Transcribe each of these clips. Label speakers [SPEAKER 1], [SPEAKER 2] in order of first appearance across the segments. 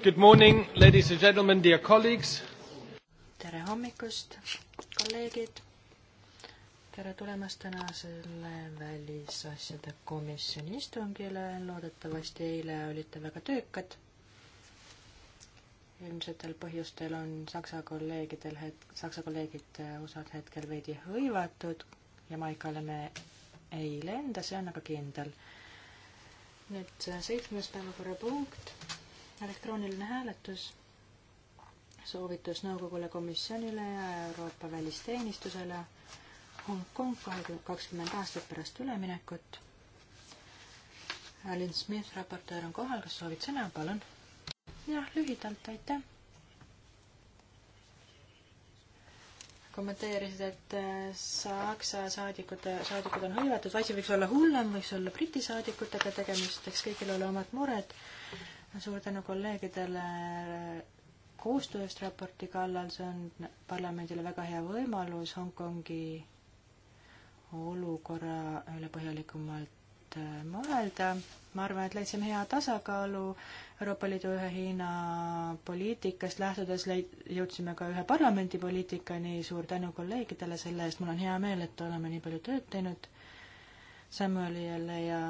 [SPEAKER 1] Good morning, ladies and gentlemen, dear colleagues.
[SPEAKER 2] tere hommikust, kolleegid. tere tulemast tänasele välisasjade komisjoni istungile. loodetavasti eile olite väga töökad. ilmsetel põhjustel on Saksa kolleegidel het-, Saksa kolleegid äh, osad hetkel veidi hõivatud. Jamaikale me ei lenda, see on aga kindel. nüüd äh, seitsmes päevakorrapunkt elektrooniline hääletus, soovitus nõukogule, komisjonile ja Euroopa välisteenistusele, Hongkong kakskümmend aastat pärast üleminekut. Alin Smith, raportöör on kohal, kas soovid sõna, palun? jah, lühidalt, aitäh. kommenteerisid, et äh, Saksa saadikud, saadikud on hõivatud, asi võiks olla hullem, võiks olla Briti saadikutega tegemist, eks kõigil ole omad mured suur tänu kolleegidele koostöö eest raporti kallal, see on parlamendile väga hea võimalus Hongkongi olukorra üle põhjalikumalt äh, mõelda. ma arvan, et leidsime hea tasakaalu Euroopa Liidu ühe Hiina poliitikast lähtudes leid-, jõudsime ka ühe parlamendi poliitikani, suur tänu kolleegidele selle eest, mul on hea meel, et oleme nii palju tööd teinud Samuelile ja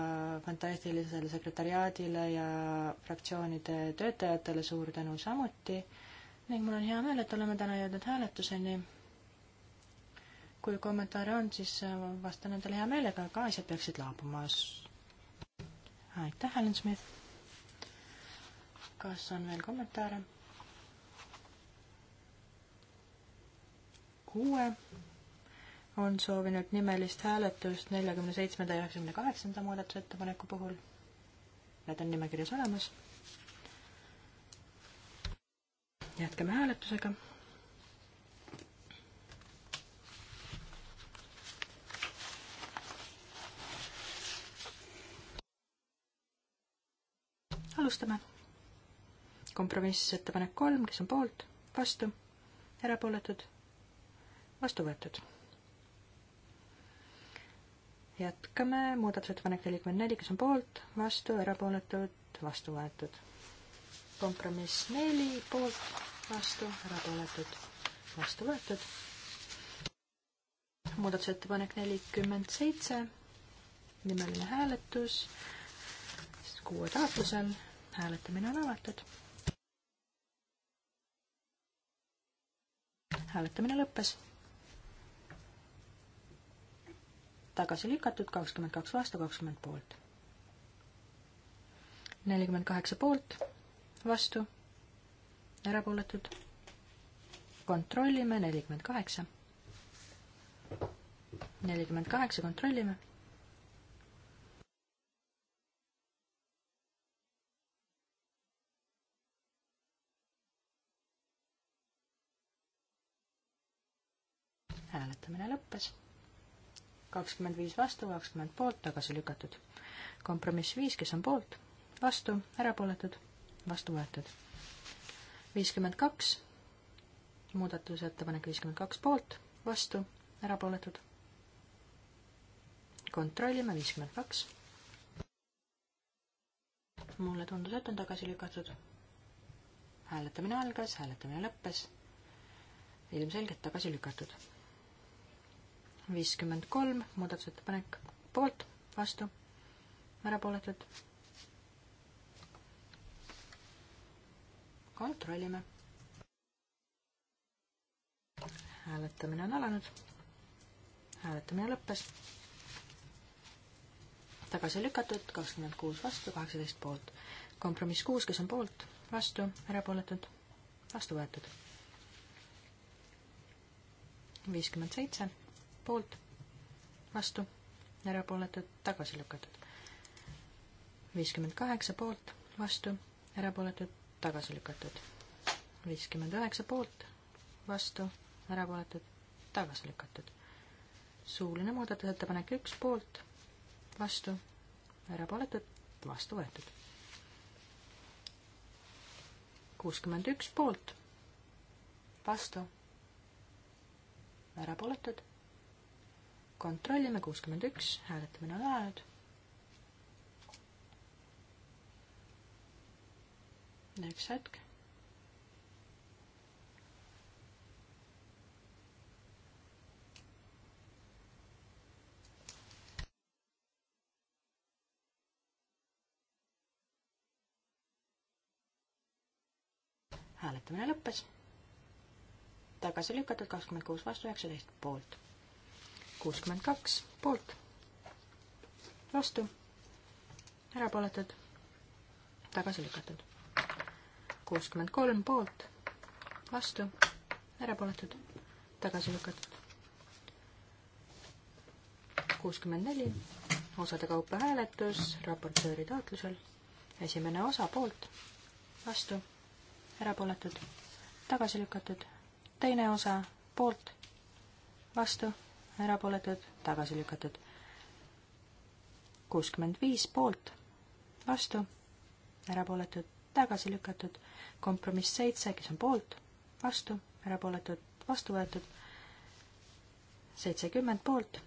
[SPEAKER 2] fantastilisele sekretariaadile ja fraktsioonide töötajatele suur tänu samuti ning mul on hea meel, et oleme täna jõudnud hääletuseni. kui kommentaare on, siis vastan nendele hea meelega, aga asjad peaksid laabuma. aitäh, Helen Smith. kas on veel kommentaare? kuue on soovinud nimelist hääletust neljakümne seitsmenda ja üheksakümne kaheksanda muudatusettepaneku puhul. Need on nimekirjas olemas. jätkame hääletusega. alustame. kompromissettepanek kolm, kes on poolt, vastu, erapooletud, vastu võetud jätkame, muudatusettepanek nelikümmend neli, kes on poolt, vastu, erapooletud, vastu võetud. kompromiss neli, poolt, vastu, erapooletud, vastu võetud. muudatusettepanek nelikümmend seitse, nimeline hääletus, kuue taotlusel, hääletamine on avatud hääletamine lõppes. tagasi lükatud, kakskümmend kaks vastu, kakskümmend poolt. nelikümmend kaheksa poolt, vastu, erapooletud. kontrollime, nelikümmend kaheksa. nelikümmend kaheksa, kontrollime. hääletamine lõppes kakskümmend viis vastu, kakskümmend poolt, tagasi lükatud. kompromiss viis, kes on poolt, vastu, erapooletud, vastu võetud. viiskümmend kaks, muudatusettepanek viiskümmend kaks poolt, vastu, erapooletud. kontrollime, viiskümmend kaks. mulle tundus, et on tagasi lükatud. hääletamine algas, hääletamine lõppes. ilmselgelt tagasi lükatud viiskümmend kolm, muudatusettepanek poolt, vastu, erapooletud. kontrollime. hääletamine on alanud. hääletamine lõppes. tagasi lükatud, kakskümmend kuus vastu, kaheksateist poolt. kompromiss kuus, kes on poolt, vastu, erapooletud, vastu võetud. viiskümmend seitse poolt, vastu, erapooletud, tagasi lükatud. viiskümmend kaheksa poolt, vastu, erapooletud, tagasi lükatud. viiskümmend üheksa poolt, vastu, erapooletud, tagasi lükatud. suuline muudatusettepanek üks poolt, vastu, erapooletud, vastu võetud. kuuskümmend üks poolt, vastu, erapooletud kontrollime, kuuskümmend üks, hääletamine on ajanud. üks hetk. hääletamine lõppes. tagasi lükatud kakskümmend kuus vastu üheksateist poolt kuuskümmend kaks poolt, vastu, erapooletud, tagasi lükatud. kuuskümmend kolm poolt, vastu, erapooletud, tagasi lükatud. kuuskümmend neli, osade kaupa hääletus raportööri taotlusel. esimene osa poolt, vastu, erapooletud, tagasi lükatud. teine osa poolt, vastu erapooletud, tagasi lükatud. kuuskümmend viis poolt, vastu, erapooletud, tagasi lükatud. kompromiss seitse, kes on poolt, vastu, erapooletud, vastu võetud. seitsekümmend poolt,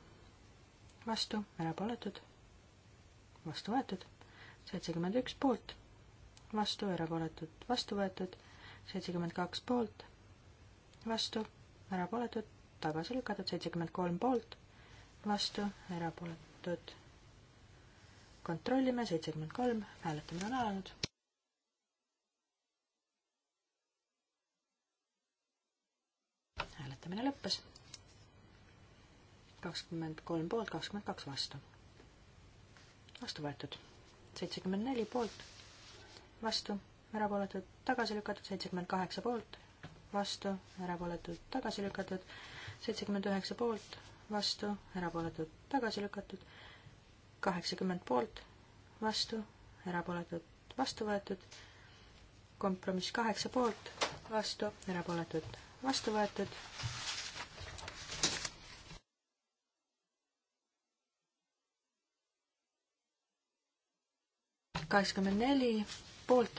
[SPEAKER 2] vastu, erapooletud, vastu võetud. seitsekümmend üks poolt, vastu, erapooletud, vastu võetud. seitsekümmend kaks poolt, vastu, erapooletud tagasi lükatud, seitsekümmend kolm poolt, vastu, erapooletud. kontrollime, seitsekümmend kolm, hääletamine on alanud. hääletamine lõppes. kakskümmend kolm poolt, kakskümmend kaks vastu. vastu võetud. seitsekümmend neli poolt, vastu, erapooletud, tagasi lükatud, seitsekümmend kaheksa poolt, vastu, erapooletud, tagasi lükatud seitsekümmend üheksa poolt, vastu, erapooletud, tagasi lükatud, kaheksakümmend poolt, vastu, erapooletud, vastu võetud, kompromiss kaheksa poolt, vastu, erapooletud, vastu võetud. kaheksakümmend neli poolt,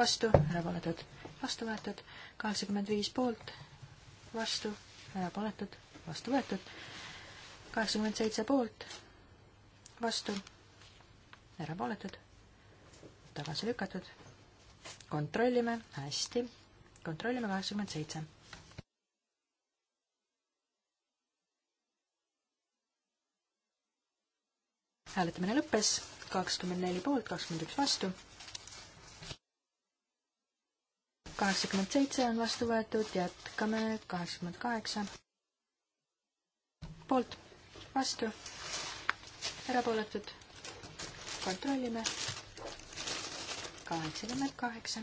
[SPEAKER 2] vastu, erapooletud, vastu võetud, kaheksakümmend viis poolt, vastu, erapooletud, vastu võetud. kaheksakümmend seitse poolt, vastu, erapooletud, tagasi lükatud. kontrollime, hästi, kontrollime kaheksakümmend seitse. hääletamine lõppes, kakskümmend neli poolt, kakskümmend üks vastu kaheksakümmend seitse on vastu võetud, jätkame kaheksakümmend kaheksa. poolt, vastu, erapooletud, kontrollime. kaheksakümmend kaheksa.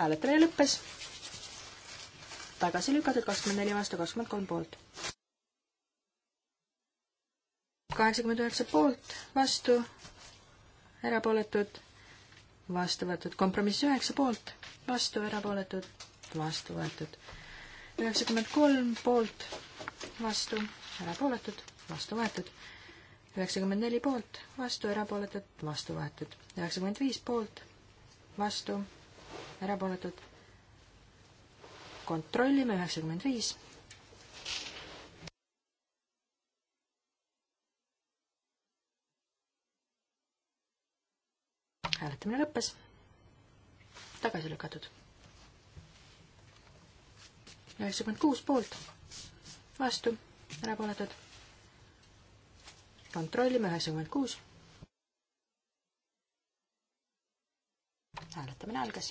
[SPEAKER 2] hääletamine lõppes. tagasi lükatud kakskümmend neli vastu, kakskümmend kolm poolt. kaheksakümmend üheksa poolt, vastu, erapooletud vastu võetud, kompromiss üheksa poolt, vastu erapooletud, vastu võetud. üheksakümmend kolm poolt, vastu erapooletud, vastu võetud. üheksakümmend neli poolt, vastu erapooletud, vastu võetud. üheksakümmend viis poolt, vastu erapooletud. kontrollime üheksakümmend viis hääletamine lõppes. tagasi lükatud. üheksakümmend kuus poolt, vastu, erapooletud. kontrollime üheksakümmend kuus. hääletamine algas.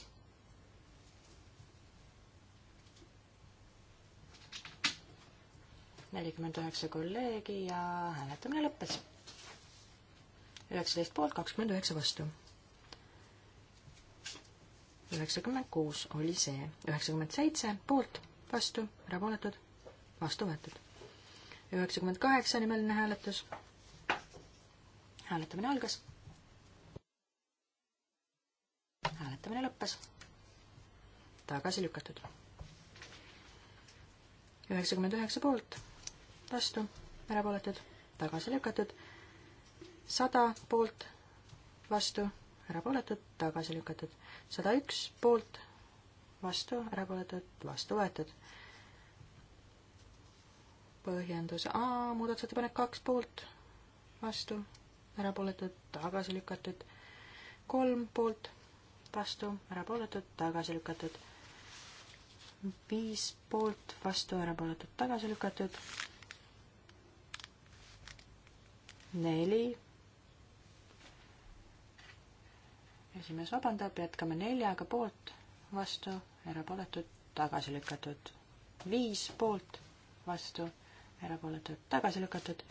[SPEAKER 2] nelikümmend üheksa kolleegi ja hääletamine lõppes. üheksateist poolt, kakskümmend üheksa vastu üheksakümmend kuus oli see, üheksakümmend seitse poolt, vastu, erapooletud, vastu võetud. üheksakümmend kaheksa nimeline hääletus. hääletamine algas. hääletamine lõppes. tagasi lükatud. üheksakümmend üheksa poolt, vastu, erapooletud, tagasi lükatud. sada poolt, vastu erapooletud, tagasi lükatud. sada üks poolt, vastu, erapooletud, vastu võetud. põhjendus A, muudatusettepanek kaks poolt, vastu, erapooletud, tagasi lükatud. kolm poolt, vastu, erapooletud, tagasi lükatud. viis poolt, vastu, erapooletud, tagasi lükatud. neli esimees vabandab, jätkame neljaga poolt, vastu, erapooletud, tagasi lükatud. viis poolt, vastu, erapooletud, tagasi lükatud.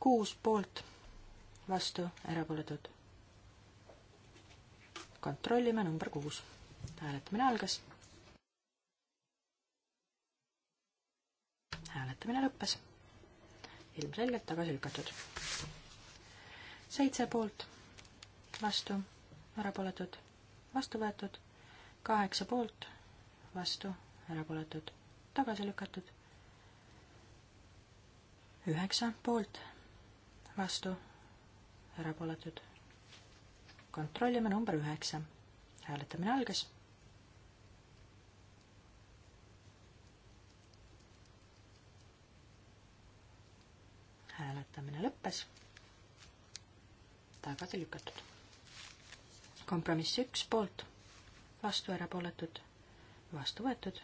[SPEAKER 2] kuus poolt, vastu, erapooletud. kontrollime number kuus. hääletamine algas. hääletamine lõppes. ilmselgelt tagasi lükatud. seitse poolt, vastu erapooletud, vastu võetud, kaheksa poolt, vastu, erapooletud, tagasi lükatud, üheksa poolt, vastu, erapooletud. kontrollime number üheksa. hääletamine algas hääletamine lõppes. tagasi lükatud kompromiss üks poolt, vastu erapooletud, vastu võetud.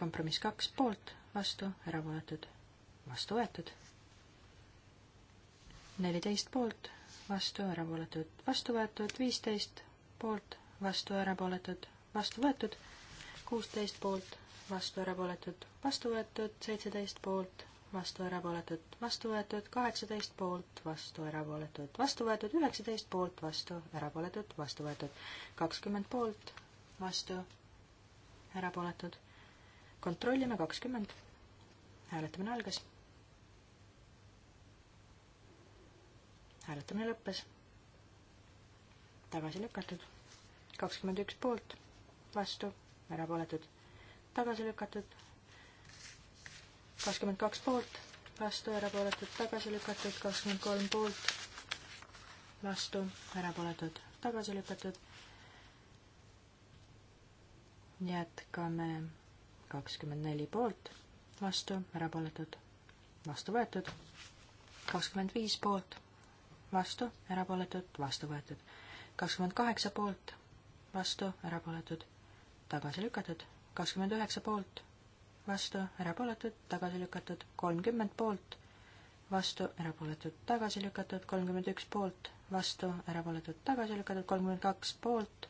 [SPEAKER 2] kompromiss kaks poolt, vastu erapooletud, vastu võetud. neliteist poolt, vastu erapooletud, vastu võetud, viisteist poolt, vastu erapooletud, vastu võetud, kuusteist poolt, vastu erapooletud, vastu võetud, seitseteist poolt vastu, erapooletud, vastu võetud, kaheksateist poolt, vastu, erapooletud, vastu võetud, üheksateist poolt, vastu, erapooletud, vastu võetud, kakskümmend poolt, vastu, erapooletud. kontrollime kakskümmend. hääletamine algas. hääletamine lõppes. tagasi lükatud. kakskümmend üks poolt, vastu, erapooletud, tagasi lükatud kakskümmend kaks poolt, vastu, erapooletud, tagasi lükatud, kakskümmend kolm poolt, vastu, erapooletud, tagasi lükatud. jätkame kakskümmend neli poolt, vastu, erapooletud, vastu võetud, kakskümmend viis poolt, vastu, erapooletud, vastu võetud, kakskümmend kaheksa poolt, vastu, erapooletud, tagasi lükatud, kakskümmend üheksa poolt vastu, erapooletud, tagasi lükatud, kolmkümmend poolt, vastu, erapooletud, tagasi lükatud, kolmkümmend üks poolt, vastu, erapooletud, tagasi lükatud, kolmkümmend kaks poolt,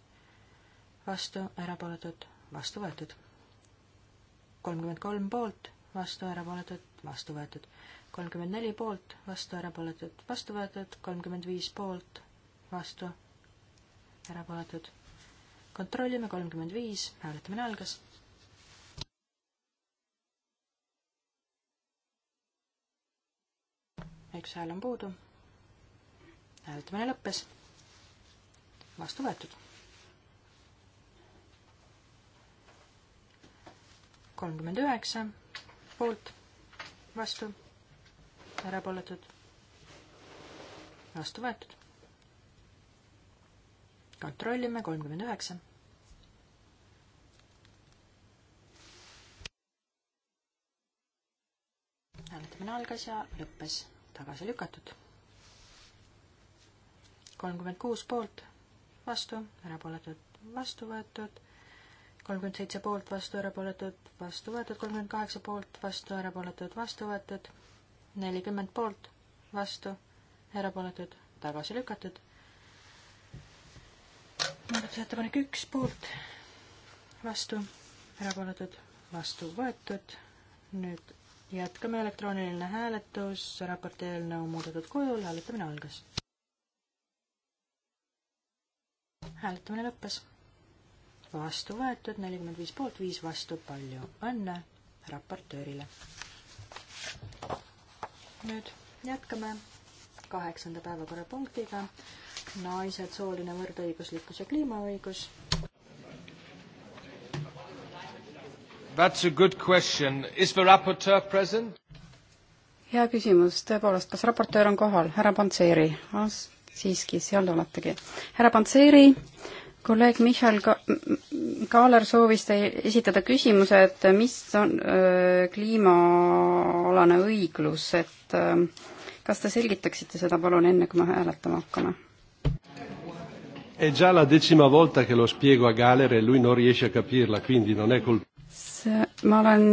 [SPEAKER 2] vastu, erapooletud, vastu võetud. kolmkümmend kolm poolt, vastu, erapooletud, vastu võetud. kolmkümmend neli poolt, vastu, erapooletud, vastu võetud, kolmkümmend viis poolt, vastu, erapooletud. kontrollime, kolmkümmend viis, hääletamine algas üks hääl on puudu. hääletamine lõppes. vastu võetud. kolmkümmend üheksa poolt, vastu, erapooletud, vastu võetud. kontrollime kolmkümmend üheksa hääletamine algas ja lõppes tagasi lükatud. kolmkümmend kuus poolt, vastu, erapooletud, vastu võetud. kolmkümmend seitse poolt, vastu, erapooletud, vastu võetud. kolmkümmend kaheksa poolt, vastu, erapooletud, vastu võetud. nelikümmend poolt, vastu, erapooletud, tagasi lükatud. muudatusettepanek üks poolt, vastu, erapooletud, vastu võetud. nüüd jätkame elektrooniline hääletus, raporti eelnõu muudetud kujul, hääletamine algas. hääletamine lõppes. vastu võetud nelikümmend viis poolt, viis vastu, palju õnne raportöörile. nüüd jätkame kaheksanda päevakorrapunktiga naised, sooline võrdõiguslikkus
[SPEAKER 3] ja kliimaõigus
[SPEAKER 1] That's a good question. Is the raporteur present?
[SPEAKER 3] hea küsimus, tõepoolest, kas raportöör on kohal, härra Pantseri? Ah, siiski, seal te oletegi. härra Pantseri, kolleeg Michal Ka-, Kaaler soovis te esitada küsimuse, et mis on öö, kliimaalane õiglus, et öö, kas te selgitaksite seda palun, enne kui me hääletama hakkame?
[SPEAKER 1] È già
[SPEAKER 2] la decima volta che lo spiego a Galer e lui non riesce a capirla, quindi non è colpa
[SPEAKER 3] ma olen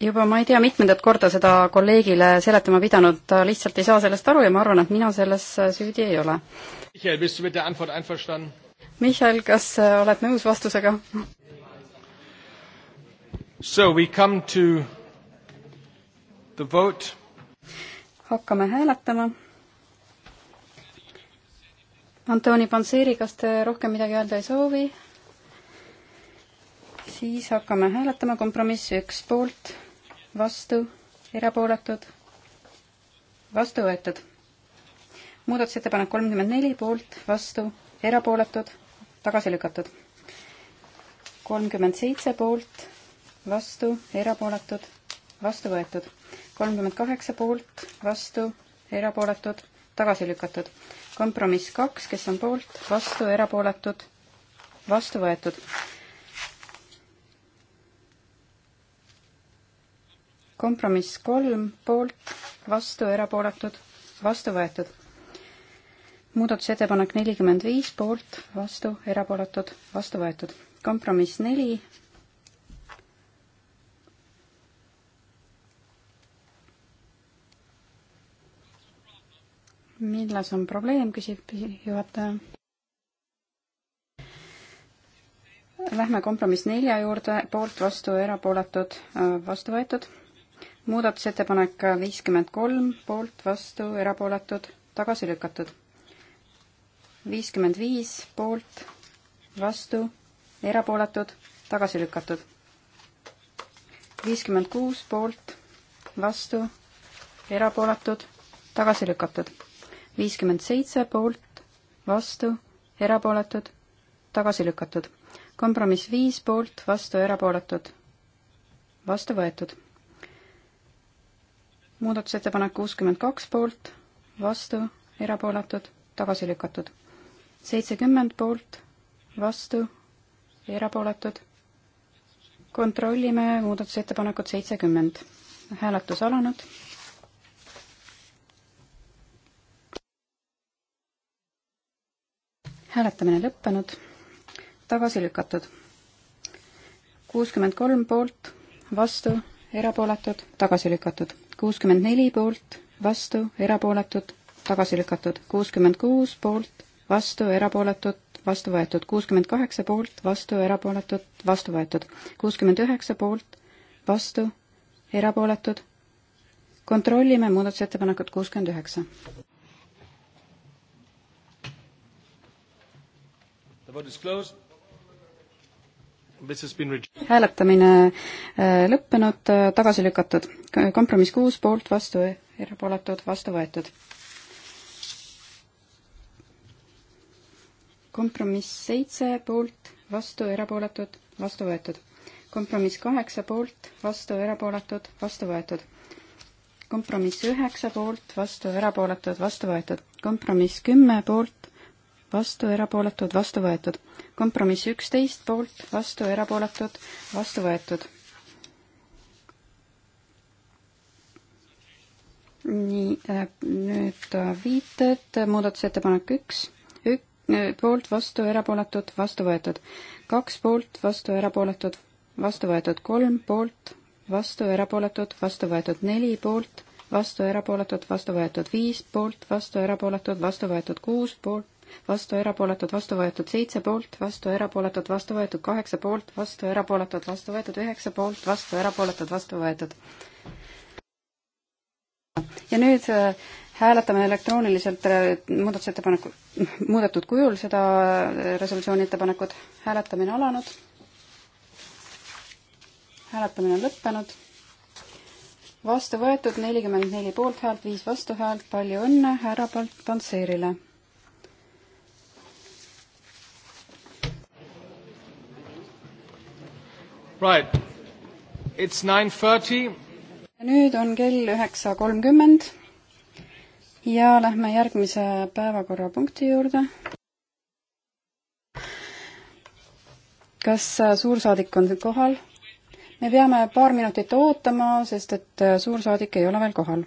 [SPEAKER 3] juba ma ei tea mitmendat korda seda kolleegile seletama pidanud, ta lihtsalt ei saa sellest aru ja ma arvan, et mina selles süüdi ei ole. Michal, kas äh, oled nõus vastusega?
[SPEAKER 2] So we come to the vote.
[SPEAKER 3] hakkame hääletama. Antoni Panseri, kas te rohkem midagi öelda ei soovi? siis hakkame hääletama kompromissi üks poolt, vastu, erapooletud, vastu võetud. muudatusettepanek kolmkümmend neli poolt, vastu, erapooletud, tagasi lükatud. kolmkümmend seitse poolt, vastu, erapooletud, vastu võetud. kolmkümmend kaheksa poolt, vastu, erapooletud, tagasi lükatud. kompromiss kaks, kes on poolt, vastu, erapooletud, vastu võetud kompromiss kolm poolt, vastu, erapooletud, vastu võetud. muudatusettepanek nelikümmend viis poolt, vastu, erapooletud, vastu võetud. kompromiss neli milles on probleem, küsib juhataja. Lähme kompromiss nelja juurde, poolt, vastu, erapooletud, vastu võetud muudatusettepanek viiskümmend kolm, poolt, vastu, erapooletud, tagasi lükatud. viiskümmend viis, poolt, vastu, erapooletud, tagasi lükatud. viiskümmend kuus, poolt, vastu, erapooletud, tagasi lükatud. viiskümmend seitse, poolt, vastu, erapooletud, tagasi lükatud. kompromiss viis, poolt, vastu, erapooletud, vastu võetud muudatusettepanek kuuskümmend kaks poolt, vastu, erapooletud, tagasi lükatud. seitsekümmend poolt, vastu, erapooletud. kontrollime muudatusettepanekut seitsekümmend. hääletus alanud. hääletamine lõppenud, tagasi lükatud. kuuskümmend kolm poolt, vastu, erapooletud, tagasi lükatud kuuskümmend neli poolt, vastu, erapooletud, tagasi lükatud. kuuskümmend kuus poolt, vastu, erapooletud, vastu võetud. kuuskümmend kaheksa poolt, vastu, erapooletud, vastu võetud. kuuskümmend üheksa poolt, vastu, erapooletud. kontrollime muudatusettepanekut kuuskümmend üheksa. The vote is closed hääletamine äh, lõppenud, äh, tagasi lükatud. kompromiss kuus, poolt, vastu, erapooletud, vastu võetud. kompromiss seitse, poolt, vastu, erapooletud, vastu võetud. kompromiss kaheksa, poolt, vastu, erapooletud, vastu võetud kompromiss üheksa poolt, vastu erapooletud, vastu võetud. kompromiss kümme poolt, vastu, erapooletud, vastu võetud. kompromiss üksteist poolt, vastu, erapooletud, vastu võetud. nii äh,, nüüd äh, viited, muudatusettepanek üks, ük-, äh, poolt, vastu, erapooletud, vastu võetud. kaks poolt, vastu, erapooletud, vastu võetud. kolm poolt, vastu, erapooletud, vastu võetud. neli poolt, vastu, erapooletud, vastu võetud. viis poolt, vastu, erapooletud, vastu võetud. kuus poolt, vastu erapooletud, vastu võetud seitse poolt, vastu erapooletud, vastu võetud kaheksa poolt, vastu erapooletud, vastu võetud üheksa poolt, vastu erapooletud, vastu võetud. ja nüüd äh, hääletame elektrooniliselt äh, muudatusettepaneku, muudetud kujul seda äh, resolutsiooni ettepanekut. hääletamine alanud. hääletamine on lõppenud vastu võetud nelikümmend neli poolthäält, viis vastuhäält, palju õnne härra Pantseerile!
[SPEAKER 2] Right. It's 9.30.
[SPEAKER 3] nüüd on kell üheksa kolmkümmend ja lähme järgmise päevakorrapunkti juurde. kas äh, suursaadik on kohal? me peame paar minutit ootama, sest et äh, suursaadik ei ole veel kohal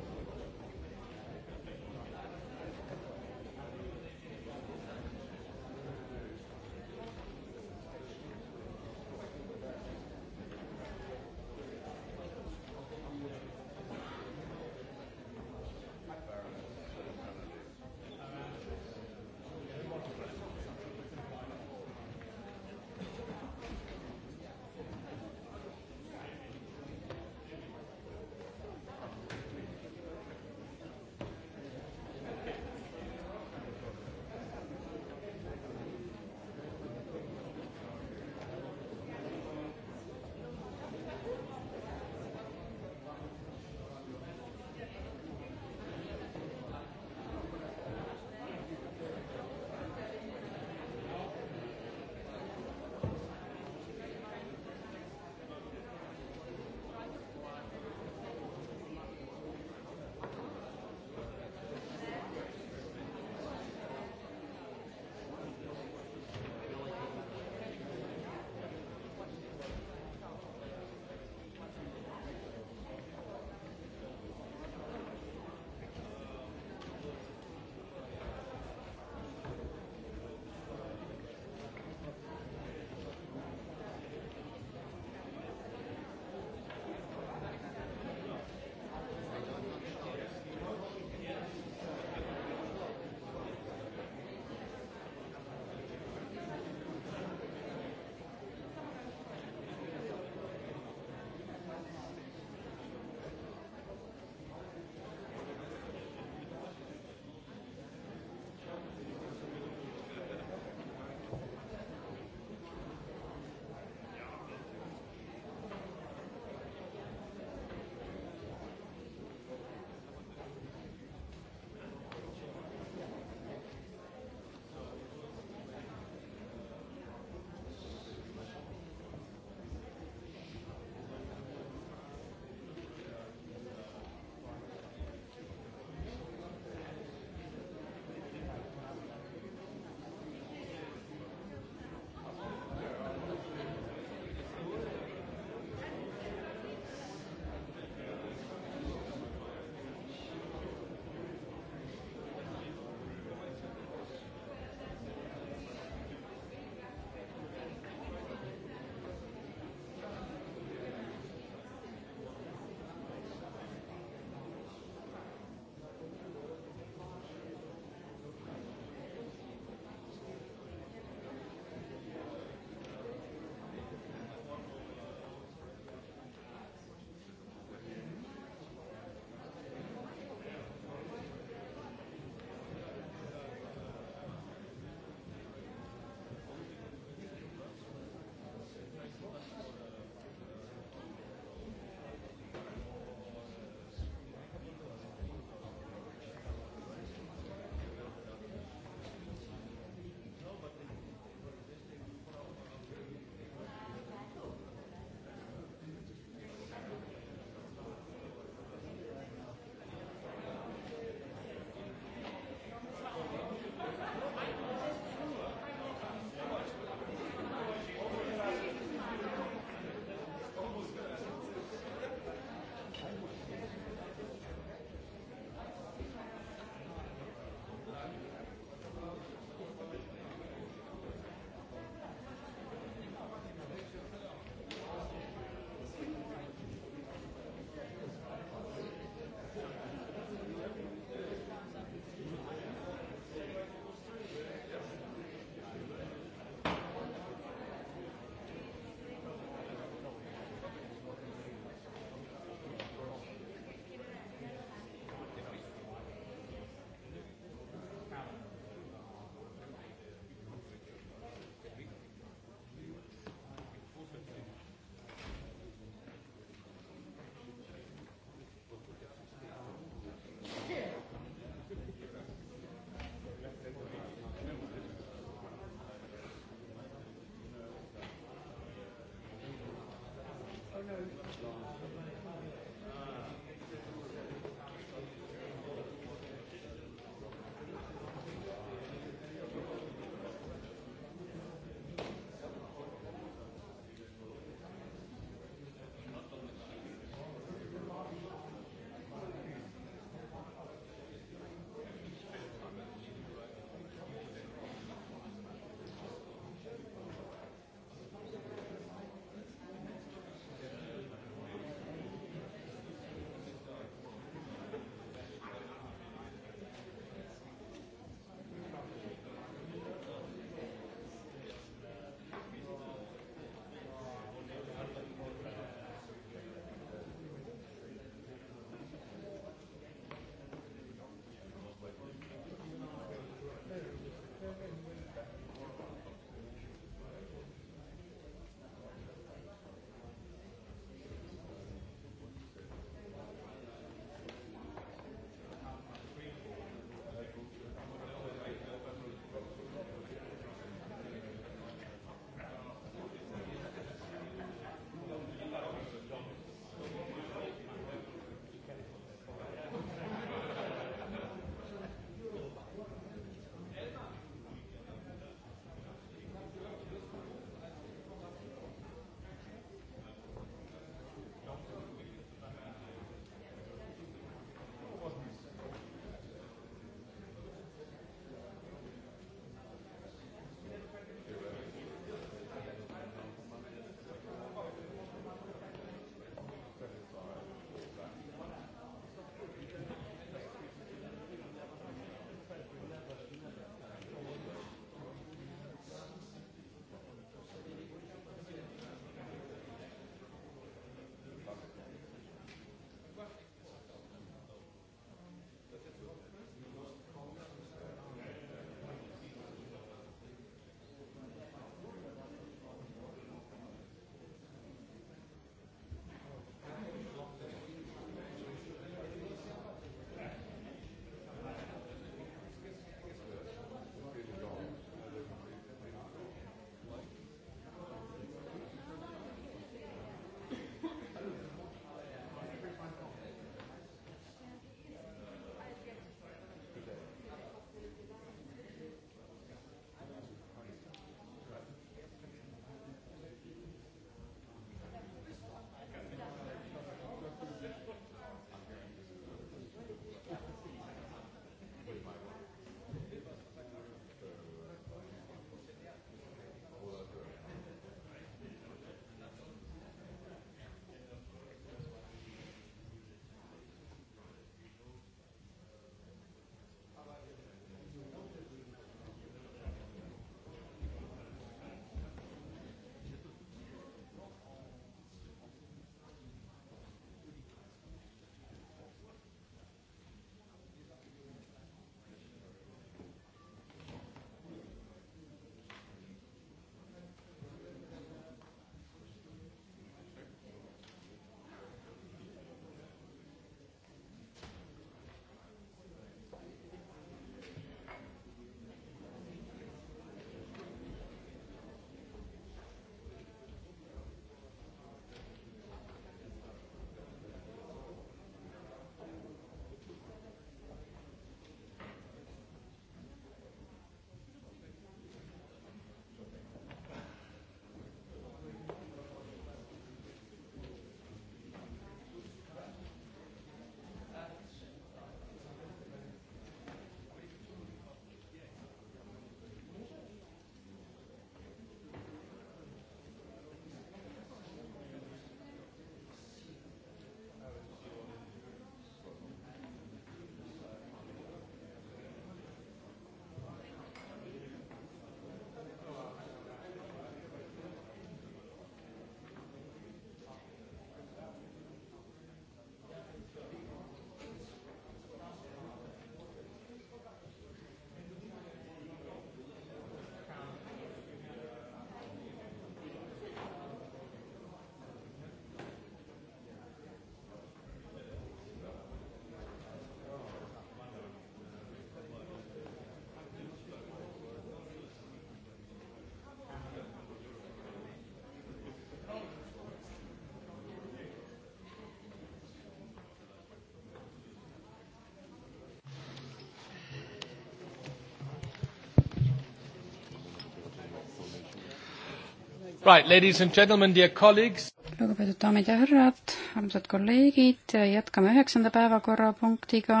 [SPEAKER 1] Right, ladies and gentlemen, dear colleagues.
[SPEAKER 3] lugupeetud daamid ja härrad, armsad kolleegid, jätkame üheksanda päevakorrapunktiga.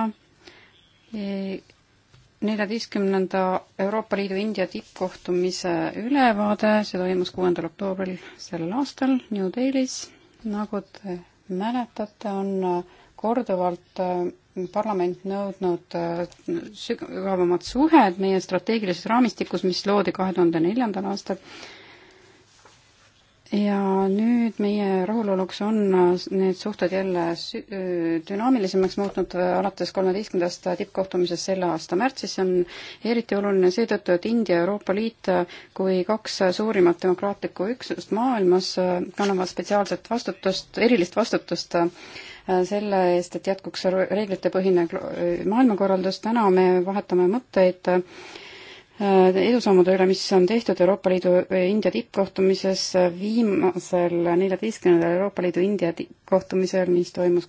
[SPEAKER 3] E, neljateistkümnenda Euroopa Liidu India tippkohtumise ülevaade, see toimus kuuendal oktoobril sellel aastal New Delhis. nagu te mäletate, on korduvalt äh, parlament nõudnud äh, sügavamat suhet meie strateegilises raamistikus, mis loodi kahe tuhande neljandal aastal ja nüüd meie rahuloluks on need suhted jälle dünaamilisemaks muutnud äh, alates kolmeteistkümnendast tippkohtumisest selle aasta märtsis. see on eriti oluline seetõttu, et India ja Euroopa Liit kui kaks suurimat demokraatlikku üksust maailmas äh, kannavad spetsiaalset vastutust, erilist vastutust äh, selle eest, et jätkuks reeglitepõhine maailmakorraldus. täna me vahetame mõtteid äh, Äh, edusammude üle, mis on tehtud Euroopa Liidu äh, India tippkohtumises, äh, viimasel neljateistkümnendal Euroopa Liidu India tippkohtumisel, mis toimus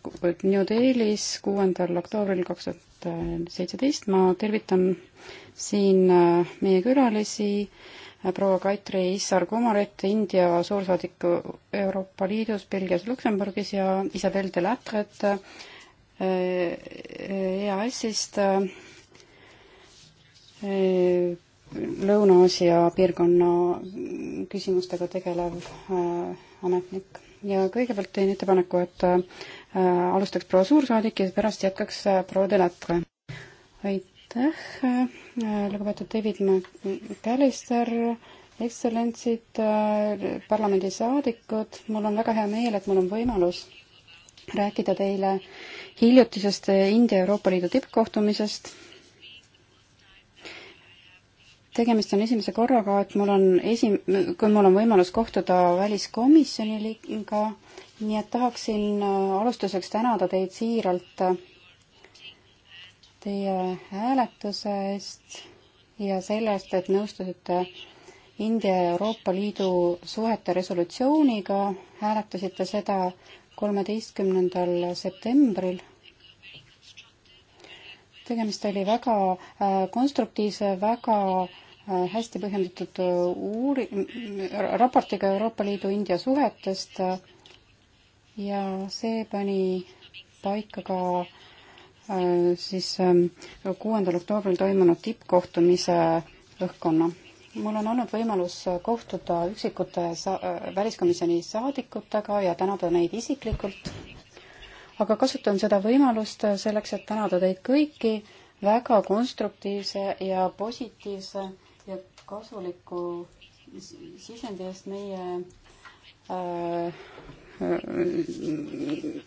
[SPEAKER 3] New Delhis kuuendal oktoobril kaks tuhat seitseteist. ma tervitan siin meie külalisi, proua Katri Issar Kumaret, India suursaadiku Euroopa Liidus, Belgias, Luksemburgis ja Isabel de Latret EAS-ist Lõuna-Aasia piirkonna küsimustega tegelev äh, ametnik ja kõigepealt teen ettepaneku, et äh, alustaks proua suursaadik ja pärast jätkaks äh, proua Delatre. aitäh, lugupeetud David McAllister, ekstsellentsid, parlamendisaadikud, mul on väga hea meel, et mul on võimalus rääkida teile hiljutisest India Euroopa Liidu tippkohtumisest tegemist on esimese korraga, et mul on esi-, kui mul on võimalus kohtuda väliskomisjoni liikmega, nii et tahaksin äh, alustuseks tänada teid siiralt äh, teie hääletuse eest ja selle eest, et nõustusite India ja Euroopa Liidu suhete resolutsiooniga, hääletasite seda kolmeteistkümnendal septembril. tegemist oli väga äh, konstruktiivse, väga Äh, hästi põhjendatud äh, uuri-, äh, raportiga Euroopa Liidu India suhetest ja see pani paika ka siis kuuendal oktoobril toimunud tippkohtumise õhkkonna. mul on olnud võimalus kohtuda üksikute sa-, väliskomisjoni saadikutega ja tänada neid isiklikult, aga kasutan seda võimalust selleks, et tänada teid kõiki väga konstruktiivse ja positiivse kasuliku sisendi eest meie äh, äh,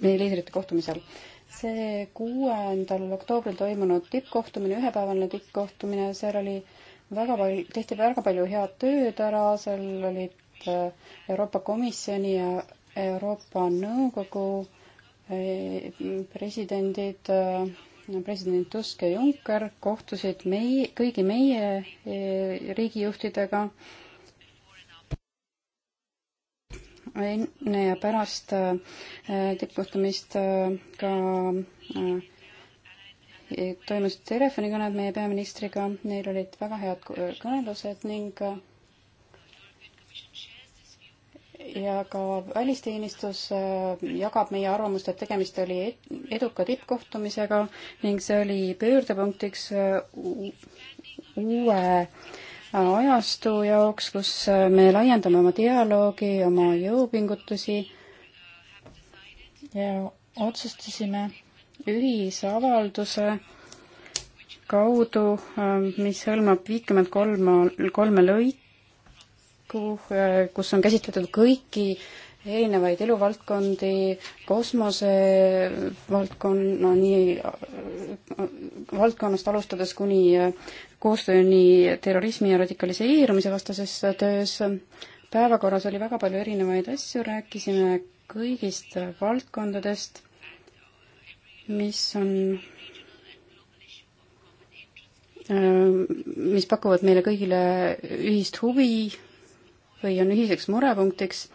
[SPEAKER 3] meie liidrite kohtumisel. see kuuendal oktoobril toimunud tippkohtumine, ühepäevane tippkohtumine, seal oli väga palju, tehti väga palju head tööd ära, seal olid äh, Euroopa Komisjoni ja Euroopa Nõukogu äh, presidendid äh, president Tusk ja Juncker kohtusid meie, kõigi meie e, riigijuhtidega enne ja pärast e, tippkohtumist e, ka toimusid telefonikõned meie peaministriga, neil olid väga head kõnelused ning ja ka välisteenistus äh, jagab meie arvamust, et tegemist oli eduka tippkohtumisega ning see oli pöördepunktiks äh, uue ajastu jaoks, kus äh, me laiendame oma dialoogi, oma jõupingutusi ja otsustasime ühisavalduse kaudu, mis hõlmab viitkümmend kolm, kolme lõiku, kuhu, eh, kus on käsitletud kõiki erinevaid eluvaldkondi, kosmosevaldkonna, nii eh, valdkonnast alustades kuni eh, koostööni terrorismi ja radikaliseerumise vastases töös. päevakorras oli väga palju erinevaid asju, rääkisime kõigist valdkondadest, mis on mis pakuvad meile kõigile ühist huvi või on ühiseks murepunktiks.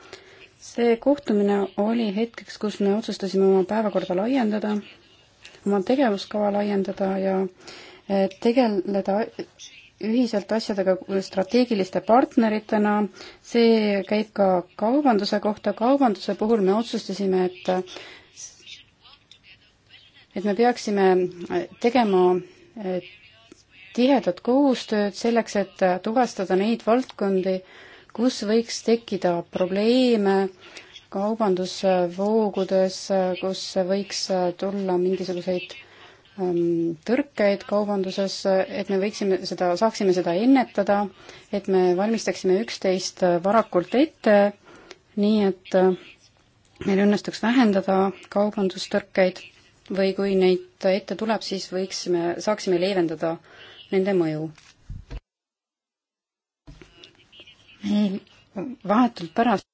[SPEAKER 3] see kohtumine oli hetkeks, kus me otsustasime oma päevakorda laiendada, oma tegevuskava laiendada ja eh, tegeleda ühiselt asjadega strateegiliste partneritena, see käib ka kaubanduse kohta, kaubanduse puhul me otsustasime, et et me peaksime tegema eh, tihedat koostööd selleks, et tuvastada neid valdkondi, kus võiks tekkida probleeme kaubandusvoogudes, kus võiks tulla mingisuguseid ähm, tõrkeid kaubanduses, et me võiksime seda, saaksime seda ennetada, et me valmistaksime üksteist varakult ette, nii et äh, meil õnnestuks vähendada kaubandustõrkeid või kui neid ette tuleb, siis võiksime, saaksime leevendada nende mõju vahetult pärast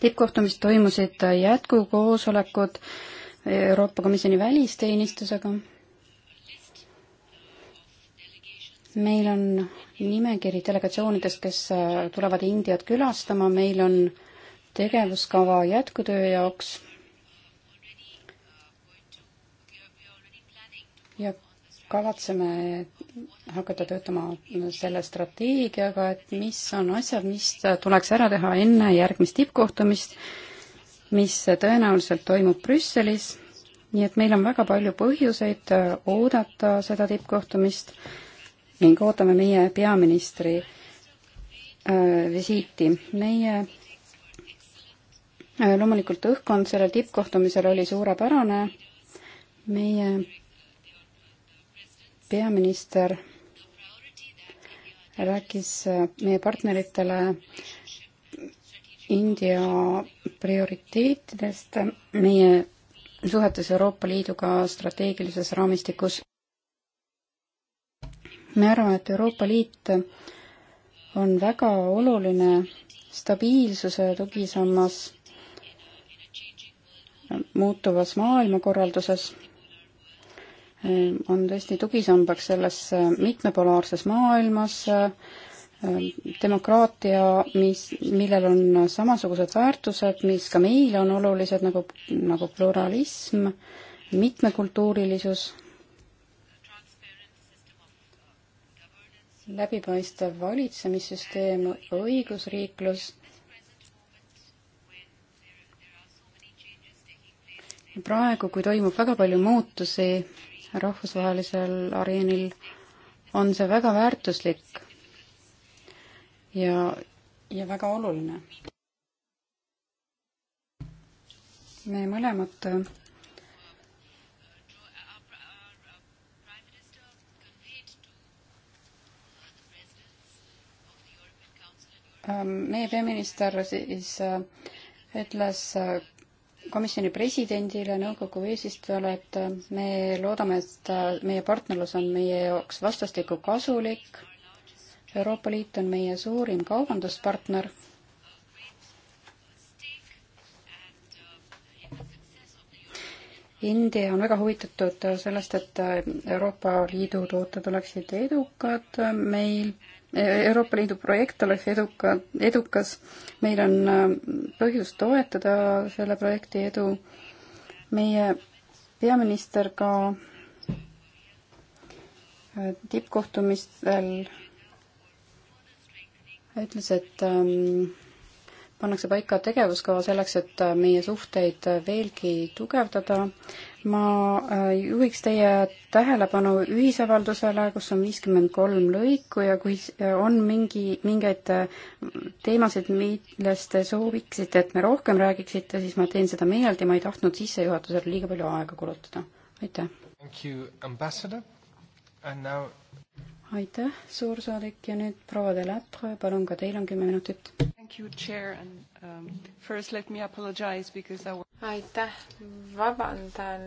[SPEAKER 3] tippkohtumist toimusid jätkukoosolekud Euroopa Komisjoni välisteenistusega. meil on nimekiri delegatsioonidest, kes tulevad Indiat külastama, meil on tegevuskava jätkutöö jaoks kavatseme hakata töötama selle strateegiaga, et mis on asjad, mis tuleks ära teha enne järgmist tippkohtumist, mis tõenäoliselt toimub Brüsselis, nii et meil on väga palju põhjuseid oodata seda tippkohtumist ning ootame meie peaministri äh, visiiti. meie äh, loomulikult õhkkond sellel tippkohtumisel oli suurepärane, meie peaminister rääkis äh, meie partneritele India prioriteetidest äh, meie suhetes Euroopa Liiduga strateegilises raamistikus. me arvame, et Euroopa Liit on väga oluline stabiilsuse tugisammas äh, muutuvas maailmakorralduses Ehm, on tõesti tugisambaks selles äh, mitmepolaarses maailmas, äh, demokraatia, mis, millel on samasugused väärtused, mis ka meile on olulised, nagu, nagu pluralism, mitmekultuurilisus, läbipaistev valitsemissüsteem, õigusriiklus praegu, kui toimub väga palju muutusi rahvusvahelisel areenil, on see väga väärtuslik ja, ja väga oluline. me mõlemad ähm, meie peaminister siis äh, ütles äh, komisjoni presidendile, nõukogu eesistujale, et me loodame, et meie partnerlus on meie jaoks vastastikku kasulik. Euroopa Liit on meie suurim kaubanduspartner India on väga huvitatud sellest, et Euroopa Liidu tooted oleksid edukad meil Euroopa Liidu projekt oleks eduka, edukas. meil on äh, põhjust toetada selle projekti edu. meie peaminister ka äh, tippkohtumistel ütles, et ähm, pannakse paika tegevuskava selleks, et äh, meie suhteid veelgi tugevdada ma äh, juhiks teie tähelepanu ühisavaldusele, kus on viiskümmend kolm lõiku ja kui äh, on mingi, mingeid äh, teemasid, millest te sooviksite, et me rohkem räägiksite, siis ma teen seda meeldi, ma ei tahtnud sissejuhatusele liiga palju aega kulutada. aitäh!
[SPEAKER 2] Thank you, ambassador. And now
[SPEAKER 3] aitäh, suursaadik ja nüüd proua de Latre, palun ka teil on kümme minutit.
[SPEAKER 1] Um, aitäh, vabandan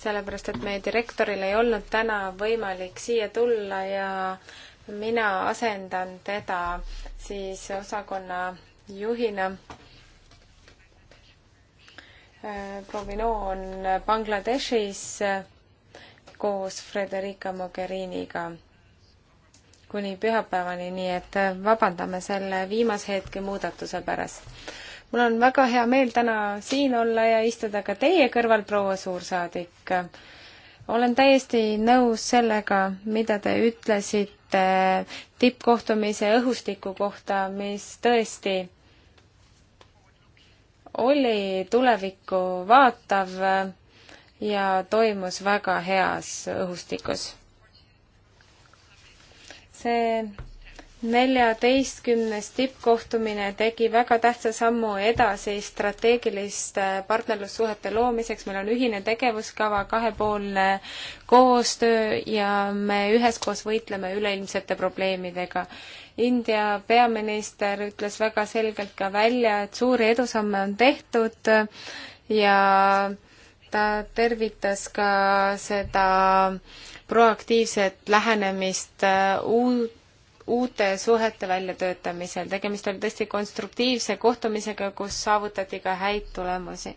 [SPEAKER 1] sellepärast, et meie direktoril ei olnud täna võimalik siia tulla ja mina asendan teda siis osakonna juhina äh, Provino on Bangladeshis koos Frederica Mogheriniga kuni pühapäevani, nii et vabandame selle viimase hetke muudatuse pärast. mul on väga hea meel täna siin olla ja istuda ka teie kõrval, proua suursaadik. olen täiesti nõus sellega, mida te ütlesite tippkohtumise õhustiku kohta, mis tõesti oli tulevikku vaatav ja toimus väga heas õhustikus see neljateistkümnes tippkohtumine tegi väga tähtsa sammu edasi strateegiliste partnerlussuhete loomiseks, meil on ühine tegevuskava, kahepoolne koostöö ja me üheskoos võitleme üleilmsete probleemidega. India peaminister ütles väga selgelt ka välja, et suuri edusamme on tehtud ja ta tervitas ka seda proaktiivset lähenemist äh, uut, uute suhete väljatöötamisel, tegemist oli tõesti konstruktiivse kohtumisega, kus saavutati ka häid tulemusi.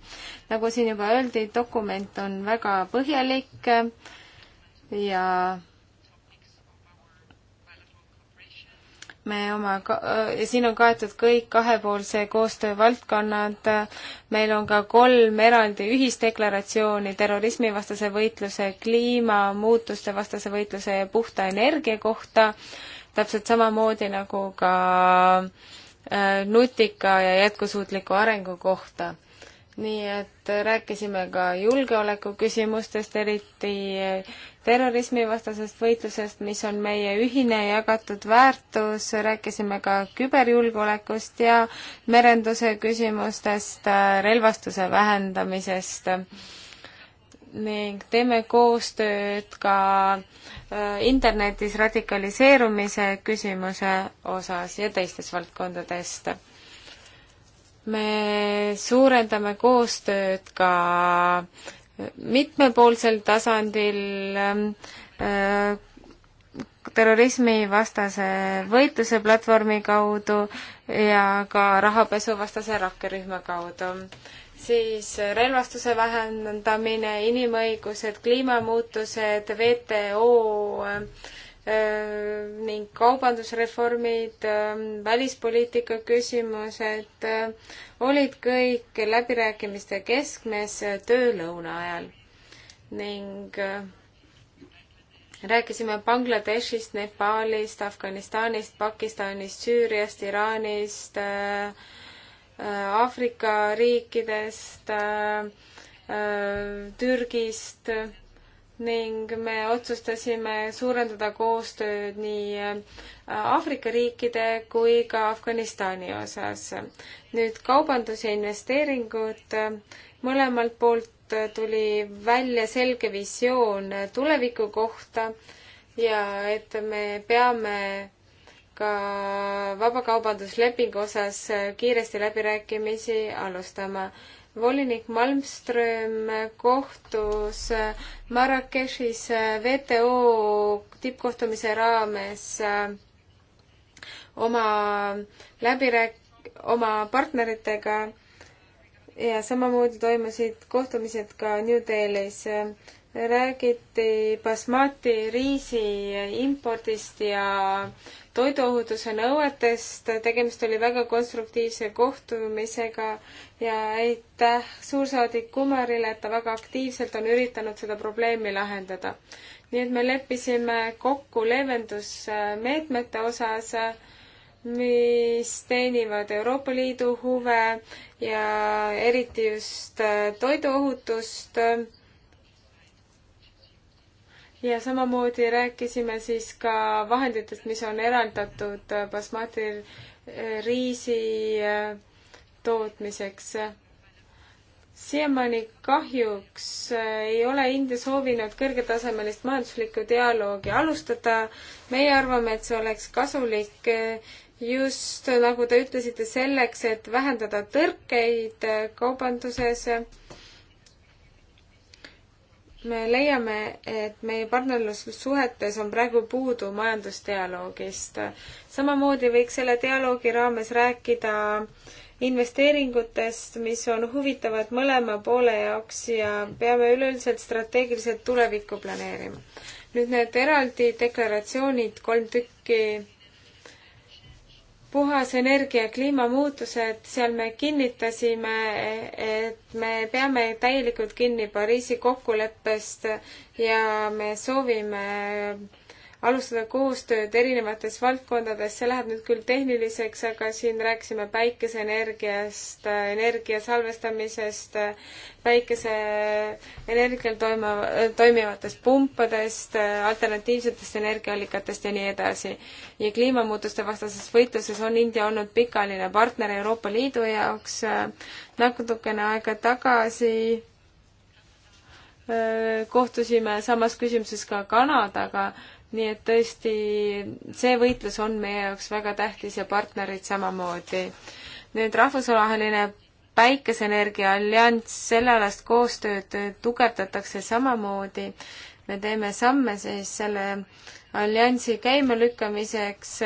[SPEAKER 1] nagu siin juba öeldi, dokument on väga põhjalik ja me oma, äh, siin on kaetud kõik kahepoolse koostöö valdkonnad, meil on ka kolm eraldi ühisdeklaratsiooni terrorismivastase võitluse, kliimamuutuste vastase võitluse ja puhta energia kohta, täpselt samamoodi nagu ka äh, nutika ja jätkusuutliku arengu kohta nii et rääkisime ka julgeoleku küsimustest, eriti terrorismivastasest võitlusest, mis on meie ühine jagatud väärtus, rääkisime ka küberjulgeolekust ja merenduse küsimustest, relvastuse vähendamisest ning teeme koostööd ka äh, internetis radikaliseerumise küsimuse osas ja teistest valdkondadest me suurendame koostööd ka mitmepoolsel tasandil ähm, äh, terrorismivastase võitluse platvormi kaudu ja ka rahapesuvastase rakkerühma kaudu. siis relvastuse vähendamine, inimõigused, kliimamuutused, WTO Äh, ning kaubandusreformid, ähm, välispoliitika küsimused äh, olid kõik läbirääkimiste keskmes äh, töölõuna ajal ning rääkisime Bangladeshist, Nepaalist, Afganistanist, Pakistanist, Süüriast, Iraanist, Aafrika riikidest, Türgist ning me otsustasime suurendada koostööd nii äh, Aafrika riikide kui ka Afganistani osas. nüüd kaubandus ja investeeringud, mõlemalt poolt tuli välja selge visioon tuleviku kohta ja et me peame ka vabakaubanduslepingu osas kiiresti läbirääkimisi alustama volinik Malmström kohtus Marrakechis WTO tippkohtumise raames äh, oma läbirääk-, oma partneritega ja samamoodi toimusid kohtumised ka New Delhis. räägiti basmati riisi impordist ja äh, toiduohutuse nõuetest. tegemist oli väga konstruktiivse kohtumisega ja aitäh suursaadik Kumarile, et ta väga aktiivselt on üritanud seda probleemi lahendada. nii et me leppisime kokku leevendusmeetmete osas, mis teenivad Euroopa Liidu huve ja eriti just toiduohutust ja samamoodi rääkisime siis ka vahenditest, mis on eraldatud äh, basmati riisi äh, tootmiseks. siiamaani kahjuks äh, ei ole India soovinud kõrgetasemelist majanduslikku dialoogi alustada. meie arvame, et see oleks kasulik just nagu te ütlesite, selleks, et vähendada tõrkeid kaubanduses me leiame, et meie partnerlussuhetes on praegu puudu majandusdialoogist. samamoodi võiks selle dialoogi raames rääkida investeeringutest, mis on huvitavad mõlema poole jaoks ja peame üleüldiselt strateegiliselt tulevikku planeerima. nüüd need eraldi deklaratsioonid, kolm tükki puhas energia ja kliimamuutused, seal me kinnitasime, et me peame täielikult kinni Pariisi kokkuleppest ja me soovime alustada koostööd erinevates valdkondades, see läheb nüüd küll tehniliseks, aga siin rääkisime päikeseenergiast, energia salvestamisest, päikeseenergial toimuv, toimivatest pumpadest, alternatiivsetest energiaallikatest ja nii edasi. ja kliimamuutuste vastases võitluses on India olnud pikaajaline partner Euroopa Liidu jaoks natukene aega tagasi äh, kohtusime samas küsimuses ka Kanadaga nii et tõesti, see võitlus on meie jaoks väga tähtis ja partnerid samamoodi. nüüd rahvusvaheline päikeseenergia allianss, sellealast koostööd tugevdatakse samamoodi. me teeme samme siis selle alliansi käimelükkamiseks.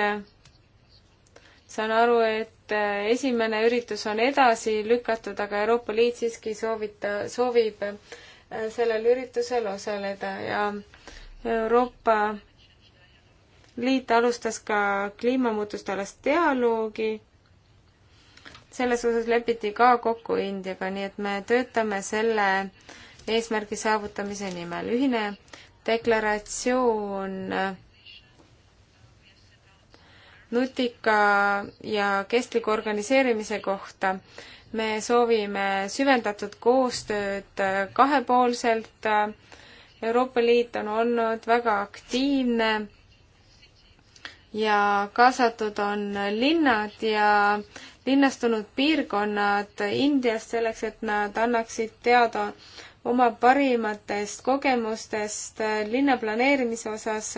[SPEAKER 1] saan aru, et äh, esimene üritus on edasi lükatud, aga Euroopa Liit siiski soovita, soovib äh, sellel üritusel osaleda ja Euroopa liit alustas ka kliimamuutuste alast dialoogi. selles osas lepiti ka kokku Indiaga, nii et me töötame selle eesmärgi saavutamise nimel. ühine deklaratsioon nutika ja kestliku organiseerimise kohta. me soovime süvendatud koostööd kahepoolselt. Euroopa Liit on olnud väga aktiivne ja kaasatud on linnad ja linnastunud piirkonnad Indias selleks, et nad annaksid teada oma parimatest kogemustest linnaplaneerimise osas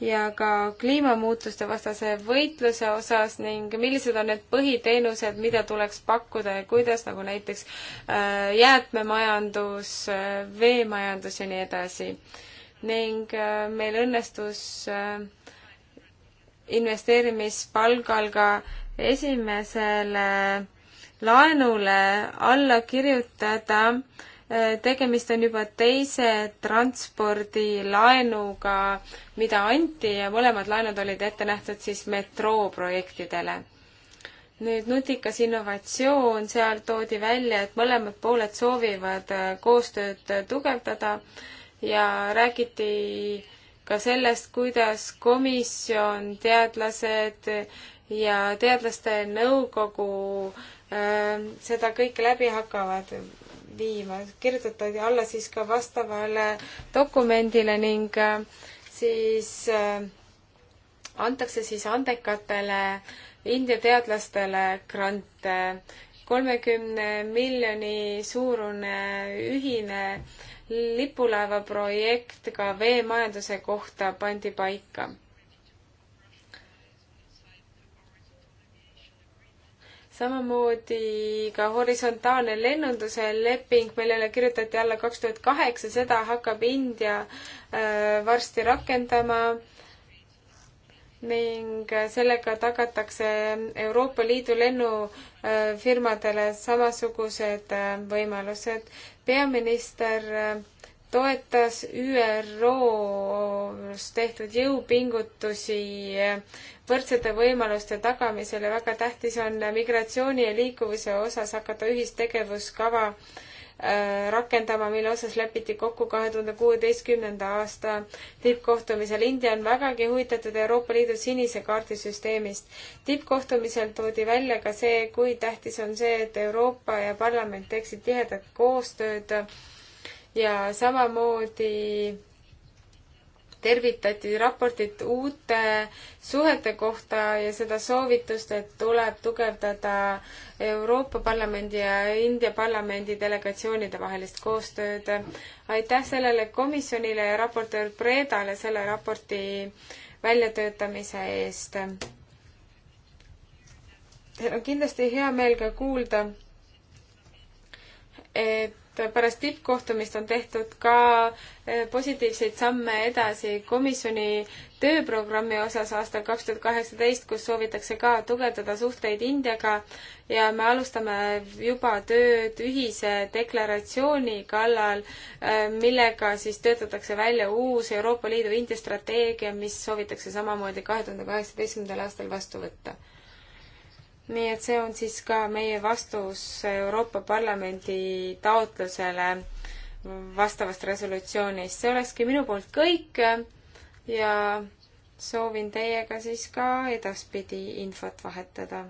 [SPEAKER 1] ja ka kliimamuutuste vastase võitluse osas ning millised on need põhiteenused, mida tuleks pakkuda ja kuidas, nagu näiteks äh, jäätmemajandus, äh, veemajandus ja nii edasi. ning äh, meil õnnestus äh, investeerimispalgal ka esimesele laenule alla kirjutada. Äh, tegemist on juba teise transpordilaenuga, mida anti ja mõlemad laenud olid ette nähtud siis metrooprojektidele. nüüd nutikas innovatsioon, seal toodi välja, et mõlemad pooled soovivad äh, koostööd tugevdada ja räägiti ka sellest, kuidas komisjon, teadlased ja teadlaste nõukogu äh, seda kõike läbi hakkavad viima. kirjutati alla siis ka vastavale dokumendile ning äh, siis äh, antakse siis andekatele India teadlastele grante, kolmekümne miljoni suurune ühine äh, lipulaeva projekt ka veemajanduse kohta pandi paika. samamoodi ka horisontaalne lennunduse leping, millele kirjutati alla kaks tuhat kaheksa, seda hakkab India äh, varsti rakendama ning sellega tagatakse Euroopa Liidu lennufirmadele samasugused äh, võimalused peaminister toetas ÜRO-s tehtud jõupingutusi võrdsete võimaluste tagamisel ja väga tähtis on migratsiooni ja liikuvuse osas hakata ühistegevuskava äh, Äh, rakendama, mille osas lepiti kokku kahe tuhande kuueteistkümnenda aasta tippkohtumisel. India on vägagi huvitatud Euroopa Liidu sinise kaardi süsteemist. tippkohtumisel toodi välja ka see, kui tähtis on see, et Euroopa ja parlament teeksid tihedat koostööd ja samamoodi tervitati raportit uute suhete kohta ja seda soovitust, et tuleb tugevdada Euroopa Parlamendi ja India Parlamendi delegatsioonide vahelist koostööd. aitäh sellele komisjonile ja raportöör Predale selle raporti väljatöötamise eest. on kindlasti hea meel ka kuulda, et pärast tippkohtumist on tehtud ka eh, positiivseid samme edasi komisjoni tööprogrammi osas aastal kaks tuhat kaheksateist, kus soovitakse ka tugevdada suhteid Indiaga ja me alustame juba tööd ühise deklaratsiooni kallal, eh, millega siis töötatakse välja uus Euroopa Liidu India strateegia, mis soovitakse samamoodi kahe tuhande kaheksateistkümnendal aastal vastu võtta nii et see on siis ka meie vastus Euroopa Parlamendi taotlusele vastavast resolutsioonist. see olekski minu poolt kõik ja soovin teiega siis ka edaspidi infot vahetada.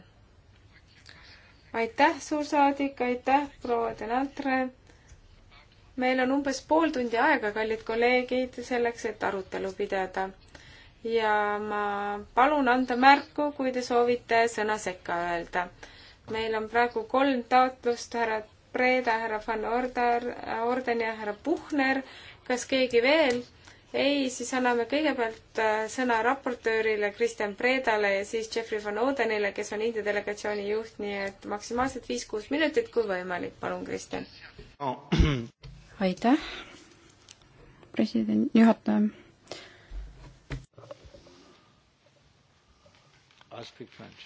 [SPEAKER 1] aitäh, suursaadik, aitäh, proua Denantre. meil on umbes pool tundi aega, kallid kolleegid, selleks, et arutelu pidada ja ma palun anda märku, kui te soovite sõna sekka öelda. meil on praegu kolm taotlust, härra Preda, härra Van Order, äh, Orden ja härra Puhner. kas keegi veel? ei, siis anname kõigepealt äh, sõna raportöörile Kristjan Predale ja siis Jeffrey Van Odenile, kes on India delegatsiooni juht, nii et maksimaalselt viis-kuus minutit, kui võimalik. palun, Kristjan oh..
[SPEAKER 3] aitäh, president, juhataja
[SPEAKER 1] I speak French.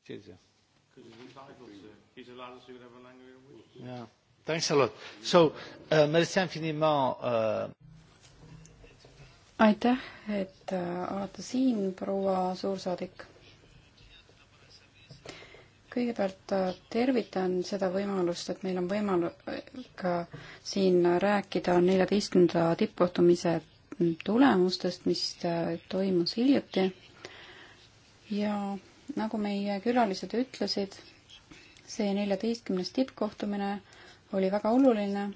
[SPEAKER 1] It's easier.
[SPEAKER 2] Because he's entitled to. He's allowed to speak whatever language he
[SPEAKER 1] wishes. Yeah. Thanks a lot. So uh, merci infiniment. Uh...
[SPEAKER 3] aitäh, et uh, olete siin, proua suursaadik. kõigepealt äh, tervitan seda võimalust, et meil on võimalik äh, ka siin rääkida neljateistkümnenda tippkohtumise tulemustest, mis äh, toimus hiljuti. ja nagu meie külalised ütlesid, see neljateistkümnes tippkohtumine oli väga oluline.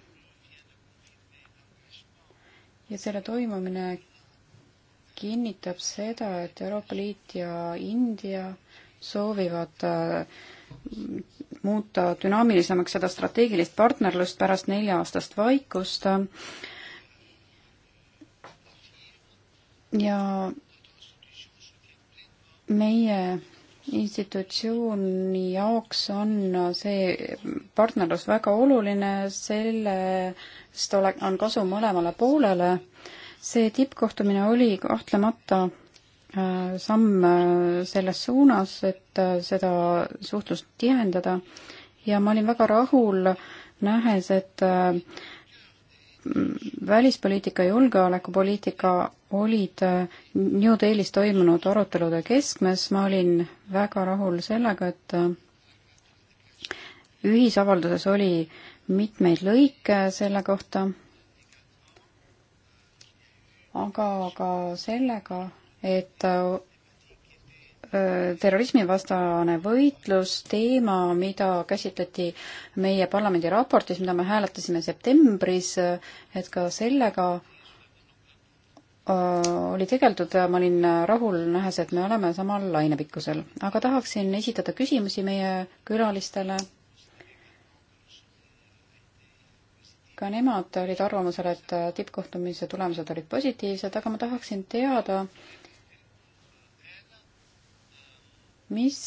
[SPEAKER 3] ja selle toimumine kinnitab seda, et Euroopa Liit ja India soovivad äh, muuta dünaamilisemaks seda strateegilist partnerlust pärast nelja-aastast vaikust ja meie institutsiooni jaoks on see partnerlus väga oluline, sellest ole-, on kasu mõlemale poolele. see tippkohtumine oli kahtlemata äh, samm äh, selles suunas, et äh, seda suhtlust tihendada ja ma olin väga rahul, nähes, et välispoliitika ja julgeolekupoliitika olid äh, New Delis toimunud arutelude keskmes, ma olin väga rahul sellega, et äh, ühisavalduses oli mitmeid lõike selle kohta, aga ka sellega, et äh, terrorismivastane võitlus, teema, mida käsitleti meie parlamendi raportis, mida me hääletasime septembris, et ka sellega Äh, oli tegeldud ja ma olin rahul, nähes, et me oleme samal lainepikkusel. aga tahaksin esitada küsimusi meie külalistele. ka nemad olid arvamusel, et tippkohtumise tulemused olid positiivsed, aga ma tahaksin teada, mis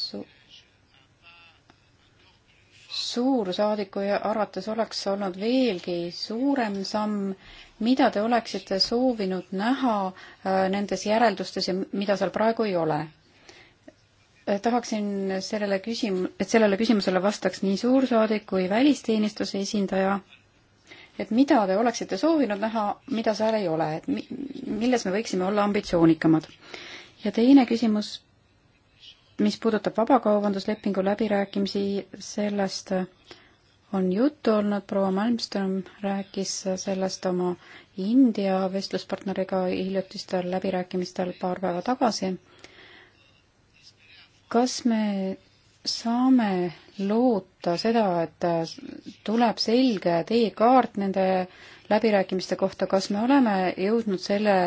[SPEAKER 3] su suursaadiku arvates oleks olnud veelgi suurem samm mida te oleksite soovinud näha äh, nendes järeldustes ja mida seal praegu ei ole? Äh, tahaksin sellele küsim-, et sellele küsimusele vastaks nii suursaadik kui välisteenistuse esindaja, et mida te oleksite soovinud näha, mida seal ei ole, et mi-, milles me võiksime olla ambitsioonikamad. ja teine küsimus, mis puudutab vabakaubanduslepingu läbirääkimisi, sellest äh, on juttu olnud, proua Malmström rääkis sellest oma India vestluspartneriga hiljutistel läbirääkimistel paar päeva tagasi. kas me saame loota seda, et tuleb selge teekaart nende läbirääkimiste kohta, kas me oleme jõudnud selle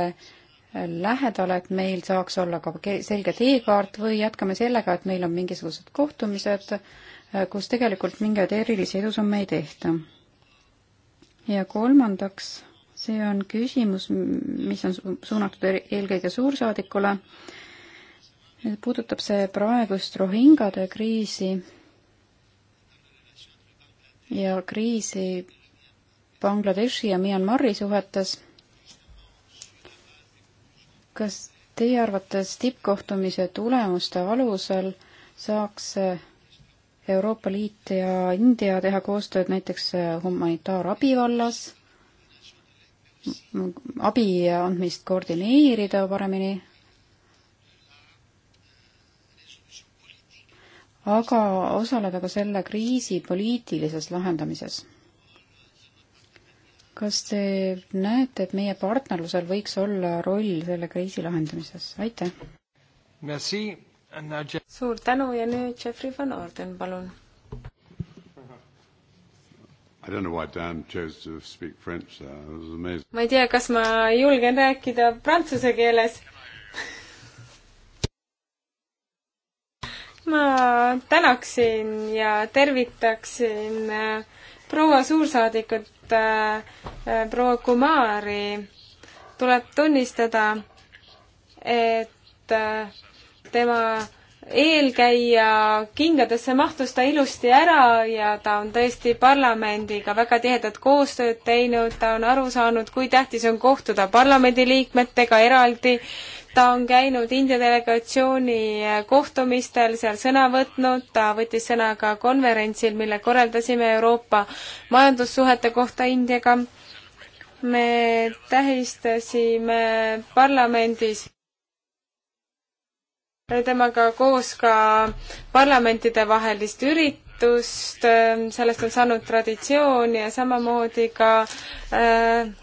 [SPEAKER 3] lähedale, et meil saaks olla ka selge teekaart või jätkame sellega, et meil on mingisugused kohtumised, Äh, kus tegelikult mingeid erilisi edusamme ei tehta. ja kolmandaks, see on küsimus, mis on suunatud eelkõige suursaadikule, puudutab see praegust rohingade kriisi ja kriisi Bangladeshi ja Myanmari suhetes. kas teie arvates tippkohtumise tulemuste alusel saaks Euroopa Liit ja India teha koostööd näiteks äh, humanitaarabi vallas, abi andmist koordineerida paremini, aga osaleda ka selle kriisi poliitilises lahendamises. kas te näete, et meie partnerlusel võiks olla roll selle kriisi lahendamises? aitäh!
[SPEAKER 1] Merci suur tänu ja nüüd Jeffrey van Orden, palun. ma ei tea, kas ma julgen rääkida prantsuse keeles ma tänaksin ja tervitaksin äh, proua suursaadikut, äh, äh, proua Kumari. tuleb tunnistada, et tema eelkäija kingadesse mahtus ta ilusti ära ja ta on tõesti parlamendiga väga tihedat koostööd teinud, ta on aru saanud, kui tähtis on kohtuda parlamendiliikmetega eraldi, ta on käinud India delegatsiooni kohtumistel seal sõna võtnud, ta võttis sõna ka konverentsil, mille korraldasime Euroopa majandussuhete kohta Indiaga. me tähistasime parlamendis temaga koos ka parlamentidevahelist üritust, ähm, sellest on saanud traditsioon ja samamoodi ka äh,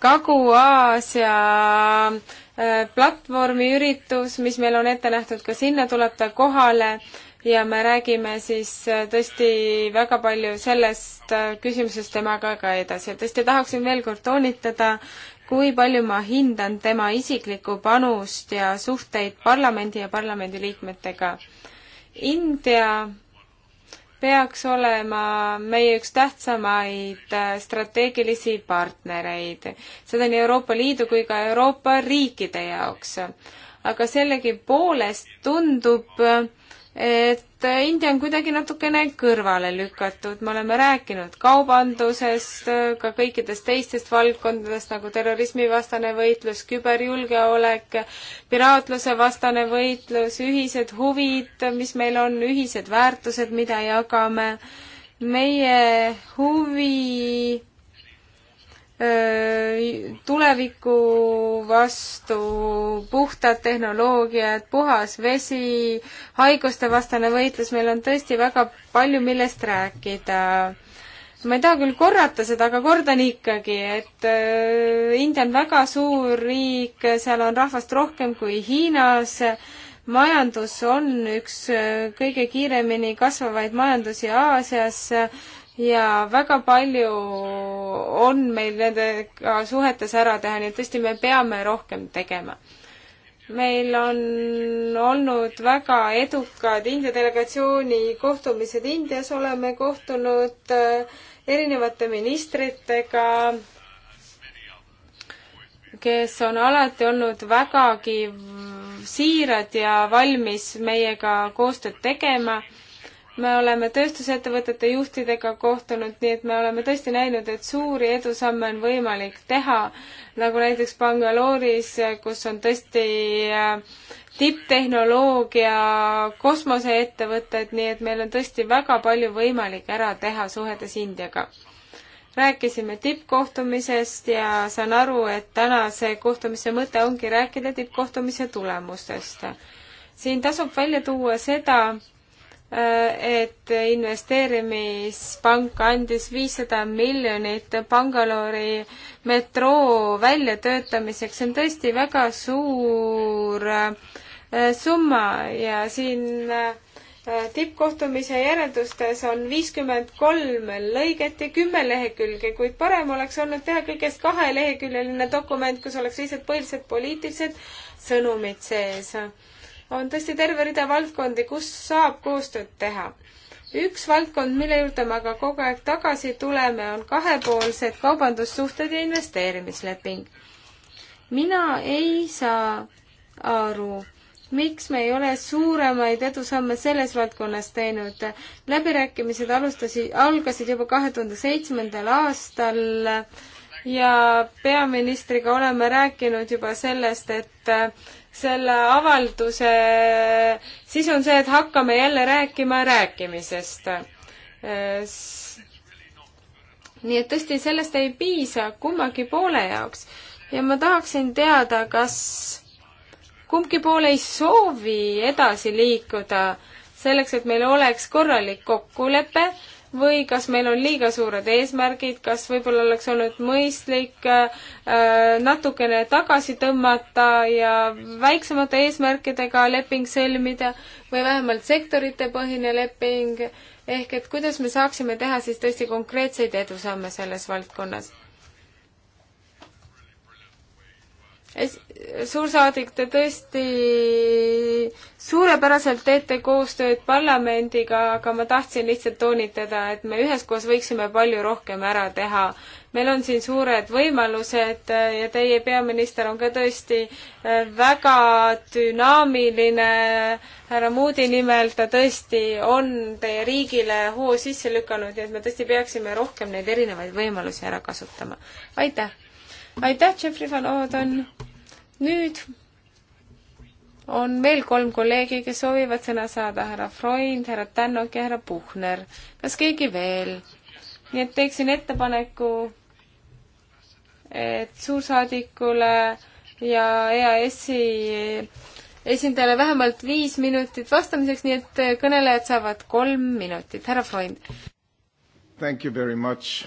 [SPEAKER 1] Kagu-Aasia äh, platvormiüritus, mis meil on ette nähtud, ka sinna tuleb ta kohale ja me räägime siis äh, tõesti väga palju sellest äh, küsimusest temaga ka edasi ja tõesti tahaksin veel kord toonitada, kui palju ma hindan tema isiklikku panust ja suhteid parlamendi ja parlamendiliikmetega. India peaks olema meie üks tähtsamaid äh, strateegilisi partnereid, seda nii Euroopa Liidu kui ka Euroopa riikide jaoks. aga sellegipoolest tundub, äh, et India on kuidagi natukene kõrvale lükatud, me oleme rääkinud kaubandusest, ka kõikidest teistest valdkondadest nagu terrorismivastane võitlus, küberjulgeolek, piraatluse vastane võitlus, ühised huvid, mis meil on, ühised väärtused, mida jagame, meie huvi tuleviku vastu, puhtad tehnoloogiad, puhas vesi, haigustevastane võitlus, meil on tõesti väga palju, millest rääkida. ma ei taha küll korrata seda, aga kordan ikkagi, et India on väga suur riik, seal on rahvast rohkem kui Hiinas, majandus on üks kõige kiiremini kasvavaid majandusi Aasias ja väga palju on meil nendega suhetes ära teha, nii et tõesti, me peame rohkem tegema. meil on olnud väga edukad India delegatsiooni kohtumised Indias, oleme kohtunud äh, erinevate ministritega, kes on alati olnud vägagi siirad ja valmis meiega koostööd tegema me oleme tööstusettevõtete juhtidega kohtunud, nii et me oleme tõesti näinud, et suuri edusamme on võimalik teha, nagu näiteks Bangaloris, kus on tõesti äh, tipptehnoloogia kosmoseettevõtted, nii et meil on tõesti väga palju võimalik ära teha suhetes Indiaga rääkisime tippkohtumisest ja saan aru, et tänase kohtumise mõte ongi rääkida tippkohtumise tulemustest. siin tasub välja tuua seda, et investeerimispank andis viissada miljonit Bangalori metroo väljatöötamiseks, see on tõesti väga suur äh, summa ja siin äh, tippkohtumise järeldustes on viiskümmend kolm lõiget ja kümme lehekülge, kuid parem oleks olnud teha kõigest kaheleheküljeline dokument, kus oleks lihtsalt põhiliselt poliitilised sõnumid sees on tõesti terve rida valdkondi, kus saab koostööd teha. üks valdkond, mille juurde me aga kogu aeg tagasi tuleme, on kahepoolsed kaubandussuhted ja investeerimisleping. mina ei saa aru, miks me ei ole suuremaid edusamme selles valdkonnas teinud. läbirääkimised alustasid, algasid juba kahe tuhande seitsmendal aastal äh, ja peaministriga oleme rääkinud juba sellest, et äh, selle avalduse äh, sisu on see, et hakkame jälle rääkima rääkimisest. Äh, nii et tõesti, sellest ei piisa kummagi poole jaoks ja ma tahaksin teada, kas kumbki pool ei soovi edasi liikuda selleks, et meil oleks korralik kokkulepe või kas meil on liiga suured eesmärgid, kas võib-olla oleks olnud mõistlik äh, natukene tagasi tõmmata ja väiksemate eesmärkidega leping sõlmida või vähemalt sektoritepõhine leping, ehk et kuidas me saaksime teha siis tõesti konkreetseid edusamme selles valdkonnas suursaadik, te tõesti suurepäraselt teete koostööd parlamendiga, aga ma tahtsin lihtsalt toonitada, et me üheskoos võiksime palju rohkem ära teha. meil on siin suured võimalused äh, ja teie peaminister on ka tõesti äh, väga dünaamiline. härra Moodi nimel ta tõesti on teie riigile hoo sisse lükanud, nii et me tõesti peaksime rohkem neid erinevaid võimalusi ära kasutama. aitäh! aitäh, Jeffrey Van Oden. nüüd on veel kolm kolleegi, kes soovivad sõna saada, härra Freund, härra Tännok ja härra Puhner. kas keegi veel? nii et teeksin ettepaneku, et suursaadikule ja EAS-i esindajale vähemalt viis minutit vastamiseks, nii et kõnelejad saavad kolm minutit. härra Freund.
[SPEAKER 3] Thank you very much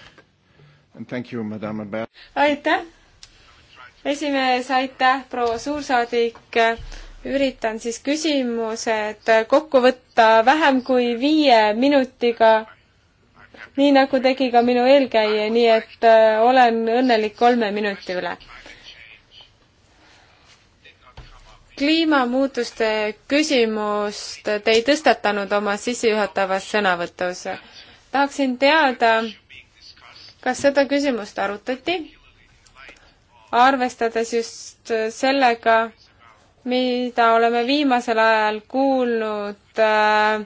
[SPEAKER 3] and thank you, madam.
[SPEAKER 1] aitäh esimees, aitäh, proua suursaadik. üritan siis küsimused kokku võtta vähem kui viie minutiga, nii nagu tegi ka minu eelkäija, nii et äh, olen õnnelik kolme minuti üle. kliimamuutuste küsimust te ei tõstatanud oma sissejuhatavas sõnavõtus. tahaksin teada, kas seda küsimust arutati? arvestades just sellega, mida oleme viimasel ajal kuulnud äh,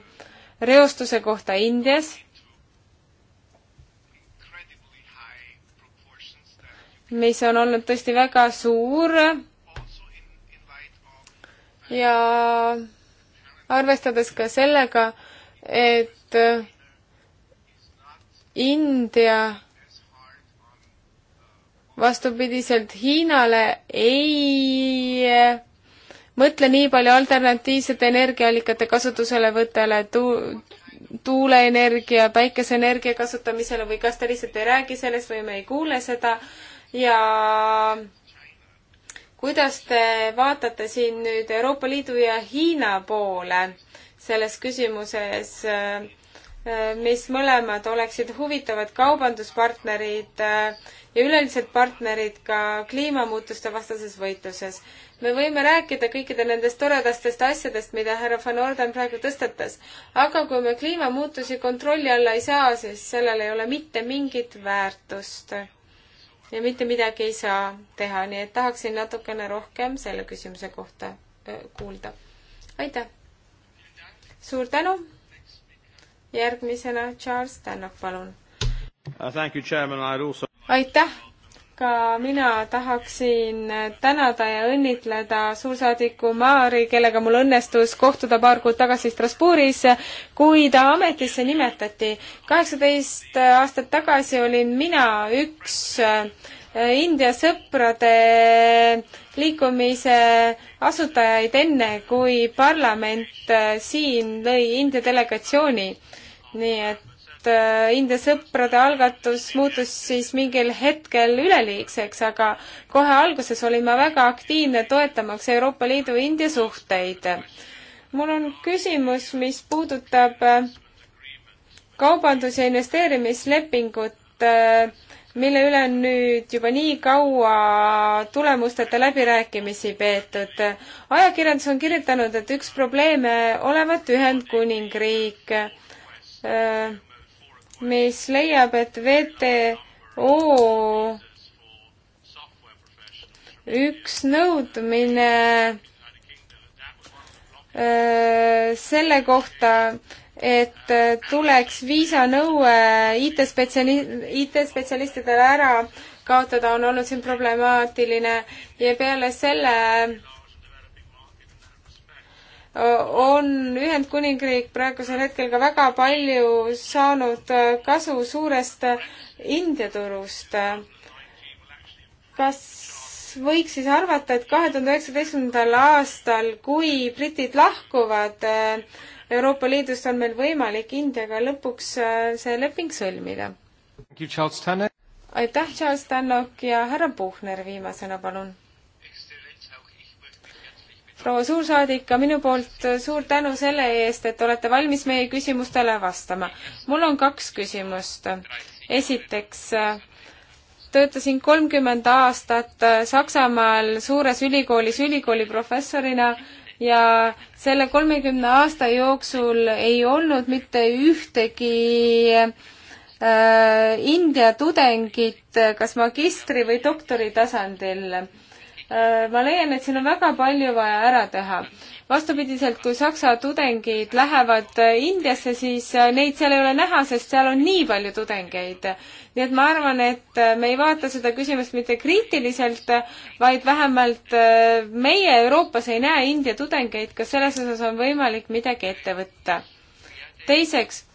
[SPEAKER 1] reostuse kohta Indias, mis on olnud tõesti väga suur ja arvestades ka sellega, et India vastupidiselt Hiinale ei eh, mõtle nii palju alternatiivsete energiaallikate kasutuselevõttele tu-, tuuleenergia, päikeseenergia kasutamisele või kas ta lihtsalt ei räägi sellest või me ei kuule seda ja kuidas te vaatate siin nüüd Euroopa Liidu ja Hiina poole selles küsimuses, eh, eh, mis mõlemad oleksid huvitavad kaubanduspartnerid äh, ja üleüldiselt partnerid ka kliimamuutuste vastases võitluses. me võime rääkida kõikide nendest toredastest asjadest, mida härra Van Orden praegu tõstatas, aga kui me kliimamuutusi kontrolli alla ei saa, siis sellel ei ole mitte mingit väärtust. ja mitte midagi ei saa teha, nii et tahaksin natukene rohkem selle küsimuse kohta kuulda. aitäh! suur tänu! järgmisena Charles Tannock, palun Uh, aitäh! ka mina tahaksin tänada ja õnnitleda suursaadiku Maari, kellega mul õnnestus kohtuda paar kuud tagasi Strasbourgis, kui ta ametisse nimetati. kaheksateist aastat tagasi olin mina üks eh, India sõprade liikumise asutajaid enne, kui parlament eh, siin lõi India delegatsiooni. nii et Äh, India sõprade algatus muutus siis mingil hetkel üleliigseks, aga kohe alguses olin ma väga aktiivne toetamaks Euroopa Liidu India suhteid. mul on küsimus, mis puudutab äh, kaubandus- ja investeerimislepingut, äh, mille üle on nüüd juba nii kaua tulemusteta läbirääkimisi peetud. ajakirjandus on kirjutanud, et üks probleeme olevat Ühendkuningriik mis leiab, et WTO üks nõudmine öö, selle kohta, et tuleks viisanõue IT-spetsiali-, IT-spetsialistidele ära kaotada, on olnud siin problemaatiline ja peale selle on Ühendkuningriik praegusel hetkel ka väga palju saanud kasu suurest India turust. kas võiks siis arvata, et kahe tuhande üheksateistkümnendal aastal, kui britid lahkuvad Euroopa Liidust, on meil võimalik Indiaga lõpuks äh, see leping sõlmida? aitäh, Charles Tannock ja härra Puhner viimasena, palun proua suursaadik, ka minu poolt suur tänu selle eest, et olete valmis meie küsimustele vastama. mul on kaks küsimust. esiteks, töötasin kolmkümmend aastat Saksamaal suures ülikoolis ülikooliprofessorina ja selle kolmekümne aasta jooksul ei olnud mitte ühtegi äh, India tudengit kas magistri- või doktoritasandil Äh, ma leian, et siin on väga palju vaja ära teha. vastupidiselt, kui saksa tudengid lähevad äh, Indiasse, siis äh, neid seal ei ole näha, sest seal on nii palju tudengeid. nii et ma arvan, et me ei vaata seda küsimust mitte kriitiliselt, vaid vähemalt meie Euroopas ei näe India tudengeid, kas selles osas on võimalik midagi ette võtta? teiseks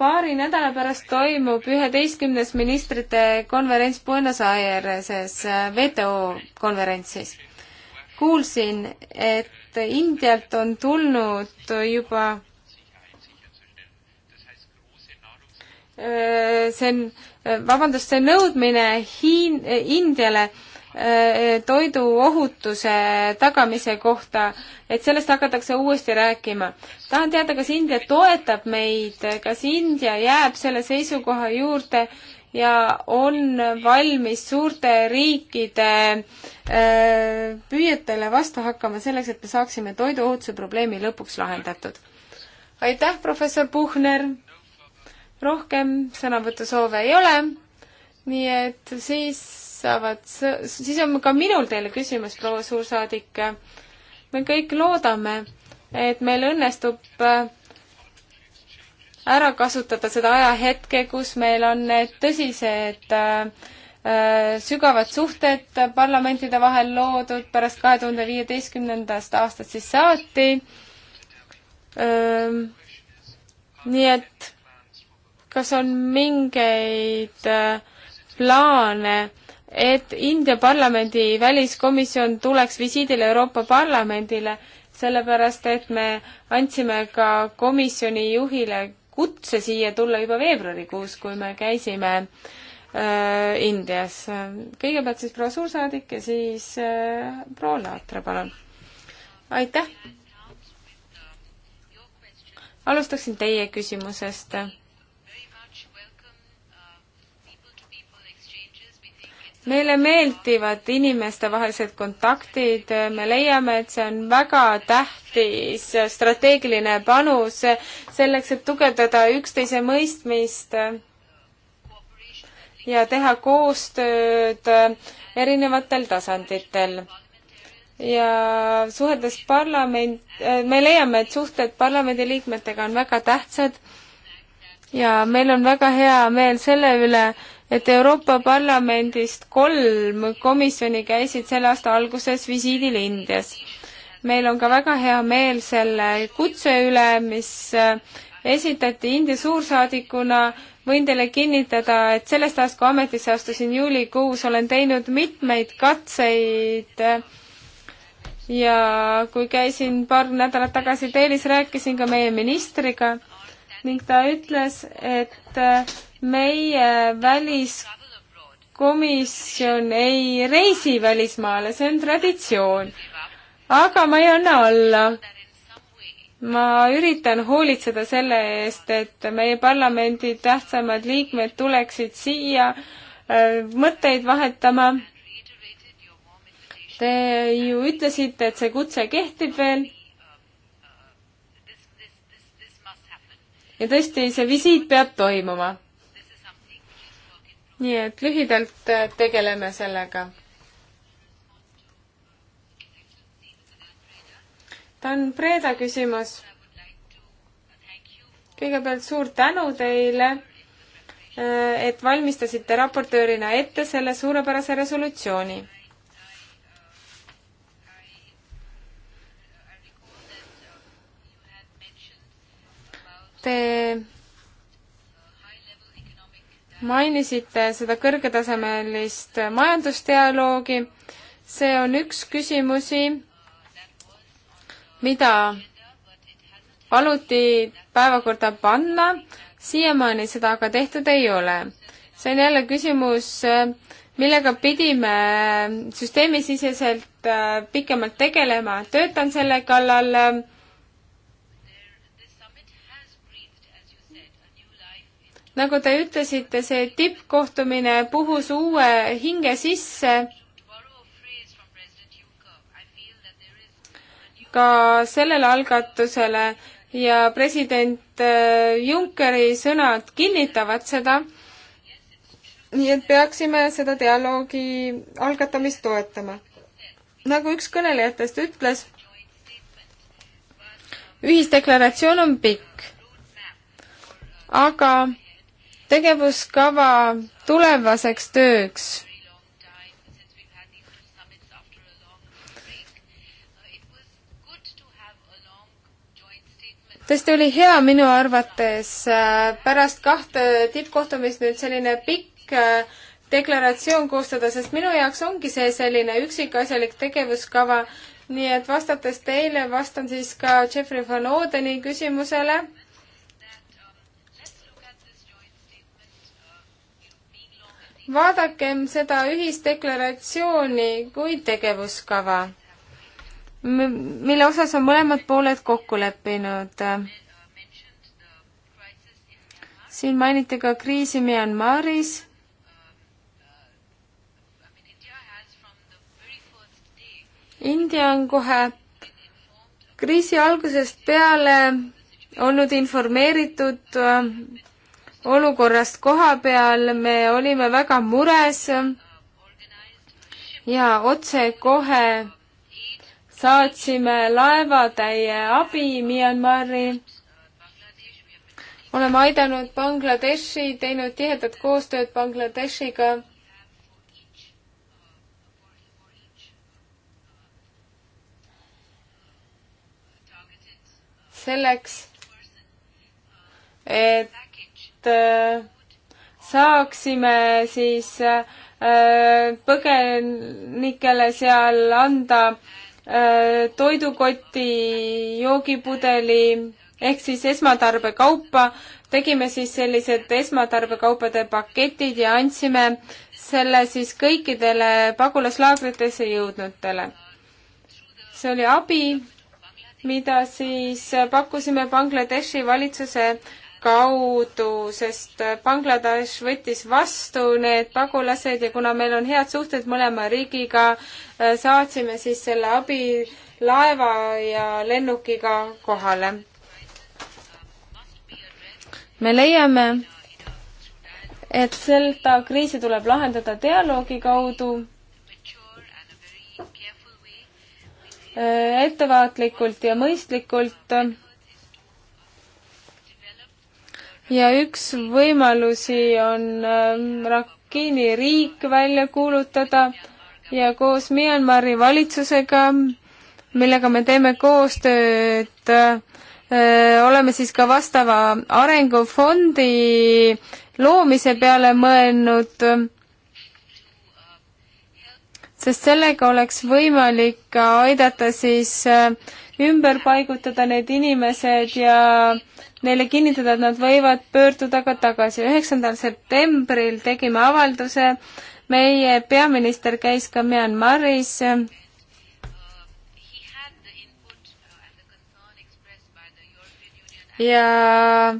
[SPEAKER 1] paari nädala pärast toimub üheteistkümnes ministrite konverents Buenos Aireses WTO konverentsis. kuulsin, et Indialt on tulnud juba see on, vabandust, see nõudmine Hiin-, Indiale Äh, toiduohutuse tagamise kohta, et sellest hakatakse uuesti rääkima. tahan teada, kas India toetab meid, kas India jääb selle seisukoha juurde ja on valmis suurte riikide äh, püüetele vastu hakkama selleks, et me saaksime toiduohutuse probleemi lõpuks lahendatud. aitäh, professor Puhner! rohkem sõnavõtusoove ei ole, nii et siis saavad, siis on ka minul teile küsimus, proua suursaadik. me kõik loodame, et meil õnnestub äh, ära kasutada seda ajahetke, kus meil on need tõsised äh, äh, sügavad suhted parlamentide vahel loodud pärast kahe tuhande viieteistkümnendast aastast siis saati ähm,. nii et kas on mingeid äh, plaane et India parlamendi väliskomisjon tuleks visiidile Euroopa Parlamendile, sellepärast et me andsime ka komisjoni juhile kutse siia tulla juba veebruarikuus, kui me käisime äh, Indias. kõigepealt siis proua suursaadik ja siis äh, proua Laatra, palun. aitäh! alustaksin teie küsimusest meile meeldivad inimestevahelised kontaktid, me leiame, et see on väga tähtis strateegiline panus selleks, et tugevdada üksteise mõistmist ja teha koostööd erinevatel tasanditel. ja suheldes parlament, me leiame, et suhted parlamendiliikmetega on väga tähtsad ja meil on väga hea meel selle üle, et Euroopa Parlamendist kolm komisjoni käisid selle aasta alguses visiidil Indias. meil on ka väga hea meel selle kutse üle, mis äh, esitati India suursaadikuna. võin teile kinnitada, et sellest ajast, kui ametisse astusin juulikuus, olen teinud mitmeid katseid äh, ja kui käisin paar nädalat tagasi Delhis, rääkisin ka meie ministriga ning ta ütles, et äh, meie väliskomisjon ei reisi välismaale, see on traditsioon. aga ma ei anna alla. ma üritan hoolitseda selle eest, et meie parlamendi tähtsamad liikmed tuleksid siia äh, mõtteid vahetama. Te ju ütlesite, et see kutse kehtib veel ja tõesti, see visiit peab toimuma nii et lühidalt äh, tegeleme sellega. Dan Preda küsimus. kõigepealt suur tänu teile, äh, et valmistasite raportöörina ette selle suurepärase resolutsiooni Te mainisite seda kõrgetasemelist majandusdialoogi. see on üks küsimusi, mida paluti päevakorda panna, siiamaani seda aga tehtud ei ole. see on jälle küsimus, millega pidime süsteemisiseselt äh, pikemalt tegelema, töötan selle kallal äh, nagu te ütlesite, see tippkohtumine puhus uue hinge sisse. ka sellele algatusele ja president äh, Junckeri sõnad kinnitavad seda. nii et peaksime seda dialoogi algatamist toetama. nagu üks kõnelejatest ütles, ühisdeklaratsioon on pikk, aga tegevuskava tulevaseks tööks. tõesti oli hea minu arvates äh, pärast kahte tippkohtumist nüüd selline pikk äh, deklaratsioon koostada, sest minu jaoks ongi see selline üksikasjalik tegevuskava, nii et vastates teile, vastan siis ka Jeffrey Van Odeni küsimusele vaadakem seda ühisdeklaratsiooni kui tegevuskava, mille osas on mõlemad pooled kokku leppinud. siin mainiti ka kriisi Myanmaris India on kohe kriisi algusest peale olnud informeeritud olukorrast koha peal, me olime väga mures ja otsekohe saatsime laevatäie abi Myanmari. oleme aidanud Bangladeshi, teinud tihedat koostööd Bangladeshiga selleks, et Äh, saaksime siis äh, põgenikele seal anda äh, toidukoti, joogipudeli ehk siis esmatarbekaupa. tegime siis sellised esmatarbekaupade paketid ja andsime selle siis kõikidele pagulaslaagritesse jõudnutele. see oli abi, mida siis pakkusime Bangladeshi valitsuse kaudu, sest Bangladesh võttis vastu need pagulased ja kuna meil on head suhted mõlema riigiga, äh, saatsime siis selle abi laeva ja lennukiga kohale. me leiame, et seda kriisi tuleb lahendada dialoogi kaudu äh, ettevaatlikult ja mõistlikult ja üks võimalusi on ähm, Rakini riik välja kuulutada ja koos Myanmari valitsusega, millega me teeme koostööd, äh, oleme siis ka vastava arengufondi loomise peale mõelnud, sest sellega oleks võimalik ka aidata siis äh, ümber paigutada need inimesed ja neile kinnitada, et nad võivad pöörduda ka tagasi. üheksandal septembril tegime avalduse, meie peaminister käis ka Myanmaris ja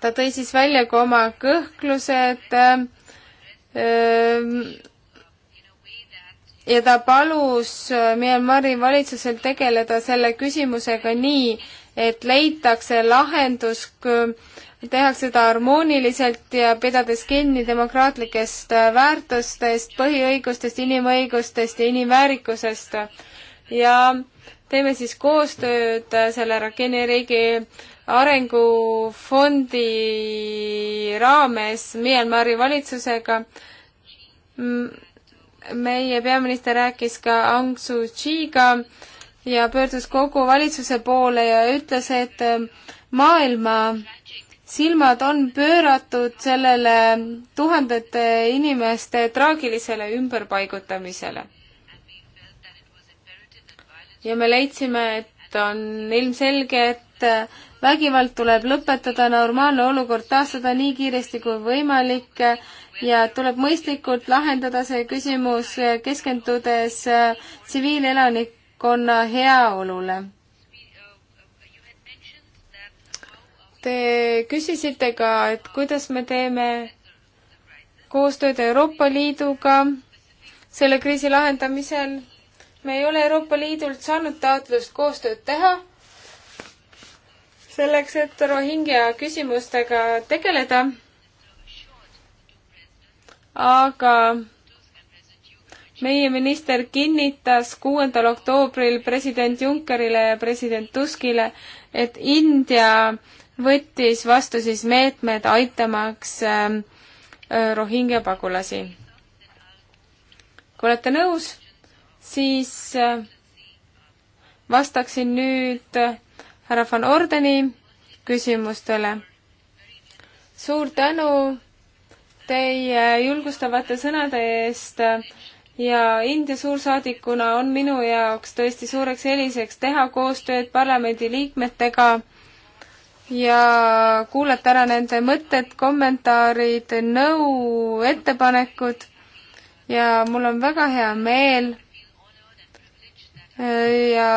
[SPEAKER 1] ta tõi siis välja ka oma kõhklused ja ta palus äh, Myanmari valitsusel tegeleda selle küsimusega nii, et leitakse lahendus, tehakse seda harmooniliselt ja pidades kinni demokraatlikest äh, väärtustest, põhiõigustest, inimõigustest ja inimväärikusest. ja teeme siis koostööd äh, selle Rakeni riigi arengufondi raames Myanmari valitsusega mm, meie peaminister rääkis ka Aung Suu Kyi'ga ja pöördus kogu valitsuse poole ja ütles, et ähm, maailma silmad on pööratud sellele tuhandete inimeste traagilisele ümberpaigutamisele. ja me leidsime, et on ilmselge, et äh, vägivald tuleb lõpetada, normaalne olukord taastada nii kiiresti kui võimalik ja tuleb mõistlikult lahendada see küsimus, eh, keskendudes eh, tsiviilelanikkonna heaolule. Te küsisite ka, et kuidas me teeme koostööd Euroopa Liiduga selle kriisi lahendamisel. me ei ole Euroopa Liidult saanud taotlust koostööd teha selleks, et Rohingja küsimustega tegeleda aga meie minister kinnitas kuuendal oktoobril president Junckerile ja president Tuskile, et India võttis vastu siis meetmed aitamaks ähm, äh, Rohingja pagulasi. kui olete nõus, siis äh, vastaksin nüüd äh, härra äh, van Ordeni küsimustele. suur tänu teie julgustavate sõnade eest ja India suursaadikuna on minu jaoks tõesti suureks eeliseks teha koostööd parlamendi liikmetega ja kuulata ära nende mõtted, kommentaarid, nõu, ettepanekud ja mul on väga hea meel ja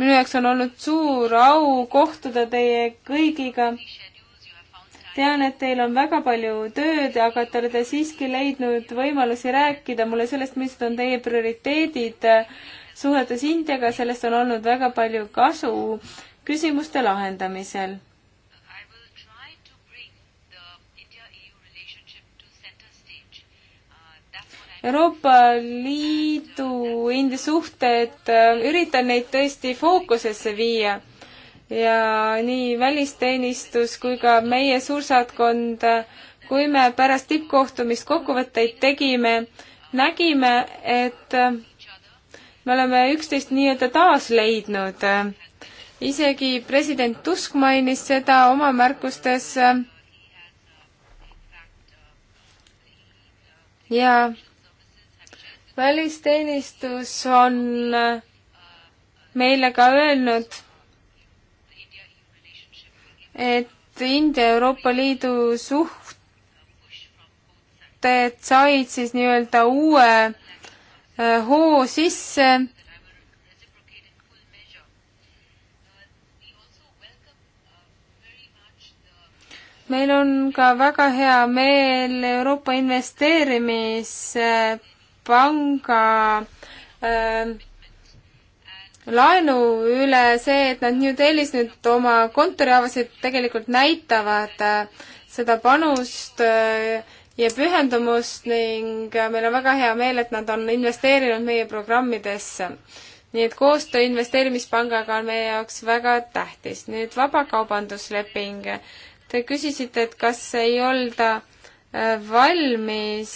[SPEAKER 1] minu jaoks on olnud suur au kohtuda teie kõigiga tean, et teil on väga palju tööd, aga te olete siiski leidnud võimalusi rääkida mulle sellest, mis on teie prioriteedid äh, suhetes Indiaga, sellest on olnud väga palju kasu küsimuste lahendamisel. Euroopa Liidu India suhted, äh, üritan neid tõesti fookusesse viia ja nii välisteenistus kui ka meie suursaatkond, kui me pärast tippkohtumist kokkuvõtteid tegime, nägime, et me oleme üksteist nii-öelda taas leidnud. isegi president Tusk mainis seda oma märkustes. ja välisteenistus on meile ka öelnud et India Euroopa Liidu suhted said siis nii-öelda uue äh, hoo sisse. meil on ka väga hea meel Euroopa Investeerimispanga äh, laenu üle, see, et nad New Delhis nüüd oma kontori avasid, tegelikult näitavad äh, seda panust äh, ja pühendumust ning äh, meil on väga hea meel, et nad on investeerinud meie programmidesse. nii et koostöö investeerimispangaga on meie jaoks väga tähtis. nüüd vabakaubandusleping. Te küsisite, et kas ei olda valmis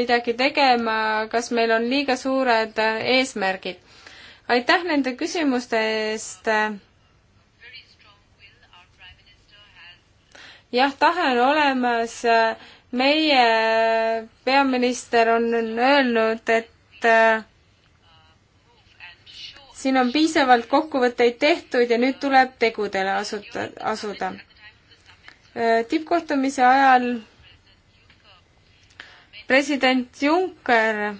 [SPEAKER 1] midagi tegema, kas meil on liiga suured eesmärgid aitäh nende küsimuste eest. jah, tahe on olemas. meie peaminister on öelnud, et äh, siin on piisavalt kokkuvõtteid tehtud ja nüüd tuleb tegudele asuta, asuda. Äh, tippkohtumise ajal president Juncker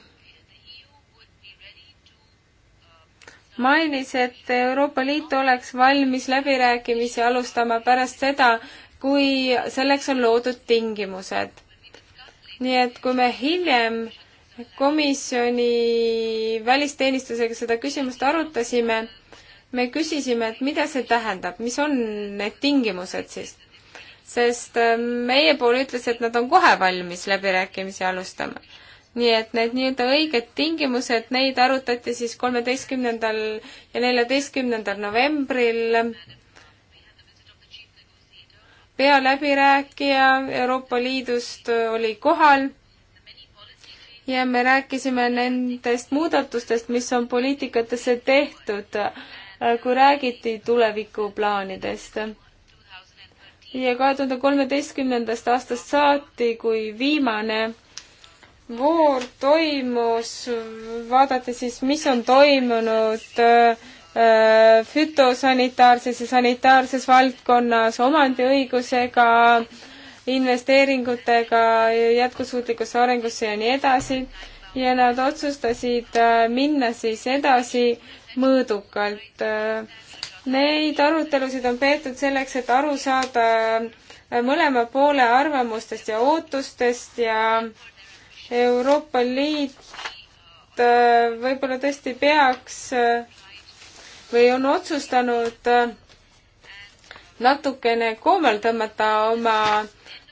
[SPEAKER 1] mainis, et Euroopa Liit oleks valmis läbirääkimisi alustama pärast seda, kui selleks on loodud tingimused. nii et kui me hiljem komisjoni välisteenistusega seda küsimust arutasime, me küsisime, et mida see tähendab, mis on need tingimused siis? sest äh, meie pool ütles, et nad on kohe valmis läbirääkimisi alustama nii et need nii-öelda õiged tingimused, neid arutati siis kolmeteistkümnendal ja neljateistkümnendal novembril. pealäbirääkija Euroopa Liidust oli kohal ja me rääkisime nendest muudatustest, mis on poliitikatesse tehtud, kui räägiti tulevikuplaanidest ja kahe tuhande kolmeteistkümnendast aastast saati, kui viimane voor toimus, vaadati siis, mis on toimunud äh, fütosanitaarses ja sanitaarses valdkonnas omandiõigusega, investeeringutega, jätkusuutlikusse arengusse ja nii edasi. ja nad otsustasid äh, minna siis edasi mõõdukalt. Äh, neid arutelusid on peetud selleks, et aru saada mõlema poole arvamustest ja ootustest ja äh, Euroopa Liit äh, võib-olla tõesti peaks äh, või on otsustanud äh, natukene koomal tõmmata oma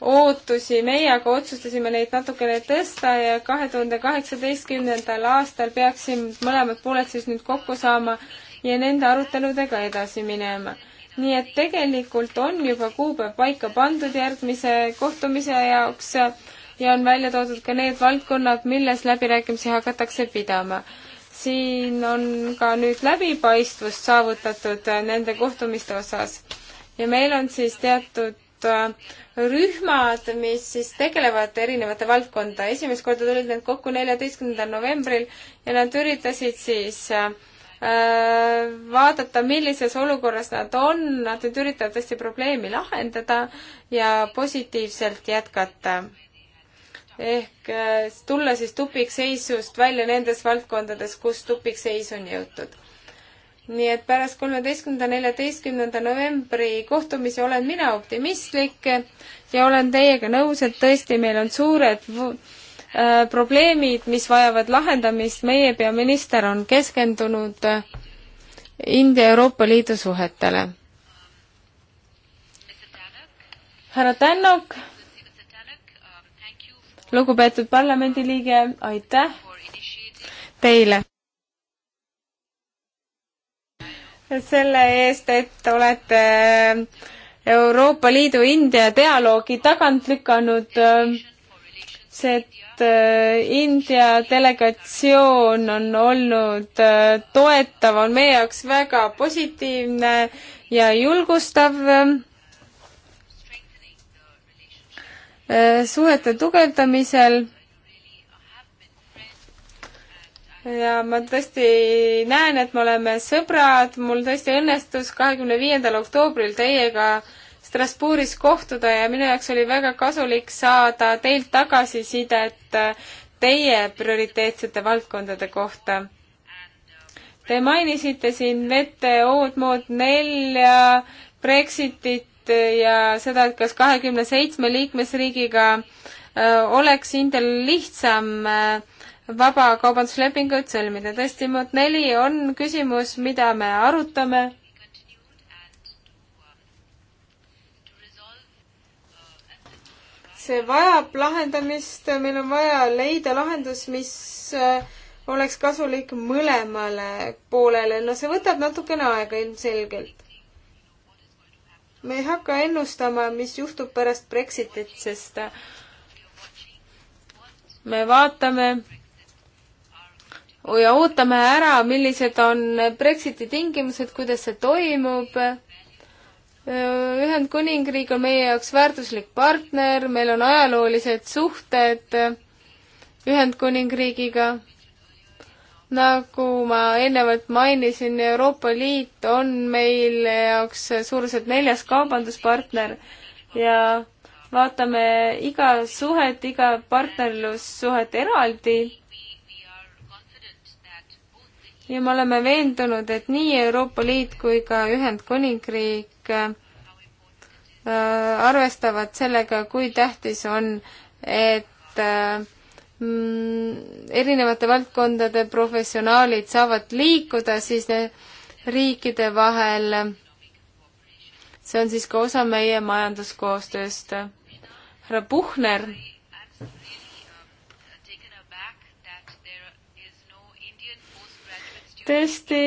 [SPEAKER 1] ootusi, meie aga otsustasime neid natukene tõsta ja kahe tuhande kaheksateistkümnendal aastal peaksin mõlemad pooled siis nüüd kokku saama ja nende aruteludega edasi minema. nii et tegelikult on juba kuupäev paika pandud järgmise kohtumise jaoks ja on välja toodud ka need valdkonnad, milles läbirääkimisi hakatakse pidama. siin on ka nüüd läbipaistvust saavutatud nende kohtumiste osas ja meil on siis teatud äh, rühmad, mis siis tegelevad erinevate valdkonda. esimest korda tulid need kokku neljateistkümnendal novembril ja nad üritasid siis äh, vaadata, millises olukorras nad on, nad nüüd üritavad tõesti probleemi lahendada ja positiivselt jätkata ehk äh, tulla siis tupikseisust välja nendes valdkondades, kus tupikseis on jõutud. nii et pärast kolmeteistkümnenda, neljateistkümnenda novembri kohtumisi olen mina optimistlik ja olen teiega nõus, et tõesti, meil on suured äh, probleemid, mis vajavad lahendamist, meie peaminister on keskendunud India-Euroopa Liidu suhetele. härra Tännok lugupeetud parlamendiliige, aitäh teile! selle eest, et olete Euroopa Liidu India dialoogi tagant lükanud. see, et äh, India delegatsioon on olnud äh, toetav, on meie jaoks väga positiivne ja julgustav Äh, suhete tugevdamisel. ja ma tõesti näen, et me oleme sõbrad, mul tõesti õnnestus kahekümne viiendal oktoobril teiega Strasbourgis kohtuda ja minu jaoks oli väga kasulik saada teilt tagasisidet äh, teie prioriteetsete valdkondade kohta. Te mainisite siin WTO-d, mood nelja, Brexitit Äh, ja seda, et kas kahekümne seitsme liikmesriigiga äh, oleks Indial lihtsam äh, vabakaubanduslepinguid sõlmida. tõesti, mõõt neli on küsimus, mida me arutame. see vajab lahendamist, meil on vaja leida lahendus, mis oleks kasulik mõlemale poolele. no see võtab natukene aega ilmselgelt me ei hakka ennustama, mis juhtub pärast Brexitit, sest äh, me vaatame ja ootame ära, millised on Brexiti tingimused, kuidas see toimub. Äh, Ühendkuningriik on meie jaoks väärtuslik partner, meil on ajaloolised suhted Ühendkuningriigiga nagu ma eelnevalt mainisin, Euroopa Liit on meile jaoks suuruselt neljas kaubanduspartner ja vaatame iga suhet, iga partnerlussuhet eraldi. ja me oleme veendunud, et nii Euroopa Liit kui ka Ühendkuningriik äh, arvestavad sellega, kui tähtis on, et äh, Mm, erinevate valdkondade professionaalid saavad liikuda siis riikide vahel. see on siis ka osa meie majanduskoostööst. härra Puhner. tõesti,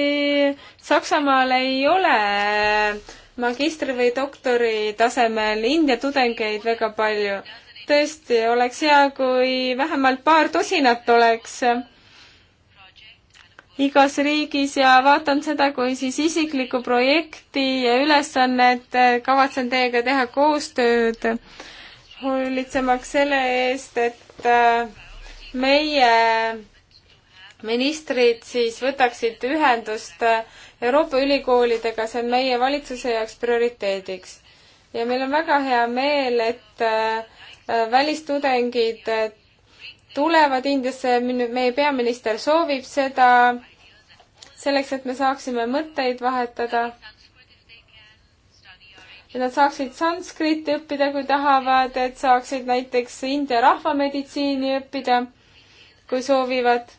[SPEAKER 1] Saksamaal ei ole magistri- või doktoritasemel India tudengeid väga palju tõesti, oleks hea, kui vähemalt paar tosinat oleks igas riigis ja vaatan seda kui siis isiklikku projekti ja ülesannet, kavatsen teiega teha koostööd, hoolitsemaks selle eest, et äh, meie ministrid siis võtaksid ühendust äh, Euroopa ülikoolidega, see on meie valitsuse jaoks prioriteediks. ja meil on väga hea meel, et äh, Äh, välistudengid äh, tulevad Indiasse, meie peaminister soovib seda, selleks, et me saaksime mõtteid vahetada. et nad saaksid sanskriti õppida, kui tahavad, et saaksid näiteks India rahvameditsiini õppida, kui soovivad.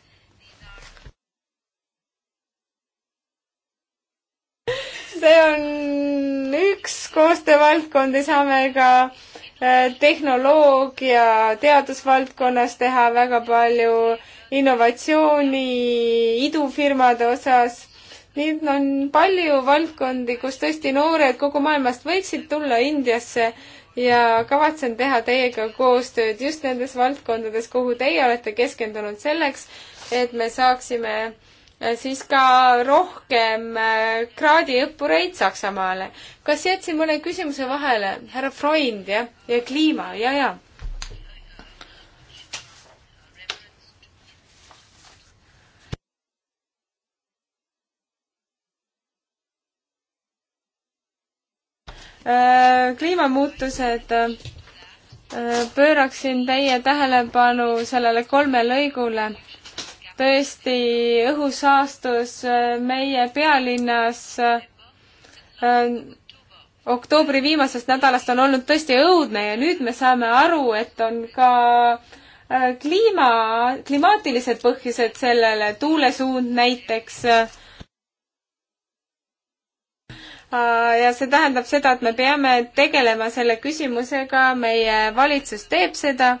[SPEAKER 1] see on üks koostöövaldkond ja saame ka Äh, tehnoloogia teadusvaldkonnas teha väga palju innovatsiooni idufirmade osas. nii et on palju valdkondi, kus tõesti noored kogu maailmast võiksid tulla Indiasse ja kavatsen teha teiega koostööd just nendes valdkondades, kuhu teie olete keskendunud selleks, et me saaksime Äh, siis ka rohkem äh, kraadiõppureid Saksamaale. kas jätsin mõne küsimuse vahele? härra Freund, jah, ja kliima ja,, jaa-jaa. Äh, kliimamuutused pööraksin teie tähelepanu sellele kolmele lõigule tõesti õhusaastus äh, meie pealinnas äh, oktoobri viimasest nädalast on olnud tõesti õudne ja nüüd me saame aru, et on ka äh, kliima, klimaatilised põhjused sellele, tuulesuund näiteks. ja see tähendab seda, et me peame tegelema selle küsimusega, meie valitsus teeb seda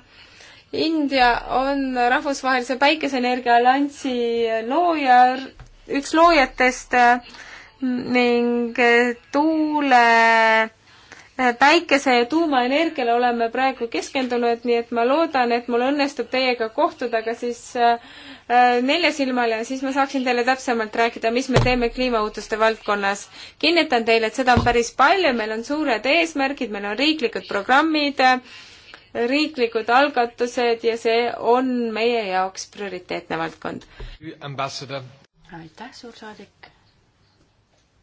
[SPEAKER 1] India on rahvusvahelise päikeseenergia alliansi looja, üks loojatest ning tuule, päikese ja tuumaenergiale oleme praegu keskendunud, nii et ma loodan, et mul õnnestub teiega kohtuda ka siis äh, nelja silmale ja siis ma saaksin teile täpsemalt rääkida, mis me teeme kliimauutuste valdkonnas. kinnitan teile, et seda on päris palju, meil on suured eesmärgid, meil on riiklikud programmid, riiklikud algatused ja see on meie jaoks prioriteetne valdkond. aitäh, suursaadik.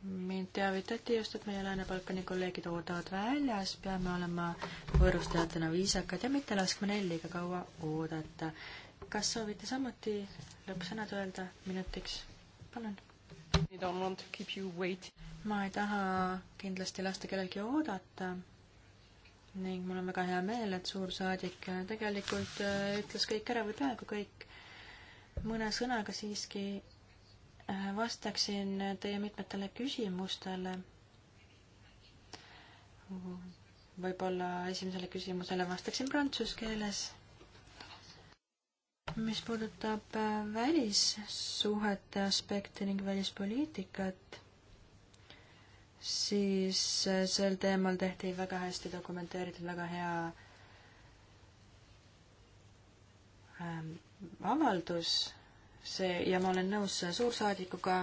[SPEAKER 2] mind teavitati just, et meie Lääne-Balkani kolleegid ootavad väljas, peame olema võõrustajatena viisakad ja mitte laskma neil liiga kaua oodata. kas soovite samuti lõppsõnad öelda minutiks? palun. ma ei taha kindlasti lasta kellelgi oodata ning mul on väga hea meel, et suursaadik äh, tegelikult äh, ütles kõik ära või peaaegu kõik. mõne sõnaga siiski äh, vastaksin teie mitmetele küsimustele. võib-olla esimesele küsimusele vastaksin prantsuse keeles. mis puudutab välissuhete aspekti ning välispoliitikat siis äh, sel teemal tehti väga hästi dokumenteeritud, väga hea ähm, avaldus, see, ja ma olen nõus suursaadikuga,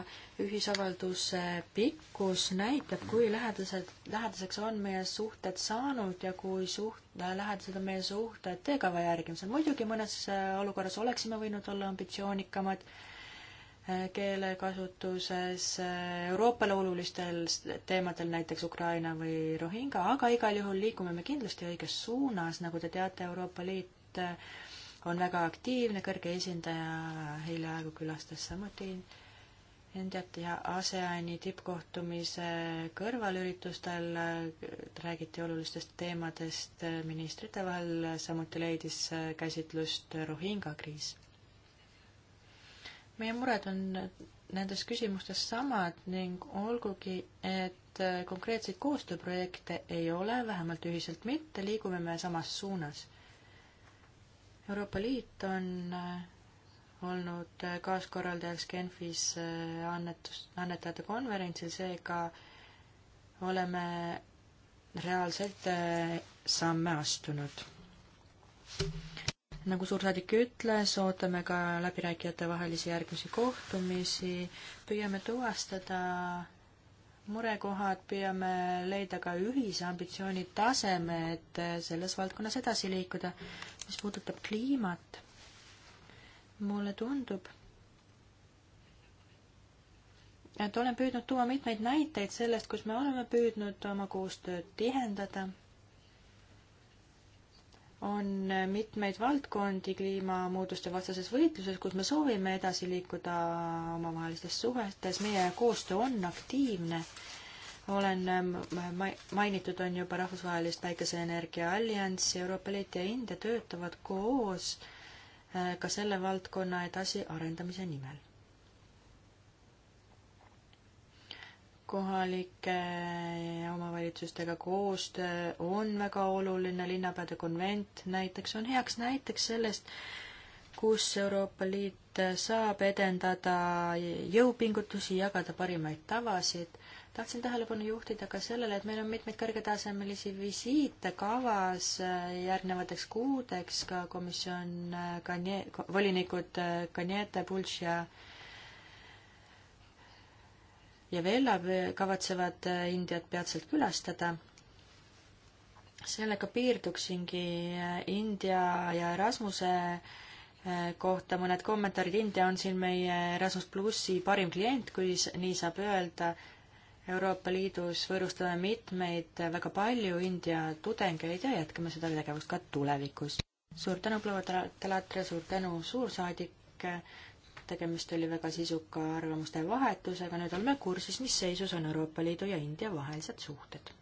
[SPEAKER 2] ühisavalduse pikkus näitab, kui lähedased, lähedaseks on meie suhted saanud ja kui suht-, lähedased on meie suhted teekava järgimisel. muidugi mõnes äh, olukorras oleksime võinud olla ambitsioonikamad äh,, keelekasutuses äh, Euroopale olulistel teemadel, näiteks Ukraina või Rohinga, aga igal juhul liigume me kindlasti õiges suunas, nagu te teate, Euroopa Liit äh, on väga aktiivne, kõrge esindaja hiljaaegu külastas samuti Indiat ja ASEAN-i tippkohtumise kõrvalüritustel äh, räägiti olulistest teemadest ministrite vahel, samuti leidis käsitlust Rohinga kriis meie mured on nendes küsimustes samad ning olgugi, et konkreetseid koostööprojekte ei ole, vähemalt ühiselt mitte, liigume me samas suunas. Euroopa Liit on äh, olnud äh, kaaskorraldajaks Genfis äh, annetus, annetajate konverentsil, seega oleme reaalselt samme astunud nagu suursaadik ütles, ootame ka läbirääkijate vahelisi järgmisi kohtumisi, püüame tuvastada murekohad, püüame leida ka ühise ambitsiooni taseme, et selles valdkonnas edasi liikuda. mis puudutab kliimat, mulle tundub, et olen püüdnud tuua mitmeid näiteid sellest, kus me oleme püüdnud oma koostööd tihendada on mitmeid valdkondi kliimamuutuste vastases võitluses, kus me soovime edasi liikuda omavahelistes suhetes, meie koostöö on aktiivne. olen ähm, mainitud, on juba rahvusvahelist päikeseenergia allianssi, Euroopa Liit ja India töötavad koos äh, ka selle valdkonna edasiarendamise nimel. kohalike omavalitsustega koostöö on väga oluline, linnapeade konvent näiteks on heaks näiteks sellest, kus Euroopa Liit saab edendada jõupingutusi, jagada parimaid tavasid. tahtsin tähelepanu juhtida ka sellele, et meil on mitmeid kõrgetasemelisi visiite kavas järgnevateks kuudeks, ka komisjon, volinikud Kanjete, Bulš ja ja Vella kavatsevad äh, Indiat peatselt külastada. sellega piirduksingi äh, India ja Erasmuse äh, kohta mõned kommentaarid. India on siin meie Erasmus plussi parim klient, kui nii saab öelda. Euroopa Liidus võõrustame mitmeid, väga palju India tudengeid ja jätkame seda tegevust ka tulevikus. suur tänu, Plavatelatele, suur tänu, suursaadik, tegemist oli väga sisuka arvamuste vahetusega, nüüd oleme kursis, mis seisus on Euroopa Liidu ja India vahelised suhted.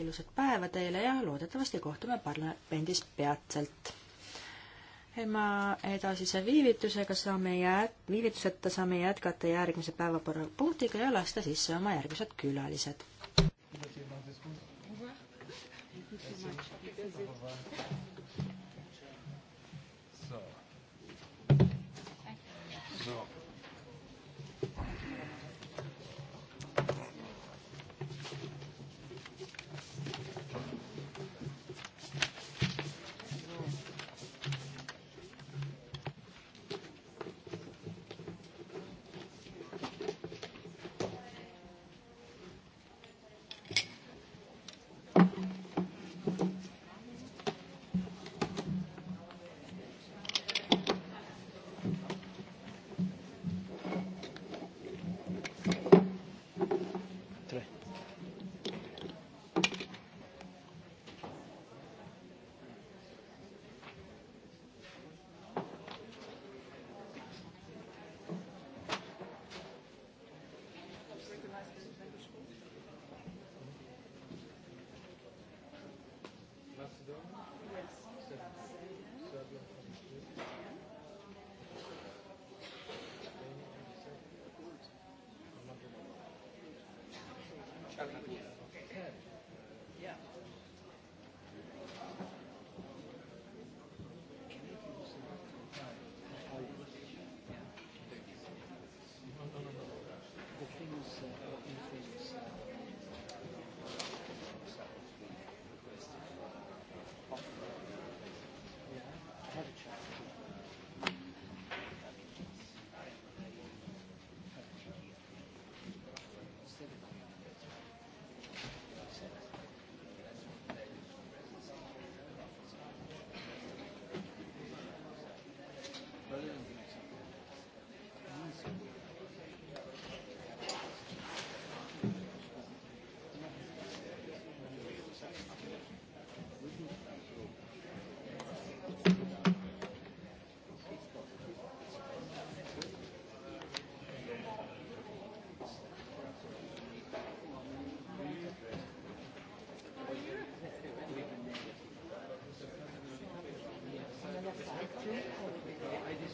[SPEAKER 2] ilusat päeva teile ja loodetavasti kohtume parlamendis peatselt. ilma edasise viivitusega saame jää-, viivituseta saame jätkata järgmise päevakorrapunktiga ja lasta sisse oma järgmised külalised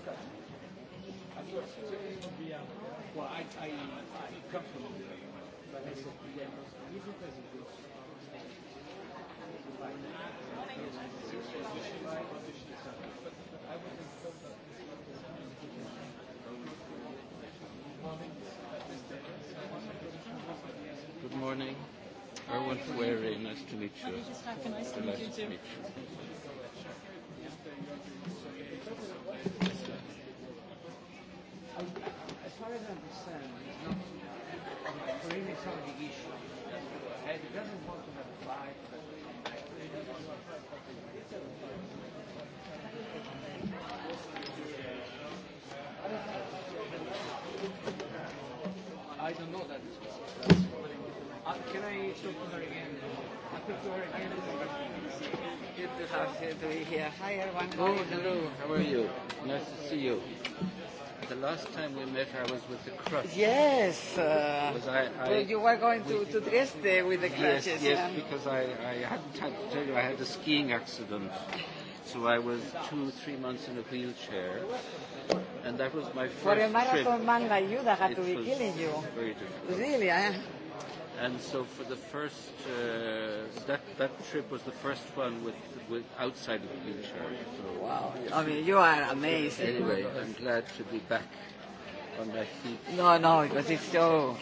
[SPEAKER 2] Well,
[SPEAKER 3] I, I, I come from Italy, but I said, yeah, visitors in good state.
[SPEAKER 1] I was informed that this Good
[SPEAKER 3] morning. Erwin Fuere, nice to meet you. Nice to meet you. I understand,
[SPEAKER 2] is not for any Saudi issue. And he doesn't want
[SPEAKER 3] to apply for the
[SPEAKER 1] I don't know that. Uh, can I talk to her again? I talk to her again. Good to have you here. Hi, everyone. How oh, hello. How are you? Nice to see you. The last time we met, I was with the crutches. Yes. Uh, was I, I, well, you were going to, we, to Dresde with the crutches. Yes, yes yeah.
[SPEAKER 3] because I, I hadn't time to tell you I had a skiing accident. So I was two, three months in a wheelchair. And that was my first For a marathon trip. man like you, that had it to be killing you.
[SPEAKER 1] Very difficult. Really, eh? and so for the first uh, that that trip was the first one with with outside of wheelchair. So wow! I mean, you are amazing. Anyway, I'm glad to be back on my feet. No, no, because it's so.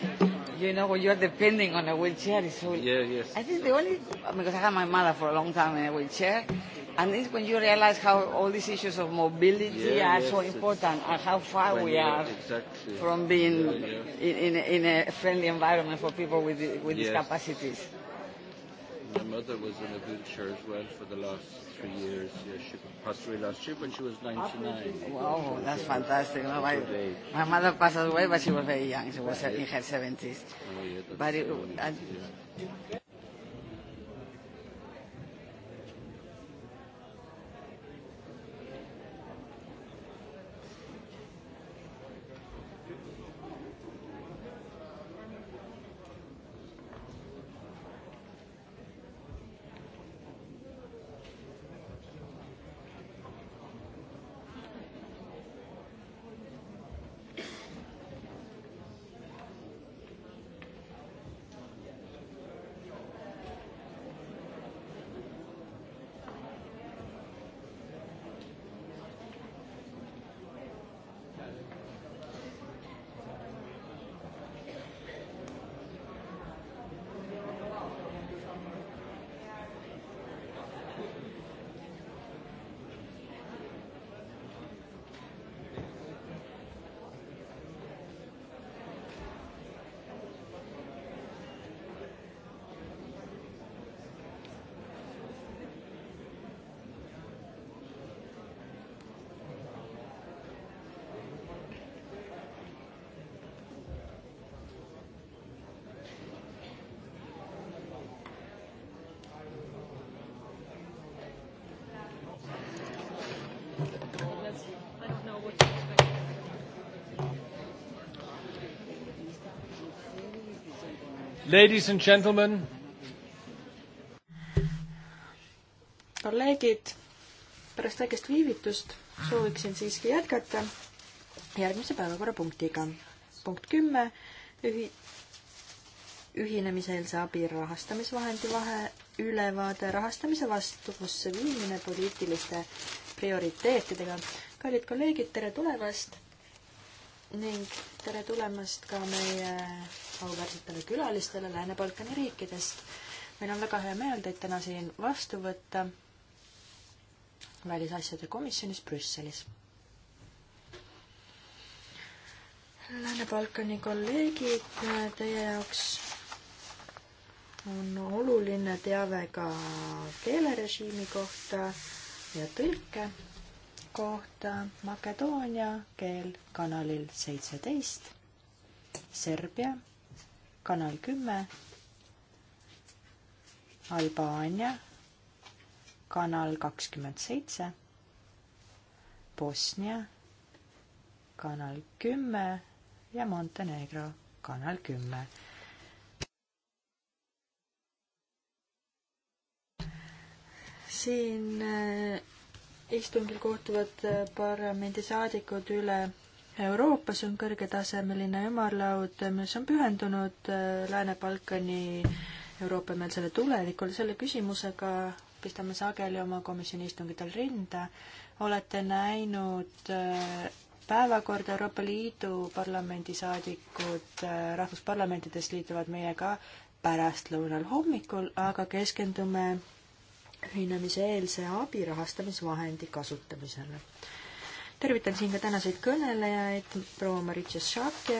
[SPEAKER 1] You know, when you're depending on a wheelchair, it's so. Yeah, yes. I think so. the only because I had my mother for a long time in a wheelchair, And it's when you realize how all these issues of mobility yeah, are yes, so important and how far we are
[SPEAKER 2] exactly. from
[SPEAKER 1] being
[SPEAKER 3] yeah, yeah. In, in, in a friendly environment for people with, with yes. discapacities. My mother was in a wheelchair as well for the last three years. Yeah, she passed away last year when she was 99. Ah, wow, that's fantastic. No, my, my mother passed away, but she was very young. She was yeah. in her 70s. Oh, yeah, but it, and, yeah.
[SPEAKER 1] Ladies and gentlemen.
[SPEAKER 2] kolleegid, pärast väikest viivitust sooviksin siiski jätkata järgmise päevakorrapunktiga. punkt kümme, ühi-, ühinemiseelse abi rahastamisvahendi vahe ülevaade rahastamise vastuvusse viimine poliitiliste prioriteetidega. kallid kolleegid, tere tulemast ning tere tulemast ka meie auväärsetele külalistele Lääne-Balkani riikidest. meil on väga hea meel teid täna siin vastu võtta välisasjade komisjonis Brüsselis. Lääne-Balkani kolleegid, teie jaoks on oluline teave ka keelerežiimi kohta ja tõlke kohta Makedoonia keel kanalil seitseteist, Serbia kanal kümme, Albaania, kanal kakskümmend seitse, Bosnia, kanal kümme ja Montenegro, kanal kümme. siin äh, istungil kohtuvad äh, parlamendisaadikud üle Euroopas on kõrgetasemeline ümarlaud, mis on pühendunud äh, Lääne-Balkani Euroopa-meelsele tulevikule, selle küsimusega pistame sageli oma komisjoni istungitel rinda. olete näinud äh, päevakorda, Euroopa Liidu parlamendisaadikud äh, rahvusparlamentidest liituvad meiega pärastlõunal hommikul, aga keskendume ühinemiseelse abi rahastamisvahendi kasutamisele tervitan siin ka tänaseid kõnelejaid, proua Maritša Šake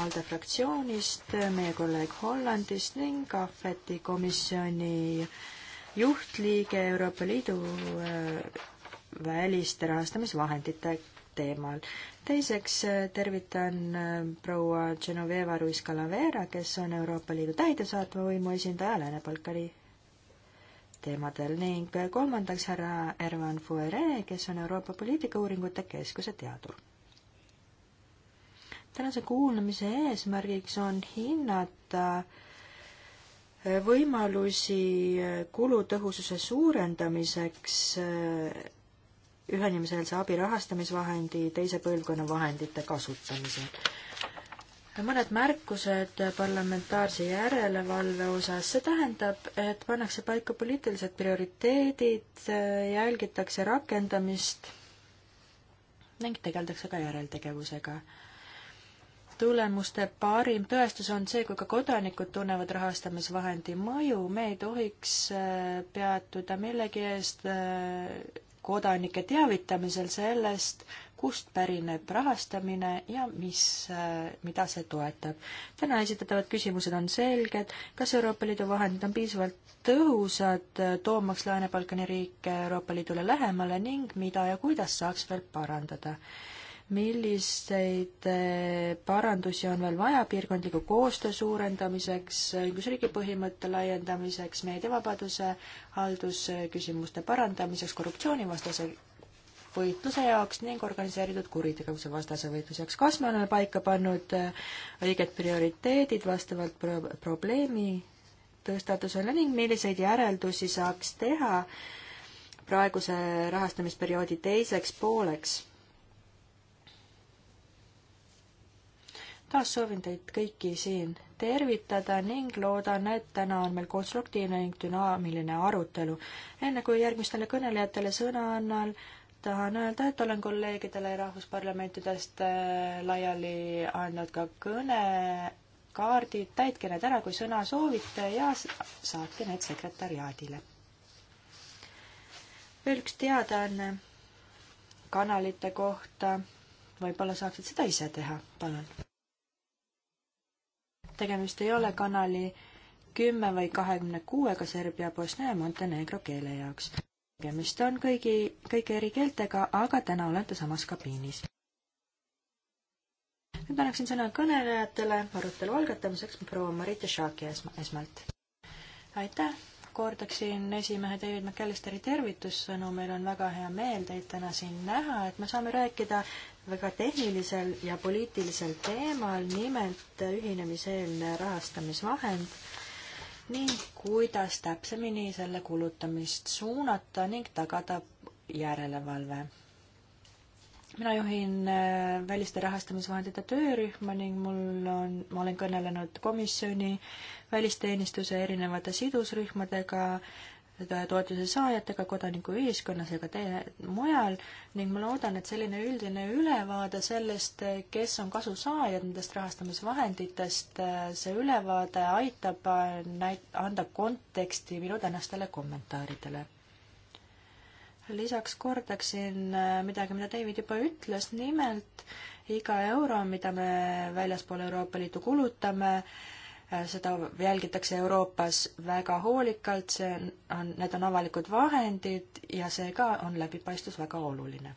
[SPEAKER 2] ALDE fraktsioonist, meie kolleeg Hollandist ning Ahveti komisjoni juhtliige Euroopa Liidu äh, väliste rahastamisvahendite teemal. teiseks äh, tervitan äh, proua Genoveva Ruiz-Calavera, kes on Euroopa Liidu täidesaatva võimu esindaja Lääne-Balkani teemadel ning kolmandaks härra Ervan Fuere, kes on Euroopa Poliitikauuringute Keskuse teadur. tänase kuulamise eesmärgiks on hinnata võimalusi kulutõhususe suurendamiseks ühenimiseelse abi rahastamisvahendi teise põlvkonna vahendite kasutamisel mõned märkused parlamentaarse järelevalve osas, see tähendab, et pannakse paika poliitilised prioriteedid, jälgitakse rakendamist ning tegeldakse ka järeltegevusega. tulemuste parim tõestus on see, kui ka kodanikud tunnevad rahastamisvahendi mõju, me ei tohiks äh, peatuda millegi eest äh, kodanike teavitamisel sellest, kust pärineb rahastamine ja mis, mida see toetab. täna esitatavad küsimused on selged, kas Euroopa Liidu vahendid on piisavalt tõhusad, eh, toomaks Lääne Balkani riike Euroopa Liidule lähemale ning mida ja kuidas saaks veel parandada? milliseid eh, parandusi on veel vaja piirkondliku koostöö suurendamiseks, õigusriigi põhimõtte laiendamiseks, meediavabaduse haldusküsimuste eh, parandamiseks, korruptsioonivastase võitluse jaoks ning organiseeritud kuritegevuse vastase võitluse jaoks. kas me oleme paika pannud äh, õiged prioriteedid vastavalt pro-, probleemi tõstatusele ning milliseid järeldusi saaks teha praeguse rahastamisperioodi teiseks pooleks? taas soovin teid kõiki siin tervitada ning loodan, et täna on meil konstruktiivne ning dünaamiline arutelu. enne kui järgmistele kõnelejatele sõna annan, tahan öelda, et olen kolleegidele rahvusparlamentidest äh, laiali andnud ka kõnekaardid, täitke need ära, kui sõna soovite ja saatke need sekretäriaadile. veel üks teadaanne kanalite kohta, võib-olla saaksid seda ise teha, palun. tegemist ei ole kanali kümme või kahekümne kuuega Serbia, Bosnia ja Montenegro keele jaoks tegemist on kõigi, kõigi eri keeltega, aga täna olete samas kabiinis. nüüd annaksin sõna kõnelejatele arutelu algatamiseks proua Marite Šaki esma, esmalt. aitäh, kordaksin esimehe David McAllisteri tervitussõnu, meil on väga hea meel teid täna siin näha, et me saame rääkida väga tehnilisel ja poliitilisel teemal, nimelt ühinemiseelne rahastamisvahend ning kuidas täpsemini selle kulutamist suunata ning tagada järelevalve. mina juhin äh, väliste rahastamisvahendite töörühma ning mul on, ma olen kõnelenud komisjoni, välisteenistuse erinevate sidusrühmadega, toetuse saajatega, kodanikuühiskonnas ja ka teie mujal ning ma loodan, et selline üldine ülevaade sellest, kes on kasu saajad nendest rahastamisvahenditest, see ülevaade aitab näit-, anda konteksti minu tänastele kommentaaridele. lisaks kordaksin äh, midagi, mida David juba ütles, nimelt iga euro, mida me väljaspool Euroopa Liitu kulutame, Äh, seda jälgitakse Euroopas väga hoolikalt, see on, need on avalikud vahendid ja seega on läbipaistvus väga oluline.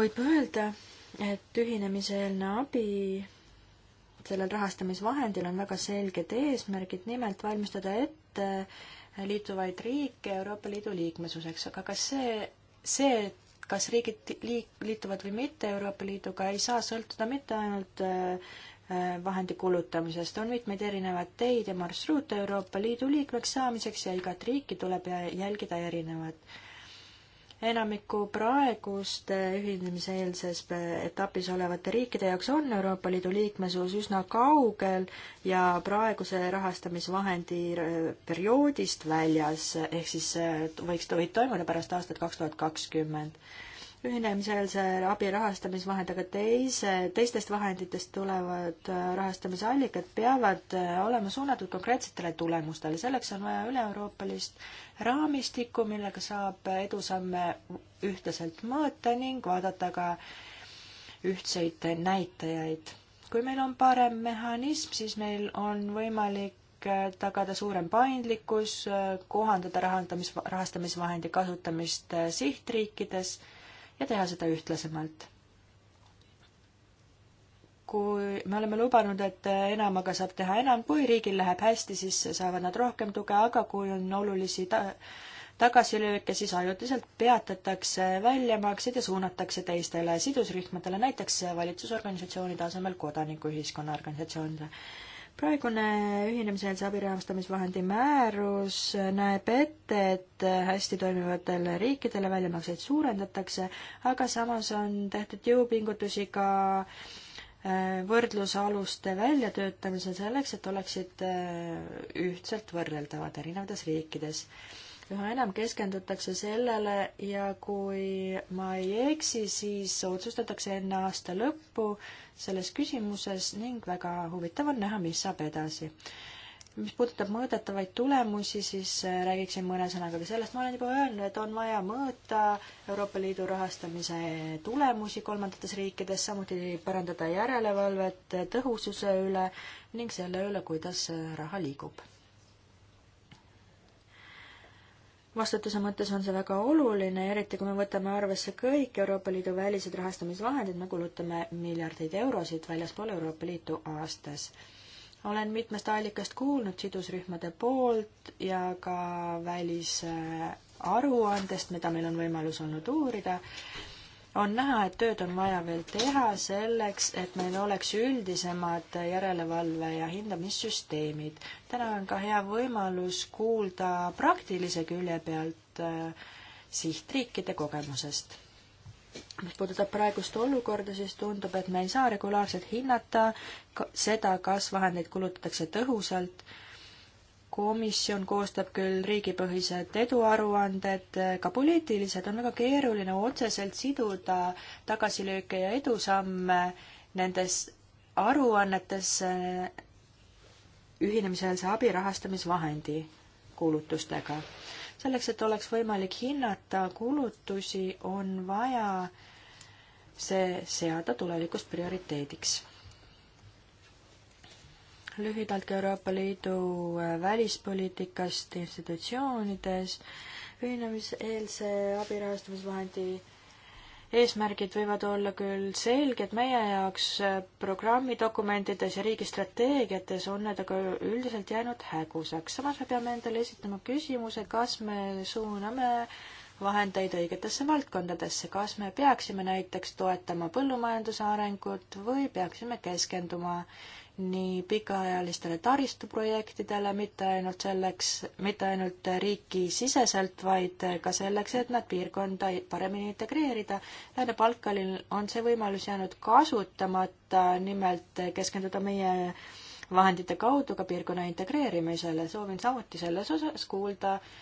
[SPEAKER 2] võib öelda, et ühinemiseelne abi sellel rahastamisvahendil on väga selged eesmärgid, nimelt valmistada ette liituvaid riike Euroopa Liidu liikmesuseks, aga kas see, see, et kas riigid liituvad või mitte Euroopa Liiduga, ei saa sõltuda mitte ainult äh, äh, vahendi kulutamisest. on mitmeid erinevaid teid ja marsruute Euroopa Liidu liikmeks saamiseks ja igat riiki tuleb jälgida erinevalt enamiku praeguste ühinemiseelses etapis olevate riikide jaoks on Euroopa Liidu liikmesus üsna kaugel ja praeguse rahastamisvahendi perioodist väljas, ehk siis võiks, võib toimuda pärast aastat kaks tuhat kakskümmend ühinemisel see abi rahastamisvahend, aga teise, teistest vahenditest tulevad äh, rahastamisallikad peavad äh, olema suunatud konkreetsetele tulemustele. selleks on vaja üle-euroopalist raamistikku, millega saab edusamme ühtlaselt mõõta ning vaadata ka ühtseid näitajaid. kui meil on parem mehhanism, siis meil on võimalik äh, tagada suurem paindlikkus, kohandada rahandamis, rahastamisvahendi kasutamist sihtriikides ja teha seda ühtlasemalt. kui me oleme lubanud, et enamaga saab teha enam, kui riigil läheb hästi, siis saavad nad rohkem tuge, aga kui on olulisi ta-, tagasilööke, siis ajutiselt peatatakse väljamaksed ja suunatakse teistele sidusrühmadele, näiteks valitsusorganisatsioonide asemel kodanikuühiskonna organisatsioonidele praegune ühinemiseelse abirahastamisvahendi määrus näeb ette, et hästi toimivatele riikidele väljamakseid suurendatakse, aga samas on tehtud jõupingutusi ka äh, võrdlusaluste väljatöötamisel selleks, et oleksid äh, ühtselt võrreldavad erinevates riikides üha enam keskendutakse sellele ja kui ma ei eksi, siis otsustatakse enne aasta lõppu selles küsimuses ning väga huvitav on näha, mis saab edasi. mis puudutab mõõdetavaid tulemusi, siis äh, räägiksin mõne sõnaga ka sellest, ma olen juba öelnud, et on vaja mõõta Euroopa Liidu rahastamise tulemusi kolmandates riikides, samuti parandada järelevalvet äh, tõhususe üle ning selle üle, kuidas äh, raha liigub vastutuse mõttes on see väga oluline, eriti kui me võtame arvesse kõik Euroopa Liidu välised rahastamisvahendid, me kulutame miljardeid eurosid väljaspool Euroopa Liitu aastas. olen mitmest allikast kuulnud sidusrühmade poolt ja ka välisaruandest, mida meil on võimalus olnud uurida on näha, et tööd on vaja veel teha selleks, et meil oleks üldisemad järelevalve ja hindamissüsteemid. täna on ka hea võimalus kuulda praktilise külje pealt äh, sihtriikide kogemusest. mis puudutab praegust olukorda, siis tundub, et me ei saa regulaarselt hinnata ka seda, kas vahendeid kulutatakse tõhusalt komisjon koostab küll riigipõhised eduaruanded, ka poliitilised, on väga keeruline otseselt siduda tagasilööke ja edusamme nendes aruannetes ühinemiseelse abi rahastamisvahendi kulutustega. selleks, et oleks võimalik hinnata kulutusi, on vaja see seada tulevikus prioriteediks lühidalt ka Euroopa Liidu äh, välispoliitikast institutsioonides. ühinemiseelse abirahastamisvahendi eesmärgid võivad olla küll selged meie jaoks äh, programmidokumentides ja riigi strateegiates on need aga üldiselt jäänud häguseks. samas me peame endale esitama küsimuse, kas me suuname vahendeid õigetesse valdkondadesse, kas me peaksime näiteks toetama põllumajanduse arengut või peaksime keskenduma nii pikaajalistele taristuprojektidele, mitte ainult selleks, mitte ainult riikisiseselt, vaid ka selleks, et nad piirkonda paremini integreerida. Lääne-Balkanil on see võimalus jäänud kasutamata, nimelt keskenduda meie vahendite kaudu ka piirkonna integreerimisele. soovin samuti selles osas kuulda äh,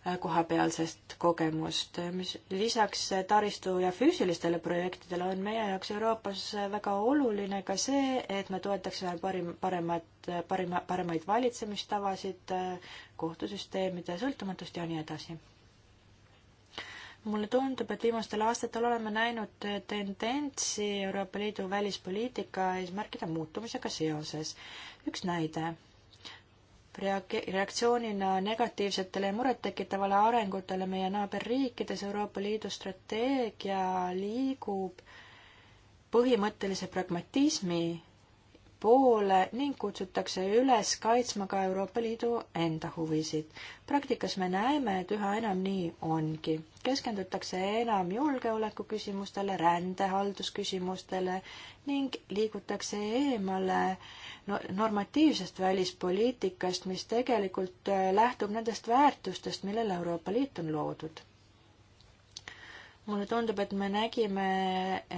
[SPEAKER 2] Äh, kohapealsest kogemust, mis lisaks äh, taristu ja füüsilistele projektidele on meie jaoks Euroopas äh, väga oluline ka see, et me toetaksime parim, paremat, parima, paremaid valitsemistavasid, kohtusüsteemide sõltumatust ja nii edasi. mulle tundub, et viimastel aastatel oleme näinud tendentsi Euroopa Liidu välispoliitika eesmärkide muutumisega seoses. üks näide reage-, reaktsioonina negatiivsetele ja murettekitavale arengutele meie naaberriikides Euroopa Liidu strateegia liigub põhimõttelise pragmatismi poole ning kutsutakse üles kaitsma ka Euroopa Liidu enda huvisid. praktikas me näeme, et üha enam nii ongi. keskendutakse enam julgeolekuküsimustele, rändehaldusküsimustele ning liigutakse eemale äh, normatiivsest välispoliitikast, mis tegelikult äh, lähtub nendest väärtustest, millele Euroopa Liit on loodud. mulle tundub, et me nägime,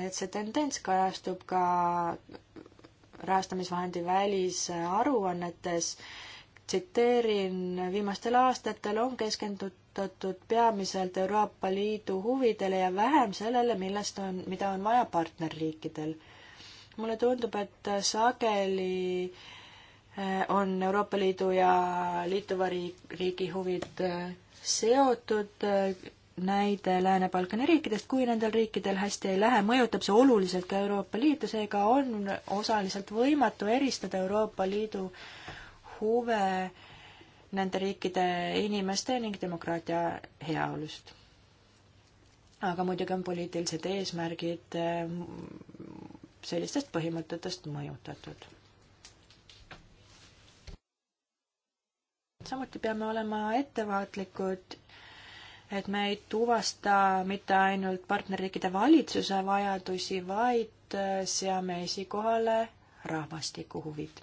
[SPEAKER 2] et see tendents kajastub ka rahastamisvahendi välisaruannetes. tsiteerin, viimastel aastatel on keskendutud peamiselt Euroopa Liidu huvidele ja vähem sellele, millest on, mida on vaja partnerriikidel mulle tundub, et sageli eh, on Euroopa Liidu ja liituva riigi huvid eh, seotud eh, näide Lääne-Balkani riikidest, kui nendel riikidel hästi ei lähe, mõjutab see oluliselt ka Euroopa Liitu, seega on osaliselt võimatu eristada Euroopa Liidu huve nende riikide inimeste ning demokraatia heaolust. aga muidugi on poliitilised eesmärgid sellistest põhimõtetest mõjutatud. samuti peame olema ettevaatlikud, et me ei tuvasta mitte ainult partnerriikide valitsuse vajadusi, vaid seame esikohale rahvastiku huvid.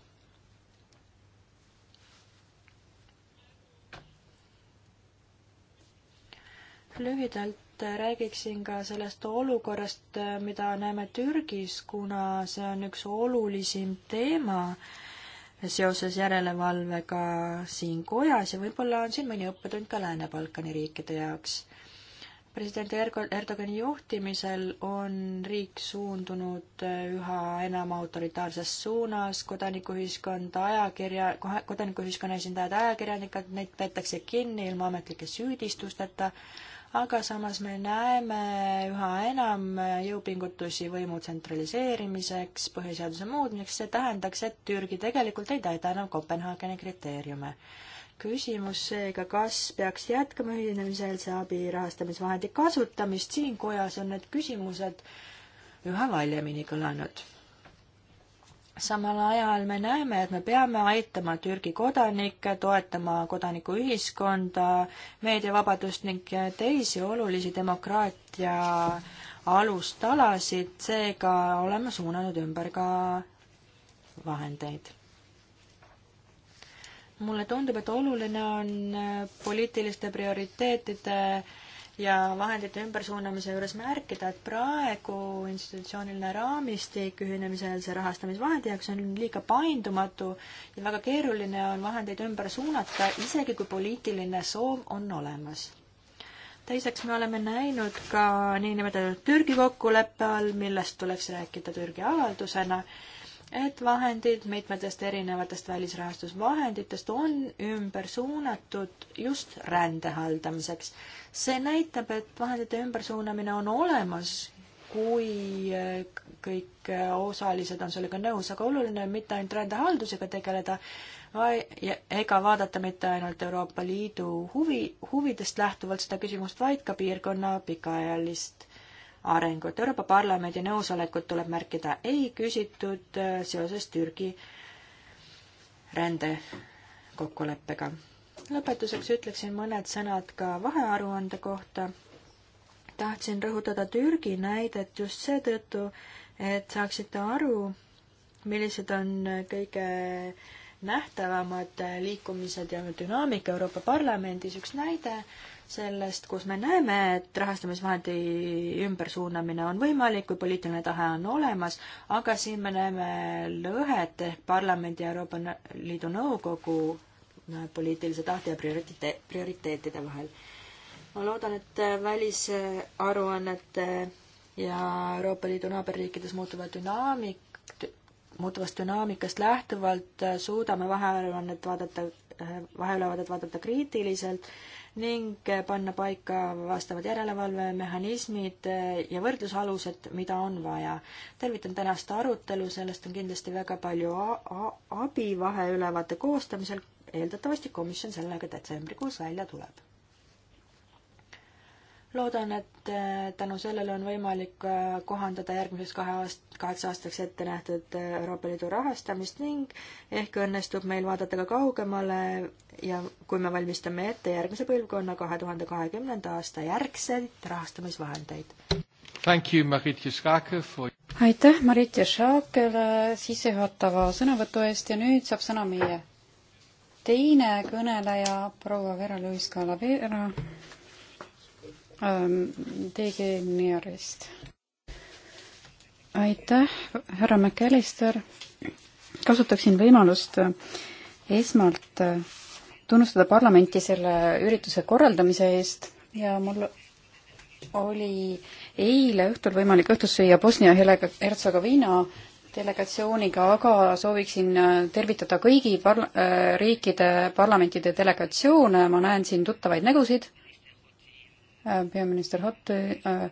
[SPEAKER 2] lühidalt lühidalt räägiksin ka sellest olukorrast, mida näeme Türgis, kuna see on üks olulisim teema seoses järelevalvega siin kojas ja võib-olla on siin mõni õppetund ka Lääne-Balkani riikide jaoks. president Erdogani juhtimisel on riik suundunud üha enam autoritaarses suunas, kodanikuühiskond, ajakirja, kodanikuühiskonna esindajad, ajakirjanikud, neid peetakse kinni ilma ametlike süüdistusteta aga samas me näeme üha enam jõupingutusi võimu tsentraliseerimiseks, põhiseaduse muutmiseks, see tähendaks, et Türgi tegelikult ei täida enam Kopenhaageni kriteeriume. küsimus seega, kas peaks jätkama ühinemiseelse abi rahastamisvahendi kasutamist, siin kojas on need küsimused üha valjemini kõlanud samal ajal me näeme, et me peame aitama Türgi kodanikke, toetama kodanikuühiskonda, meediavabadust ning teisi olulisi demokraatia alustalasid, seega oleme suunanud ümber ka vahendeid. mulle tundub, et oluline on poliitiliste prioriteetide äh, ja vahendite ümbersuunamise juures märkida, et praegu institutsiooniline raamistik ühinemiseelse rahastamisvahendi jaoks on liiga paindumatu ja väga keeruline on vahendeid ümber suunata, isegi kui poliitiline soov on olemas. teiseks, me oleme näinud ka niinimetatud Türgi kokkuleppe all, millest tuleks rääkida Türgi avaldusena et vahendid mitmetest erinevatest välisrahastusvahenditest on ümber suunatud just rände haldamiseks. see näitab, et vahendite ümbersuunamine on olemas, kui äh, kõik äh, osalised on sellega nõus, aga oluline on mitte ainult rändehaldusega tegeleda, ega vaadata mitte ainult Euroopa Liidu huvi, huvidest lähtuvalt seda küsimust, vaid ka piirkonna pikaajalist arengut. Euroopa Parlamendi nõusolekut tuleb märkida ei küsitud äh, seoses Türgi rändekokkuleppega. lõpetuseks ütleksin mõned sõnad ka vahearuande kohta. tahtsin rõhutada Türgi näidet just seetõttu, et saaksite aru, millised on kõige nähtavamad liikumised ja dünaamika Euroopa Parlamendis. üks näide sellest, kus me näeme, et rahastamisvahendi ümbersuunamine on võimalik, kui poliitiline tahe on olemas, aga siin me näeme lõhet ehk parlamendi ja Euroopa Liidu Nõukogu äh, poliitilise tahte ja prioriteet, prioriteetide vahel. ma loodan, et äh, välisaruannete ja Euroopa Liidu naaberriikides muutuva dünaamik, muutuvast dünaamikast lähtuvalt äh, suudame vahearuannet vaadata, vaheülevaadet vaadata kriitiliselt ning panna paika vastavad järelevalvemehhanismid ja võrdlusalused, mida on vaja. tervitan tänast arutelu, sellest on kindlasti väga palju abi vaheülevaate koostamisel, eeldatavasti komisjon sellega detsembrikuus välja tuleb loodan, et äh, tänu sellele on võimalik äh, kohandada järgmiseks kahe aast-, kaheks aastaks ette nähtud äh, Euroopa Liidu rahastamist ning ehk õnnestub meil vaadata ka kaugemale ja kui me valmistame ette järgmise põlvkonna kahe tuhande kahekümnenda aasta
[SPEAKER 3] järgseid rahastamisvahendeid. For... aitäh Marit Jašakele sissejuhatava sõnavõtu eest ja nüüd saab sõna meie teine kõneleja, proua Vera Luiska-Lavera Ähm, DG Nearist. aitäh, härra McAllister. kasutaksin võimalust äh, esmalt äh, tunnustada parlamenti selle ürituse korraldamise eest ja mul oli eile õhtul võimalik õhtust süüa Bosnia-Hertsegoviina delegatsiooniga, aga sooviksin äh, tervitada kõigi parla-, riikide parlamentide delegatsioone, ma näen siin tuttavaid nägusid Äh, peaminister Hotti äh,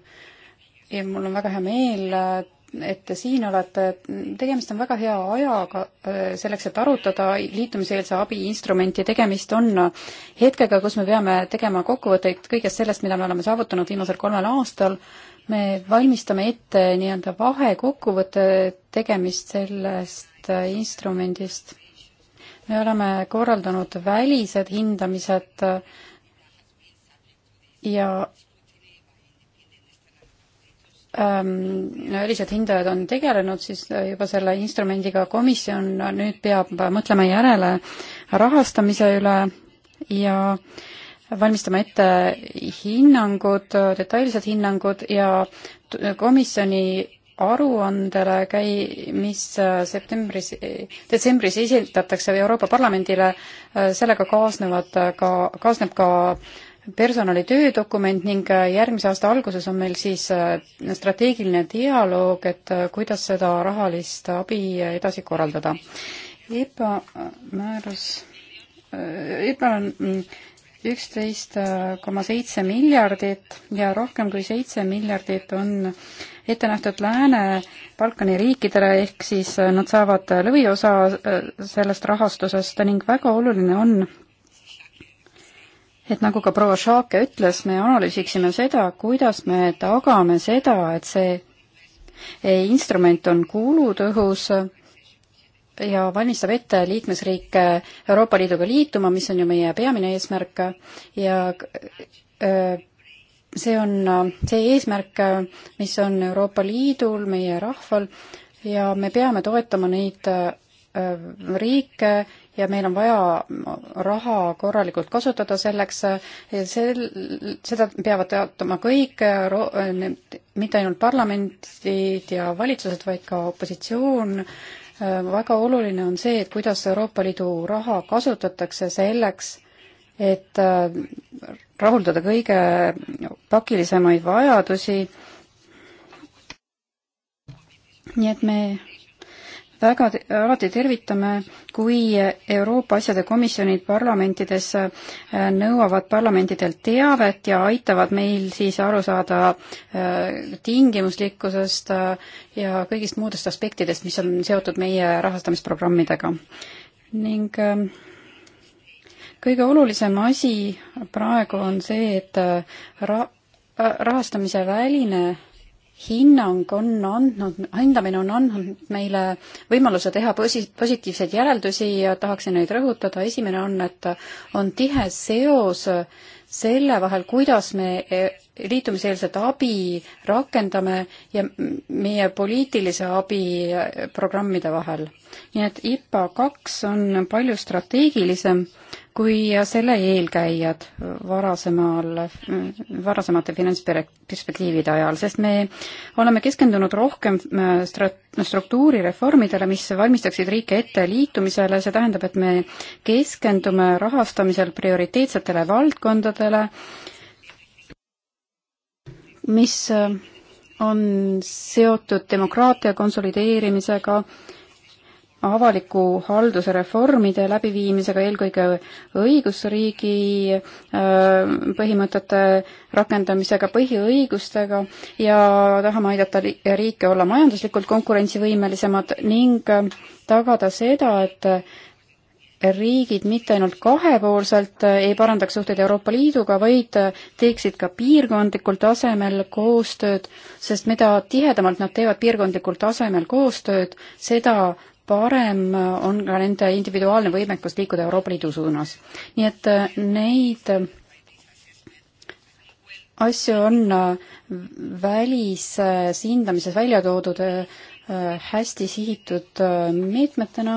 [SPEAKER 3] ja mul on väga hea meel, äh, et te siin olete, tegemist on väga hea ajaga selleks, et arutada liitumiseelse abi instrumenti, tegemist on hetkega, kus me peame tegema kokkuvõtteid kõigest sellest, mida me oleme saavutanud viimasel kolmel aastal, me valmistame ette nii-öelda vahekokkuvõtte tegemist sellest instrumendist. me oleme korraldanud välised hindamised äh, ja välised ähm, hindajad on tegelenud siis äh, juba selle instrumendiga, komisjon äh, nüüd peab äh, mõtlema järele rahastamise üle ja valmistama ette hinnangud, detailsed hinnangud ja komisjoni aruandele käi-, mis septembris, detsembris esitatakse Euroopa Parlamendile, sellega kaasnevad ka, kaasneb ka äh, personali töödokument ning äh, järgmise aasta alguses on meil siis äh, strateegiline dialoog, et äh, kuidas seda rahalist abi edasi korraldada. EPA määrus, EPA-l on mm, üksteist koma seitse miljardit ja rohkem kui seitse miljardit on ette nähtud Lääne-Balkani riikidele, ehk siis nad saavad lõviosa sellest rahastusest ning väga oluline on et nagu ka proua Šaake ütles, me analüüsiksime seda, kuidas me tagame seda, et see eh, instrument on kulutõhus ja valmistab ette liikmesriike Euroopa Liiduga liituma, mis on ju meie peamine eesmärk ja eh, see on see eesmärk, mis on Euroopa Liidul, meie rahval ja me peame toetama neid eh, riike ja meil on vaja raha korralikult kasutada selleks, sel, seda peavad teatama kõik, mitte ainult parlamendid ja valitsused, vaid ka opositsioon, väga oluline on see, et kuidas Euroopa Liidu raha kasutatakse selleks, et äh, rahuldada kõige pakilisemaid vajadusi. nii et me väga alati tervitame, kui Euroopa asjade komisjonid parlamentides äh, nõuavad parlamentidelt teavet ja aitavad meil siis aru saada äh, tingimuslikkusest äh, ja kõigist muudest aspektidest, mis on seotud meie rahastamisprogrammidega. ning kõige olulisem asi praegu on see, et ra-, rahastamise väline hinnang on andnud, hindamine on andnud meile võimaluse teha posi-, positiivseid järeldusi ja tahaksin neid rõhutada. esimene on, et on tihe seos selle vahel, kuidas me e-, liitumiseelset abi rakendame ja meie poliitilise abi programmide vahel. nii et IPA kaks on palju strateegilisem kui selle eelkäijad varasemal, varasemate finantsperspektiivide ajal, sest me oleme keskendunud rohkem äh, struktuurireformidele, mis valmistaksid riike ette liitumisele, see tähendab, et me keskendume rahastamisel prioriteetsetele valdkondadele, mis äh, on seotud demokraatia konsolideerimisega, avaliku halduse reformide läbiviimisega, eelkõige õigusriigi äh, põhimõtete rakendamisega, põhiõigustega ja tahame aidata riike olla majanduslikult konkurentsivõimelisemad ning äh, tagada seda, et äh, riigid mitte ainult kahepoolselt ei parandaks suhteid Euroopa Liiduga, vaid teeksid ka piirkondlikul tasemel koostööd, sest mida tihedamalt nad teevad piirkondlikul tasemel koostööd, seda parem on ka nende individuaalne võimekus liikuda Euroopa Liidu suunas. nii et äh, neid äh, asju on äh, välises hindamises välja toodud hästi sihitud meetmetena.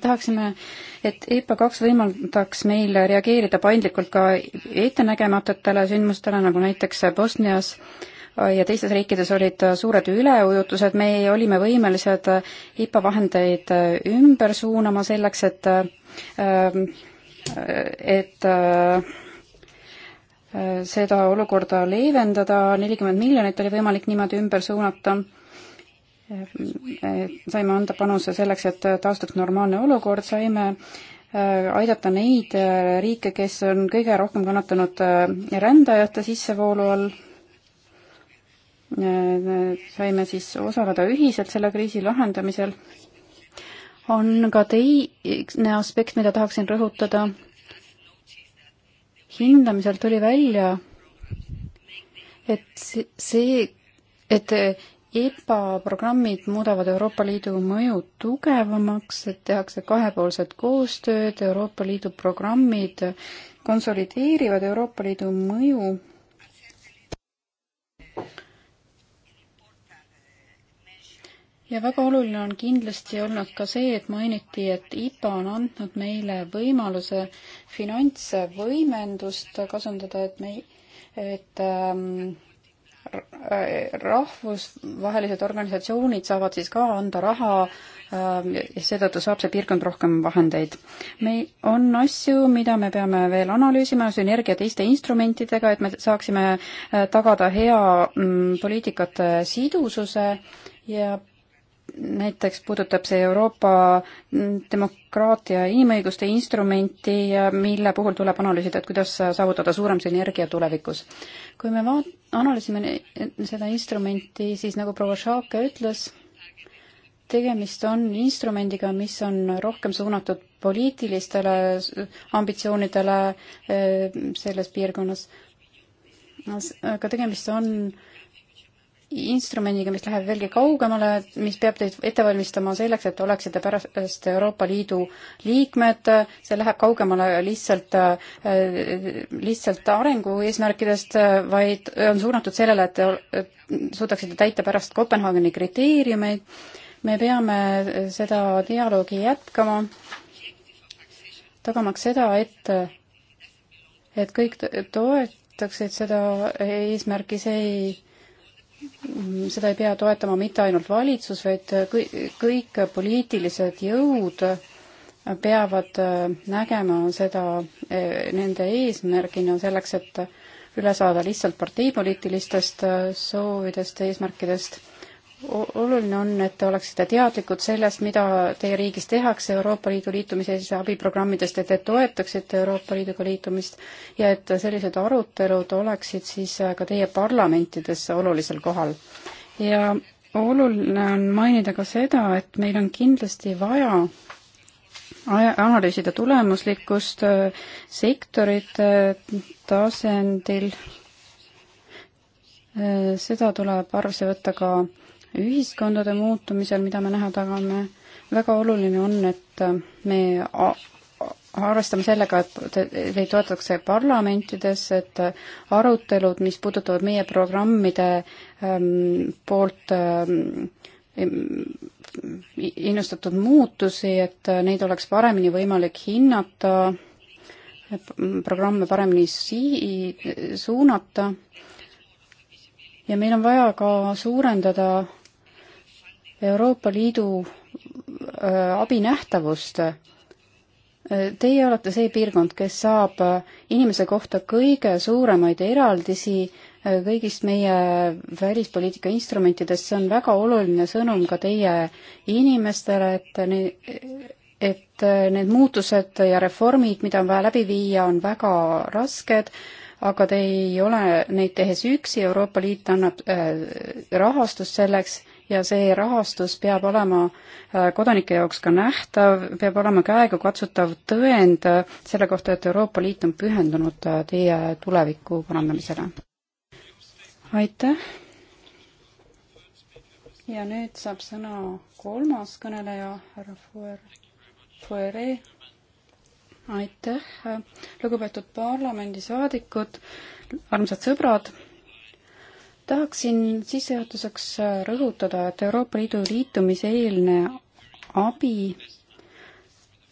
[SPEAKER 3] tahaksime, et EPA kaks võimaldaks meil reageerida paindlikult ka ettenägematutele sündmustele, nagu näiteks Bosnias äh, ja teistes riikides olid suured üleujutused, me olime võimelised IPA vahendeid äh, ümber suunama selleks, et äh, äh, et seda olukorda leevendada, nelikümmend miljonit oli võimalik niimoodi ümber suunata saime anda panuse selleks, et taastuks normaalne olukord, saime aidata neid riike, kes on kõige rohkem kannatanud rändajate sissevoolu all, Äh, saime siis osaleda ühiselt selle kriisi lahendamisel. on ka teine aspekt, mida tahaksin rõhutada. hindamisel tuli välja, et see, et EPA programmid muudavad Euroopa Liidu mõju tugevamaks, et tehakse kahepoolset koostööd, Euroopa Liidu programmid konsolideerivad Euroopa Liidu mõju ja väga oluline on kindlasti olnud ka see, et mainiti, et IPA on andnud meile võimaluse finantsvõimendust kasutada, et me, et ähm, rahvusvahelised organisatsioonid saavad siis ka anda raha ähm, ja seetõttu saab see piirkond rohkem vahendeid. me, on asju, mida me peame veel analüüsima sünergia teiste instrumentidega, et me saaksime äh, tagada hea m, mm, poliitikate sidususe ja näiteks puudutab see Euroopa demokraatia ja inimõiguste instrumenti, mille puhul tuleb analüüsida, et kuidas saavutada suurem sünergia tulevikus. kui me vaat-, analüüsime seda instrumenti, siis nagu proua Šaake ütles, tegemist on instrumendiga, mis on rohkem suunatud poliitilistele ambitsioonidele eh, selles piirkonnas, aga tegemist on äh, instrumendiga, mis läheb veelgi kaugemale, mis peab teid ette valmistama selleks, et oleksite pärast Euroopa Liidu liikmed, see läheb kaugemale lihtsalt, äh, lihtsalt arengu eesmärkidest, vaid on suunatud sellele, et te suudaksite täita pärast Kopenhaageni kriteeriumeid. me peame seda dialoogi jätkama, tagamaks seda, et, et kõik toetaksid seda eesmärki, see ei seda ei pea toetama mitte ainult valitsus, vaid kõik poliitilised jõud peavad nägema seda e, nende eesmärgina selleks, et üle saada lihtsalt parteipoliitilistest soovidest, eesmärkidest oluline on, et te oleksite teadlikud sellest, mida teie riigis tehakse Euroopa Liidu liitumise abiprogrammidest, et te toetaksite Euroopa Liiduga liitumist ja et sellised arutelud oleksid siis ka teie parlamentides olulisel kohal. ja oluline on mainida ka seda, et meil on kindlasti vaja analüüsida tulemuslikkust äh, sektorite äh, tasandil, äh, seda tuleb arvesse võtta ka ühiskondade muutumisel, mida me näha tahame. väga oluline on, et me arvestame sellega, et teid toetatakse parlamentides, et arutelud, mis puudutavad meie programmide ähm, poolt ähm, innustatud muutusi, et neid oleks paremini võimalik hinnata, programme paremini sii-, suunata ja meil on vaja ka suurendada Euroopa Liidu abi nähtavust. Teie olete see piirkond, kes saab inimese kohta kõige suuremaid eraldisi kõigist meie välispoliitika instrumentidest, see on väga oluline sõnum ka teie inimestele, et ne-, et need muutused ja reformid, mida on vaja läbi viia, on väga rasked, aga te ei ole neid tehes üksi, Euroopa Liit annab rahastust selleks ja see rahastus peab olema äh, kodanike jaoks ka nähtav, peab olema käegakatsutav tõend äh, selle kohta, et Euroopa Liit on pühendunud äh, teie tuleviku parandamisele. aitäh! ja nüüd saab sõna kolmas kõneleja, härra Fuer-, Fuere. aitäh, lugupeetud parlamendisaadikud, armsad sõbrad tahaksin sissejuhatuseks rõhutada, et Euroopa Liidu liitumiseelne abi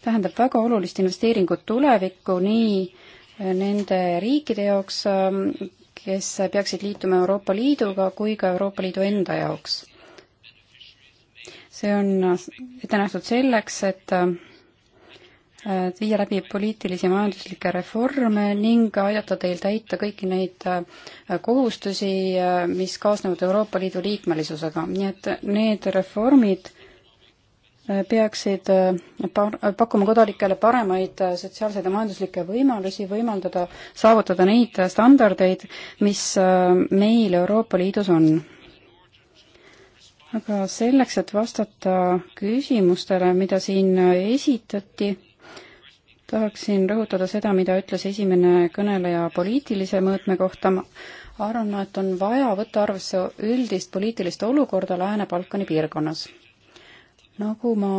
[SPEAKER 3] tähendab väga olulist investeeringut tulevikku nii nende riikide jaoks, kes peaksid liituma Euroopa Liiduga, kui ka Euroopa Liidu enda jaoks. see on ette nähtud selleks, et Äh, viia läbi poliitilisi ja majanduslikke reforme ning aidata teil täita kõiki neid äh, kohustusi, äh, mis kaasnevad Euroopa Liidu liikmelisusega. nii et need reformid peaksid pakkuma kodanikele paremaid sotsiaalseid ja majanduslikke võimalusi, võimaldada saavutada neid standardeid, mis meil Euroopa Liidus on aga selleks, et vastata küsimustele, mida siin esitati, tahaksin rõhutada seda, mida ütles esimene kõneleja poliitilise mõõtme kohta. ma arvan, et on vaja võtta arvesse üldist poliitilist olukorda Lääne-Balkani piirkonnas. nagu ma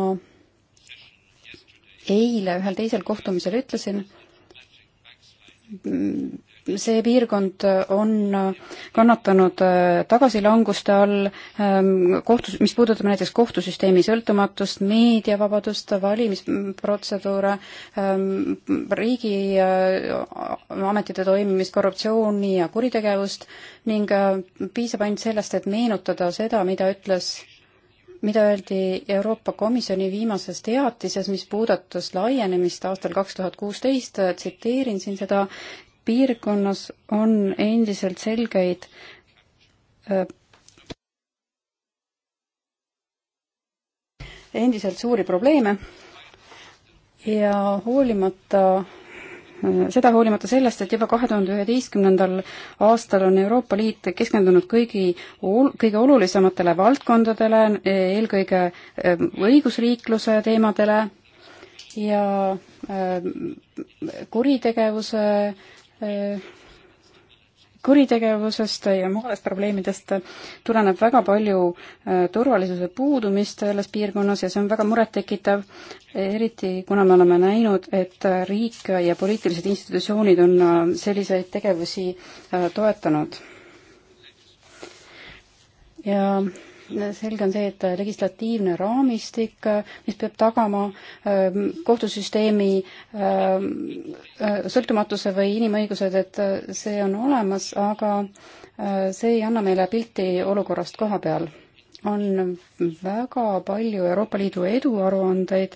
[SPEAKER 3] eile ühel teisel kohtumisel ütlesin, see piirkond on kannatanud äh, tagasilanguste all, ähm, kohtus, mis puudutab näiteks kohtusüsteemi sõltumatust, meediavabadust, valimisprotseduure, ähm, riigi äh, ametite toimimist, korruptsiooni ja kuritegevust ning äh, piisab ainult sellest, et meenutada seda, mida ütles mida öeldi Euroopa Komisjoni viimases teatises, mis puudutas laienemist aastal kaks tuhat kuusteist, tsiteerin siin seda, piirkonnas on endiselt selgeid äh, endiselt suuri probleeme ja hoolimata äh, seda hoolimata sellest, et juba kahe tuhande üheteistkümnendal aastal on Euroopa Liit keskendunud kõigi, kõige olulisematele valdkondadele, eelkõige äh, õigusriikluse teemadele ja kuritegevuse kuritegevusest ja muudest probleemidest tuleneb väga palju äh, turvalisuse puudumist selles piirkonnas ja see on väga murettekitav, eriti kuna me oleme näinud, et riik ja poliitilised institutsioonid on äh, selliseid tegevusi äh, toetanud. ja selge on see, et legislatiivne raamistik, mis peab tagama ähm, kohtusüsteemi ähm, äh, sõltumatuse või inimõigused, et äh, see on olemas, aga äh, see ei anna meile pilti olukorrast koha peal. on väga palju Euroopa Liidu eduaruandeid,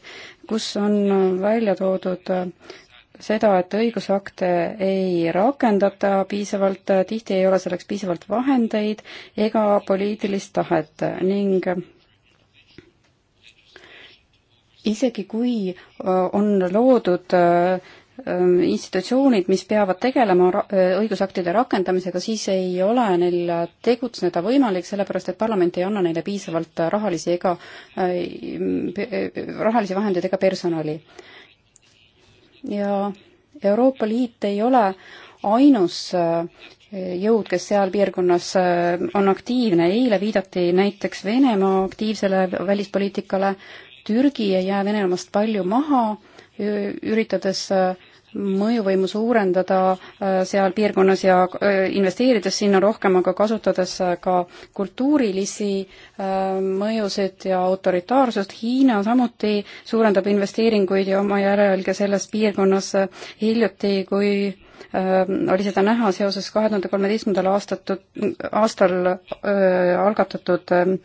[SPEAKER 3] kus on välja toodud seda, et õigusakte ei rakendata piisavalt, tihti ei ole selleks piisavalt vahendeid ega poliitilist tahet ning isegi kui äh, on loodud äh, ähm, institutsioonid, mis peavad tegelema äh, õigusaktide rakendamisega, siis ei ole neil tegutseda võimalik, sellepärast et parlament ei anna neile piisavalt rahalisi ega, rahalisi vahendeid ega personali ja Euroopa Liit ei ole ainus äh, jõud, kes seal piirkonnas äh, on aktiivne, eile viidati näiteks Venemaa aktiivsele välispoliitikale, Türgi ei jää Venemaast palju maha, üritades äh, mõjuvõimu suurendada äh, seal piirkonnas ja äh, investeerides sinna rohkem, aga kasutades äh, ka kultuurilisi mõjusid ja autoritaarsust. Hiina samuti suurendab investeeringuid ja oma järelge selles piirkonnas hiljuti, kui oli seda näha seoses kahe tuhande kolmeteistkümnendal aastatud, aastal öö, algatatud öö,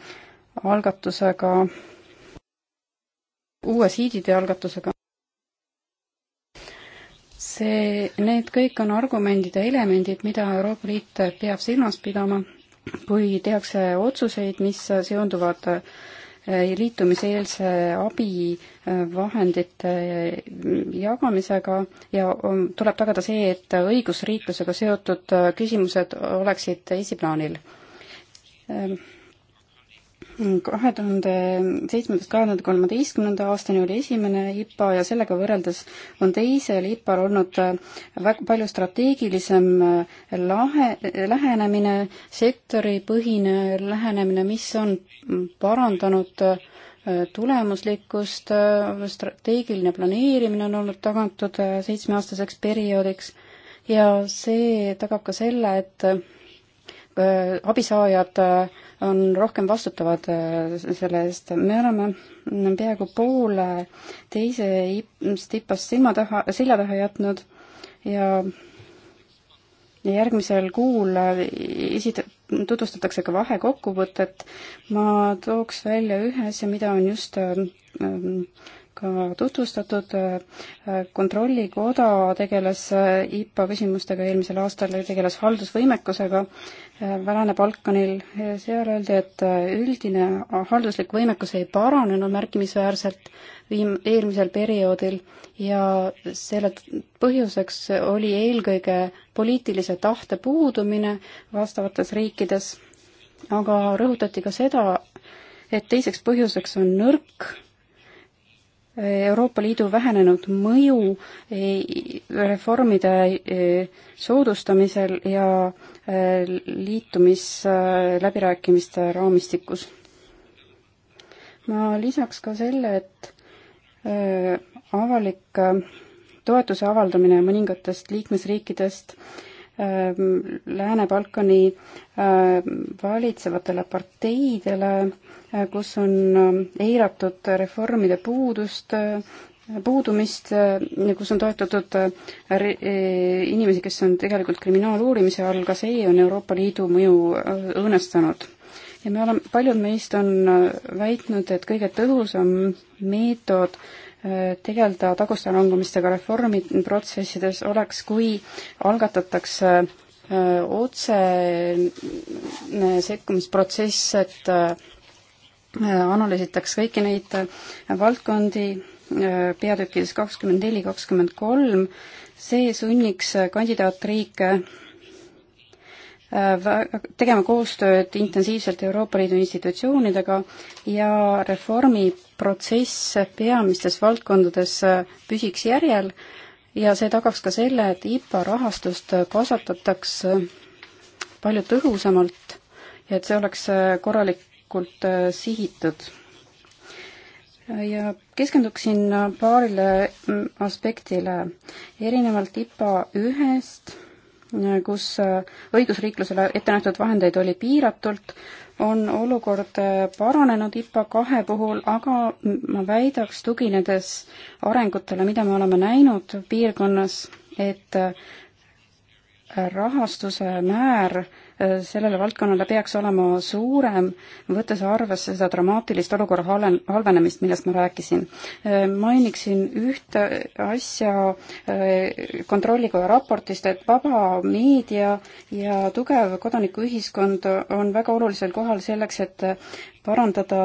[SPEAKER 3] algatusega, uue siidide algatusega see, need kõik on argumendid ja elemendid, mida Euroopa Liit peab silmas pidama, kui tehakse otsuseid, mis seonduvad eh, liitumiseelse abivahendite eh, eh, jagamisega ja on, tuleb tagada see, et õigusriiklusega seotud küsimused oleksid esiplaanil ehm, kahe tuhande seitsmendast kahe tuhande kolmeteistkümnenda aastani oli esimene IPA ja sellega võrreldes on teisel IPA-l olnud äh, väga palju strateegilisem äh, lahe, lähenemine, sektoripõhine lähenemine, mis on parandanud äh, tulemuslikkust, strateegiline planeerimine on olnud tagatud seitsmeaastaseks perioodiks ja see tagab ka selle, et abisaajad äh, on rohkem vastutavad äh, selle eest. me oleme peaaegu poole teise tipast silma taha, selja taha jätnud ja järgmisel kuul esit-, äh, tutvustatakse ka vahekokkuvõtet. ma tooks välja ühe asja, mida on just äh, ka tutvustatud. kontrollikoda tegeles äh, IPA küsimustega eelmisel aastal, tegeles haldusvõimekusega äh, Lääne-Balkanil. seal öeldi, et äh, üldine halduslik võimekus ei paranenud märkimisväärselt viim-, eelmisel perioodil ja selle põhjuseks oli eelkõige poliitilise tahte puudumine vastavates riikides, aga rõhutati ka seda, et teiseks põhjuseks on nõrk Euroopa Liidu vähenenud mõju reformide e, soodustamisel ja e, liitumisläbirääkimiste raamistikus. ma lisaks ka selle, et e, avalik toetuse avaldamine mõningatest liikmesriikidest äh, Ähm, Lääne-Balkani ähm, valitsevatele parteidele, äh, kus on ähm, eiratud reformide puudust, äh, puudumist, äh, kus on toetatud inimesi, kes on tegelikult kriminaaluurimise all, ka see on Euroopa Liidu mõju õõnestanud. ja me oleme, paljud meist on väitnud, et kõige tõhusam meetod äh, tegeleda tagustelangemistega reformiprotsessides oleks, kui algatatakse äh, otsene äh, sekkumisprotsess, et äh, analüüsitaks kõiki neid valdkondi peatükkides kakskümmend neli, kakskümmend kolm, see sunniks kandidaatriike tegema koostööd intensiivselt Euroopa Liidu institutsioonidega ja reformi protsess peamistes valdkondades püsiks järjel ja see tagaks ka selle, et IPA rahastust kasvatataks palju tõhusamalt ja et see oleks korralikult sihitud. ja keskenduksin paarile aspektile. erinevalt IPA ühest kus äh, õigusriiklusele ette nähtud vahendeid oli piiratult, on olukord äh, paranenud IPA kahe puhul, aga ma väidaks, tuginedes arengutele, mida me oleme näinud piirkonnas, et äh, rahastuse määr äh, Äh, sellele valdkonnale peaks olema suurem, võttes arvesse seda dramaatilist olukorra halvenemist, millest ma rääkisin. Äh, mainiksin ühte asja äh, Kontrollikoja raportist, et vaba meedia ja tugev kodanikuühiskond on väga olulisel kohal selleks, et parandada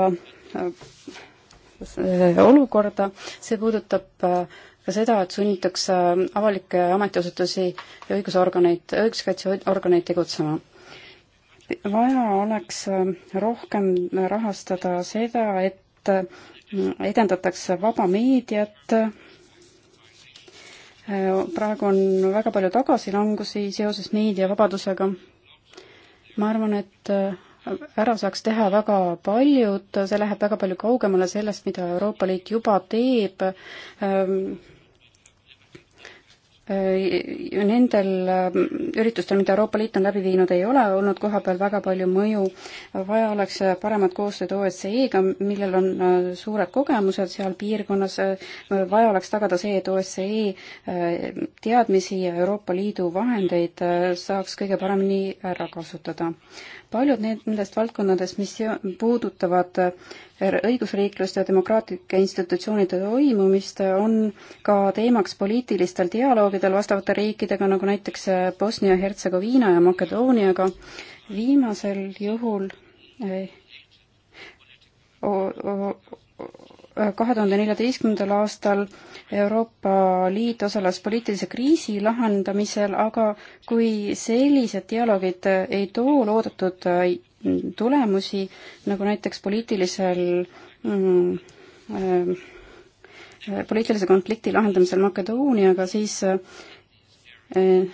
[SPEAKER 3] olukorda, see puudutab ka seda, et sunnitakse avalikke ametiasutusi ja õigusorganeid, õiguskaitseorganeid tegutsema vaja oleks äh, rohkem rahastada seda, et äh, edendatakse vaba meediat, äh, praegu on väga palju tagasilangusi seoses meediavabadusega. ma arvan, et ära saaks teha väga paljud, see läheb väga palju kaugemale sellest, mida Euroopa Liit juba teeb ähm, Äh, nendel äh, üritustel, mida Euroopa Liit on läbi viinud, ei ole olnud kohapeal väga palju mõju. vaja oleks äh, paremat koostööd OSCE-ga, millel on suured kogemused seal piirkonnas. vaja oleks tagada see, et OSCE teadmisi ja Euroopa Liidu vahendeid saaks kõige paremini ära kasutada paljud need, nendest valdkondadest, mis puudutavad äh, õigusriiklust ja demokraatlike institutsioonide toimumist, äh, on ka teemaks poliitilistel dialoogidel vastavate riikidega, nagu näiteks äh, Bosnia-Hertsegoviina ja Makedooniaga. viimasel juhul kahe tuhande neljateistkümnendal aastal Euroopa Liit osales poliitilise kriisi lahendamisel, aga kui sellised dialoogid ei too loodetud äh, tulemusi, nagu näiteks poliitilisel mm, äh, poliitilise konflikti lahendamisel Makedooniaga, siis äh,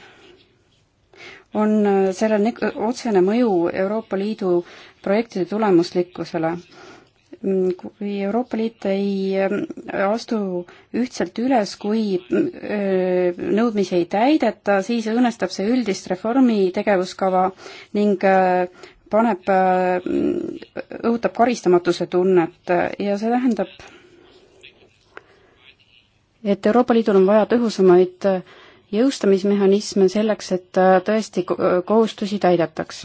[SPEAKER 3] on sellel otsene mõju Euroopa Liidu projektide tulemuslikkusele Mm, kui Euroopa Liit ei mm, astu ühtselt üles, kui mm, nõudmisi ei täideta, siis õõnestab see üldist reformi tegevuskava ning äh, paneb, äh, õhutab karistamatuse tunnet ja see tähendab, et Euroopa Liidul on vaja tõhusamaid äh, jõustamismehhanisme selleks, et tõesti kohustusi täidetaks.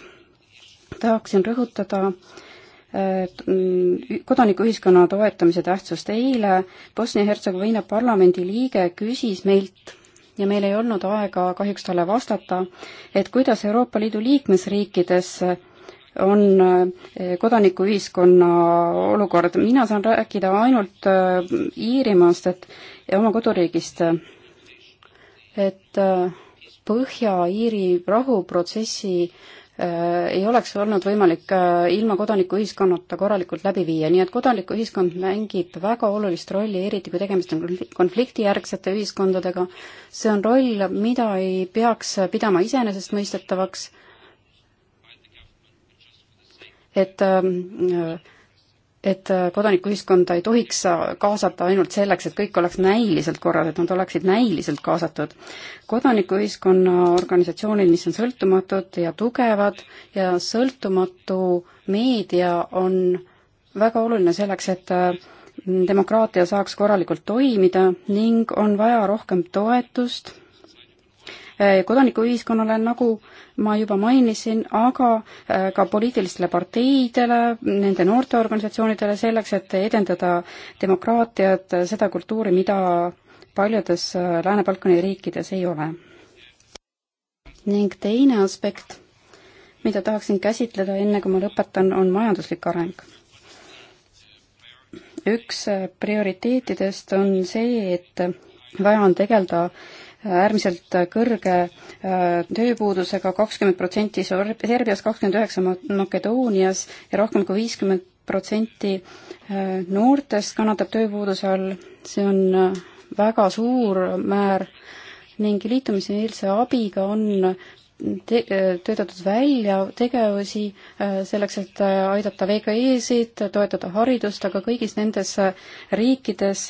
[SPEAKER 3] tahaksin rõhutada äh, Mm, kodanikuühiskonna toetamise tähtsust. eile Bosnia-Hertsegoviina parlamendi liige küsis meilt ja meil ei olnud aega kahjuks talle vastata, et kuidas Euroopa Liidu liikmesriikides on eh, kodanikuühiskonna olukord. mina saan rääkida ainult eh, Iirimaast, et oma koduriigist, et eh, Põhja-Iiri rahuprotsessi Äh, ei oleks olnud võimalik äh, ilma kodanikuühiskonnata korralikult läbi viia, nii et kodanikuühiskond mängib väga olulist rolli, eriti kui tegemist on konfliktijärgsete ühiskondadega. see on roll, mida ei peaks pidama iseenesestmõistetavaks, et äh, et äh, kodanikuühiskonda ei tohiks kaasata ainult selleks, et kõik oleks näiliselt korras, et nad oleksid näiliselt kaasatud. kodanikuühiskonna organisatsioonid, mis on sõltumatud ja tugevad ja sõltumatu meedia on väga oluline selleks, et äh, demokraatia saaks korralikult toimida ning on vaja rohkem toetust Eh, kodanikuühiskonnale, nagu ma juba mainisin, aga eh, ka poliitilistele parteidele, nende noorteorganisatsioonidele, selleks et edendada demokraatiat, seda kultuuri, mida paljudes eh, Lääne-Balkani riikides ei ole. ning teine aspekt, mida tahaksin käsitleda enne, kui ma lõpetan, on majanduslik areng üks prioriteetidest on see, et vaja on tegeleda äärmiselt kõrge äh, tööpuudusega, kakskümmend protsenti Serbias, kakskümmend üheksa Makedoonias ja rohkem kui viiskümmend protsenti äh, noortest kannatab tööpuuduse all, see on äh, väga suur määr ning liitumiseelse abiga on te-, töötatud välja tegevusi selleks, et aidata VKE-sid, toetada haridust, aga kõigis nendes riikides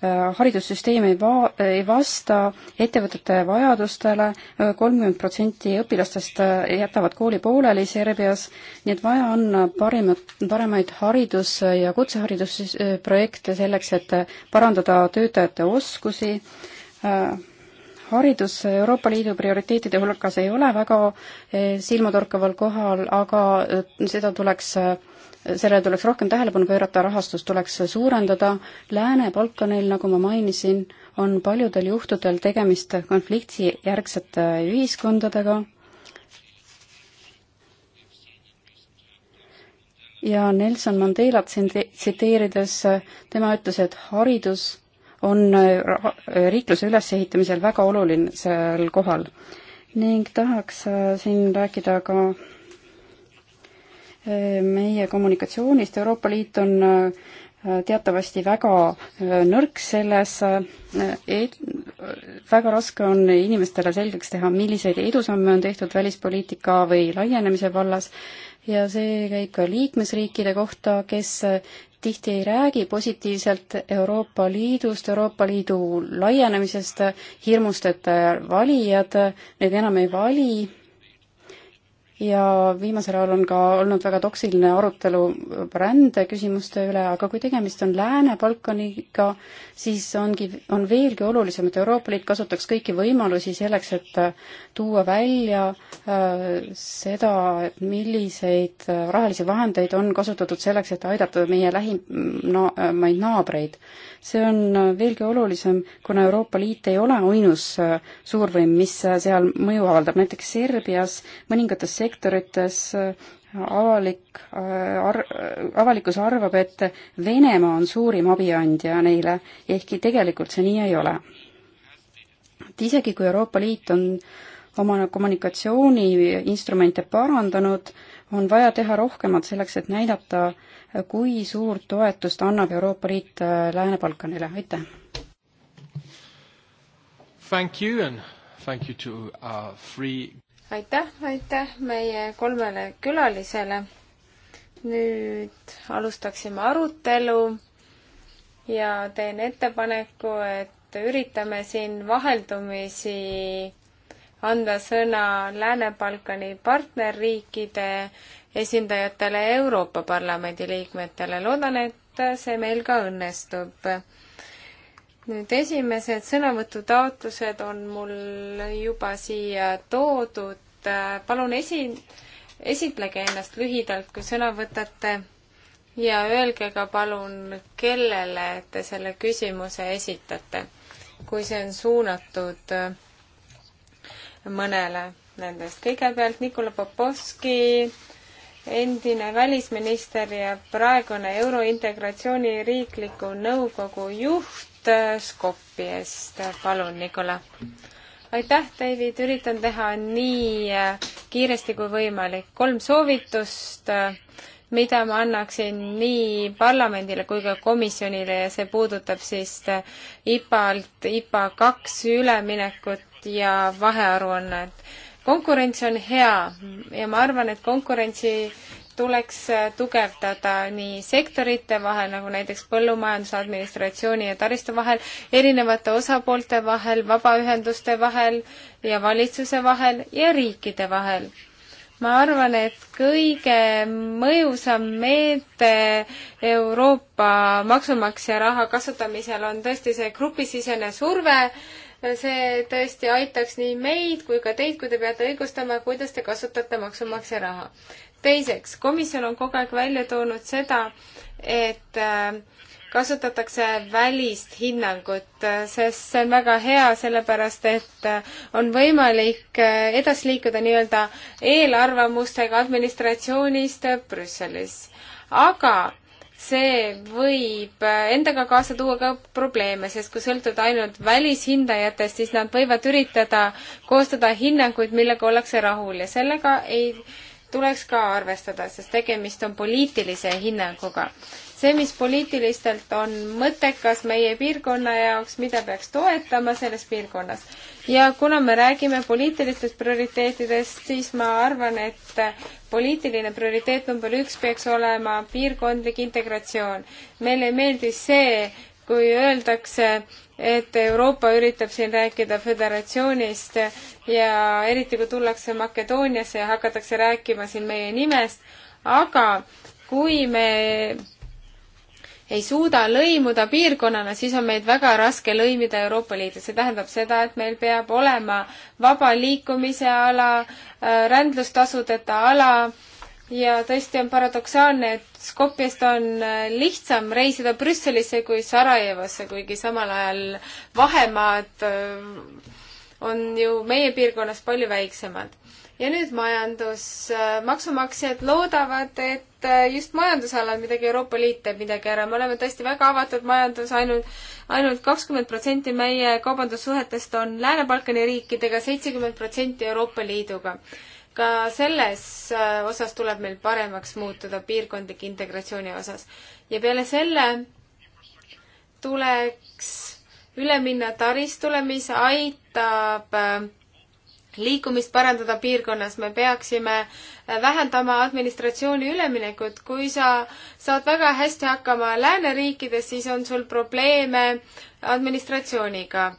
[SPEAKER 3] Äh, haridussüsteem ei va-, ei vasta ettevõtete vajadustele, äh, kolmkümmend protsenti õpilastest äh, jätavad kooli pooleli Serbias, nii et vaja on parimat, paremaid haridus- ja kutseharidusprojekte selleks, et parandada töötajate oskusi, haridus Euroopa Liidu prioriteetide hulgas ei ole väga silmatorkaval kohal, aga seda tuleks sellele tuleks rohkem tähelepanu pöörata, rahastust tuleks suurendada. Lääne-Balkanil, nagu ma mainisin, on paljudel juhtudel tegemist konfliktijärgsete ühiskondadega ja Nelson Mandelat siin tsiteerides, tema ütles, et haridus on riikluse ülesehitamisel väga olulisel kohal ning tahaks äh, siin rääkida ka meie kommunikatsioonist, Euroopa Liit on äh, teatavasti väga äh, nõrk selles, äh, et väga raske on inimestele selgeks teha, milliseid edusamme on tehtud välispoliitika või laienemise vallas ja see käib ka liikmesriikide kohta, kes tihti ei räägi positiivselt Euroopa Liidust, Euroopa Liidu laienemisest, hirmust, et valijad neid enam ei vali ja viimasel ajal on ka olnud väga toksiline arutelu rände küsimuste üle, aga kui tegemist on Lääne-Balkaniga, siis ongi, on veelgi olulisem, et Euroopa Liit kasutaks kõiki võimalusi selleks, et tuua välja äh, seda, et milliseid rahalisi vahendeid on kasutatud selleks, et aidata meie lähimaid äh, naabreid. see on veelgi olulisem, kuna Euroopa Liit ei ole ainus äh, suurvõim, mis seal mõju avaldab, näiteks Serbias mõningates sek-, sektorites äh, avalik äh, ar-, avalikkus arvab, et Venemaa on suurim abiandja neile, ehkki tegelikult see nii ei ole. et isegi, kui Euroopa Liit on oma kommunikatsiooniinstrumente parandanud, on vaja teha rohkemat selleks, et näidata, kui suurt toetust annab Euroopa Liit äh, Lääne-Balkanile, aitäh!
[SPEAKER 1] Thank you and thank you to our three aitäh, aitäh meie kolmele külalisele. nüüd alustaksime arutelu ja teen ettepaneku, et üritame siin vaheldumisi anda sõna Lääne-Balkani partnerriikide esindajatele ja Euroopa Parlamendi liikmetele. loodan, et see meil ka õnnestub nüüd esimesed sõnavõtutaotlused on mul juba siia toodud. palun esi-, esitlege ennast lühidalt, kui sõna võtate ja öelge ka palun, kellele te selle küsimuse esitate, kui see on suunatud mõnele nendest. kõigepealt Nikola Popovski, endine välisminister ja praegune Eurointegratsiooni riikliku nõukogu juht, Äh, Skopjest. palun, Nikola. aitäh, David, üritan teha nii äh, kiiresti kui võimalik. kolm soovitust, äh, mida ma annaksin nii parlamendile kui ka komisjonile ja see puudutab siis IPA-lt IPA kaks üleminekut ja vahearuannet konkurents on hea ja ma arvan, et konkurentsi tuleks äh, tugevdada nii sektorite vahel, nagu näiteks põllumajanduse, administratsiooni ja taristu vahel, erinevate osapoolte vahel, vabaühenduste vahel ja valitsuse vahel ja riikide vahel ma arvan, et kõige mõjusam meede Euroopa maksumaksja raha kasutamisel on tõesti see grupisisene surve, see tõesti aitaks nii meid kui ka teid, kui te peate õigustama, kuidas te kasutate maksumaksja raha teiseks, komisjon on kogu aeg välja toonud seda, et äh, kasutatakse välist hinnangut, äh, sest see on väga hea, sellepärast et äh, on võimalik edasi liikuda nii-öelda eelarvamustega administratsioonist Brüsselis. aga see võib endaga kaasa tuua ka probleeme, sest kui sõltuda ainult välishindajatest, siis nad võivad üritada koostada hinnanguid, millega ollakse rahul ja sellega ei tuleks ka arvestada, sest tegemist on poliitilise hinnanguga. see, mis poliitilistelt on mõttekas meie piirkonna jaoks, mida peaks toetama selles piirkonnas. ja kuna me räägime poliitilistest prioriteetidest, siis ma arvan, et poliitiline prioriteet number üks peaks olema piirkondlik integratsioon. meile ei meeldi see, kui öeldakse, et Euroopa üritab siin rääkida föderatsioonist ja eriti kui tullakse Makedooniasse ja hakatakse rääkima siin meie nimest, aga kui me ei suuda lõimuda piirkonnana, siis on meid väga raske lõimida Euroopa Liidu. see tähendab seda, et meil peab olema vaba liikumise ala, äh, rändlustasudeta ala, ja tõesti on paradoksaalne, et Skopjast on äh, lihtsam reisida Brüsselisse kui Sarajevosse, kuigi samal ajal vahemaad äh, on ju meie piirkonnas palju väiksemad. ja nüüd majandus. Äh, maksumaksjad loodavad, et just majandusalal midagi, Euroopa Liit teeb midagi ära. me oleme tõesti väga avatud majandus ainult, ainult, ainult kakskümmend protsenti meie kaubandussuhetest on Lääne-Balkani riikidega, seitsekümmend protsenti Euroopa Liiduga ka selles äh, osas tuleb meil paremaks muutuda piirkondliku integratsiooni osas. ja peale selle tuleks üle minna taristule, mis aitab äh, liikumist parandada piirkonnas, me peaksime äh, vähendama administratsiooni üleminekut, kui sa saad väga hästi hakkama lääneriikides, siis on sul probleeme administratsiooniga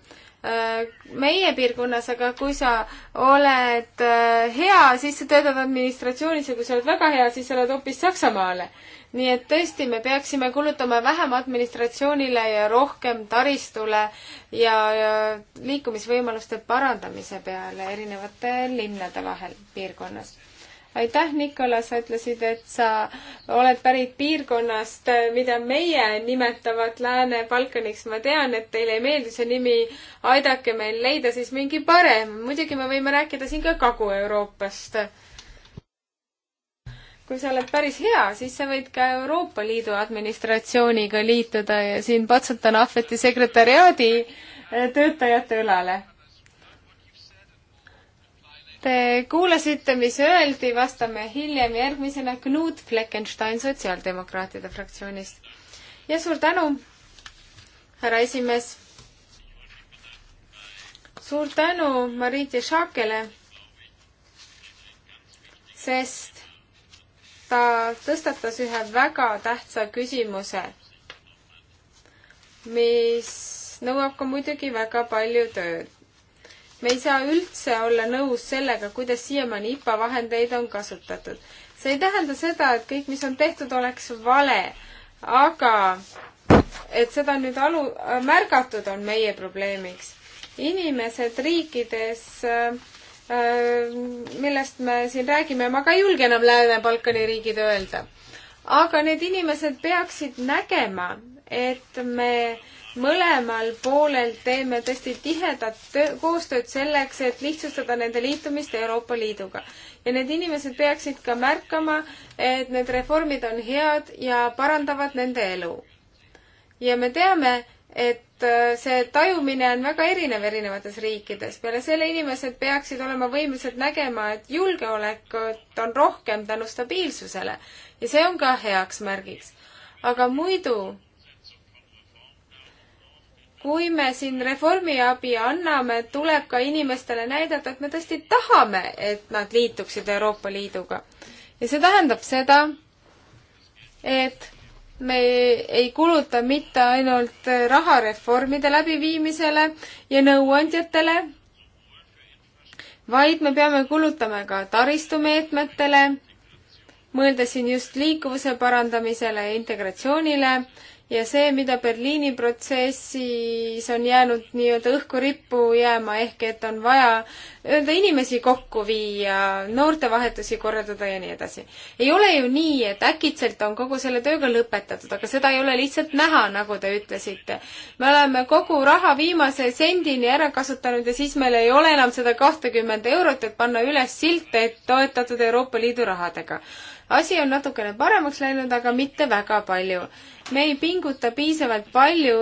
[SPEAKER 1] Äh, meie piirkonnas, aga kui sa oled äh, hea, siis sa töötad administratsioonis ja kui sa oled väga hea, siis sa oled hoopis Saksamaale. nii et tõesti, me peaksime kulutama vähem administratsioonile ja rohkem taristule ja, ja liikumisvõimaluste parandamise peale erinevate linnade vahel piirkonnas aitäh, Nikola, sa ütlesid, et sa oled pärit piirkonnast, mida meie nimetavad Lääne-Balkaniks. ma tean, et teile ei meeldi see nimi. aidake meil leida siis mingi parem. muidugi me võime rääkida siin ka Kagu-Euroopast. kui sa oled päris hea, siis sa võid ka Euroopa Liidu administratsiooniga liituda ja siin patsutan ahveti sekretäriaadi töötajate õlale Te kuulasite, mis öeldi, vastame hiljem järgmisena Knut Fleckenstein Sotsiaaldemokraatide fraktsioonist. ja suur tänu, härra esimees. suur tänu Marit Jašakele, sest ta tõstatas ühe väga tähtsa küsimuse, mis nõuab ka muidugi väga palju tööd me ei saa üldse olla nõus sellega, kuidas siiamaani IPA vahendeid on kasutatud. see ei tähenda seda, et kõik, mis on tehtud, oleks vale, aga et seda nüüd alu, märgatud on meie probleemiks. inimesed riikides äh, äh millest me siin räägime, ma ka ei julge enam Lääne-Balkani riigid öelda. aga need inimesed peaksid nägema, et me äh, mõlemal poolel teeme tõesti tihedat töö, koostööd selleks, et lihtsustada nende liitumist Euroopa Liiduga. ja need inimesed peaksid ka märkama, et need reformid on head ja parandavad nende elu. ja me teame, et äh, see tajumine on väga erinev erinevates riikides. peale selle inimesed peaksid olema võimelised nägema, et julgeolekut on rohkem tänu stabiilsusele ja see on ka heaks märgiks. aga muidu kui me siin reformiabi anname, tuleb ka inimestele näidata, et me tõesti tahame, et nad liituksid Euroopa Liiduga. ja see tähendab seda, et me ei kuluta mitte ainult raha reformide läbiviimisele ja nõuandjatele, vaid me peame kulutama ka taristumeetmetele, mõelda siin just liikuvuse parandamisele ja integratsioonile ja see, mida Berliini protsessis on jäänud nii-öelda õhku rippu jääma, ehk et on vaja öelda inimesi kokku viia, noortevahetusi korraldada ja nii edasi. ei ole ju nii, et äkitselt on kogu selle tööga lõpetatud, aga seda ei ole lihtsalt näha, nagu te ütlesite. me oleme kogu raha viimase sendini ära kasutanud ja siis meil ei ole enam seda kahtekümmet eurot, et panna üles silt, et toetatud Euroopa Liidu rahadega asi on natukene paremaks läinud, aga mitte väga palju. me ei pinguta piisavalt palju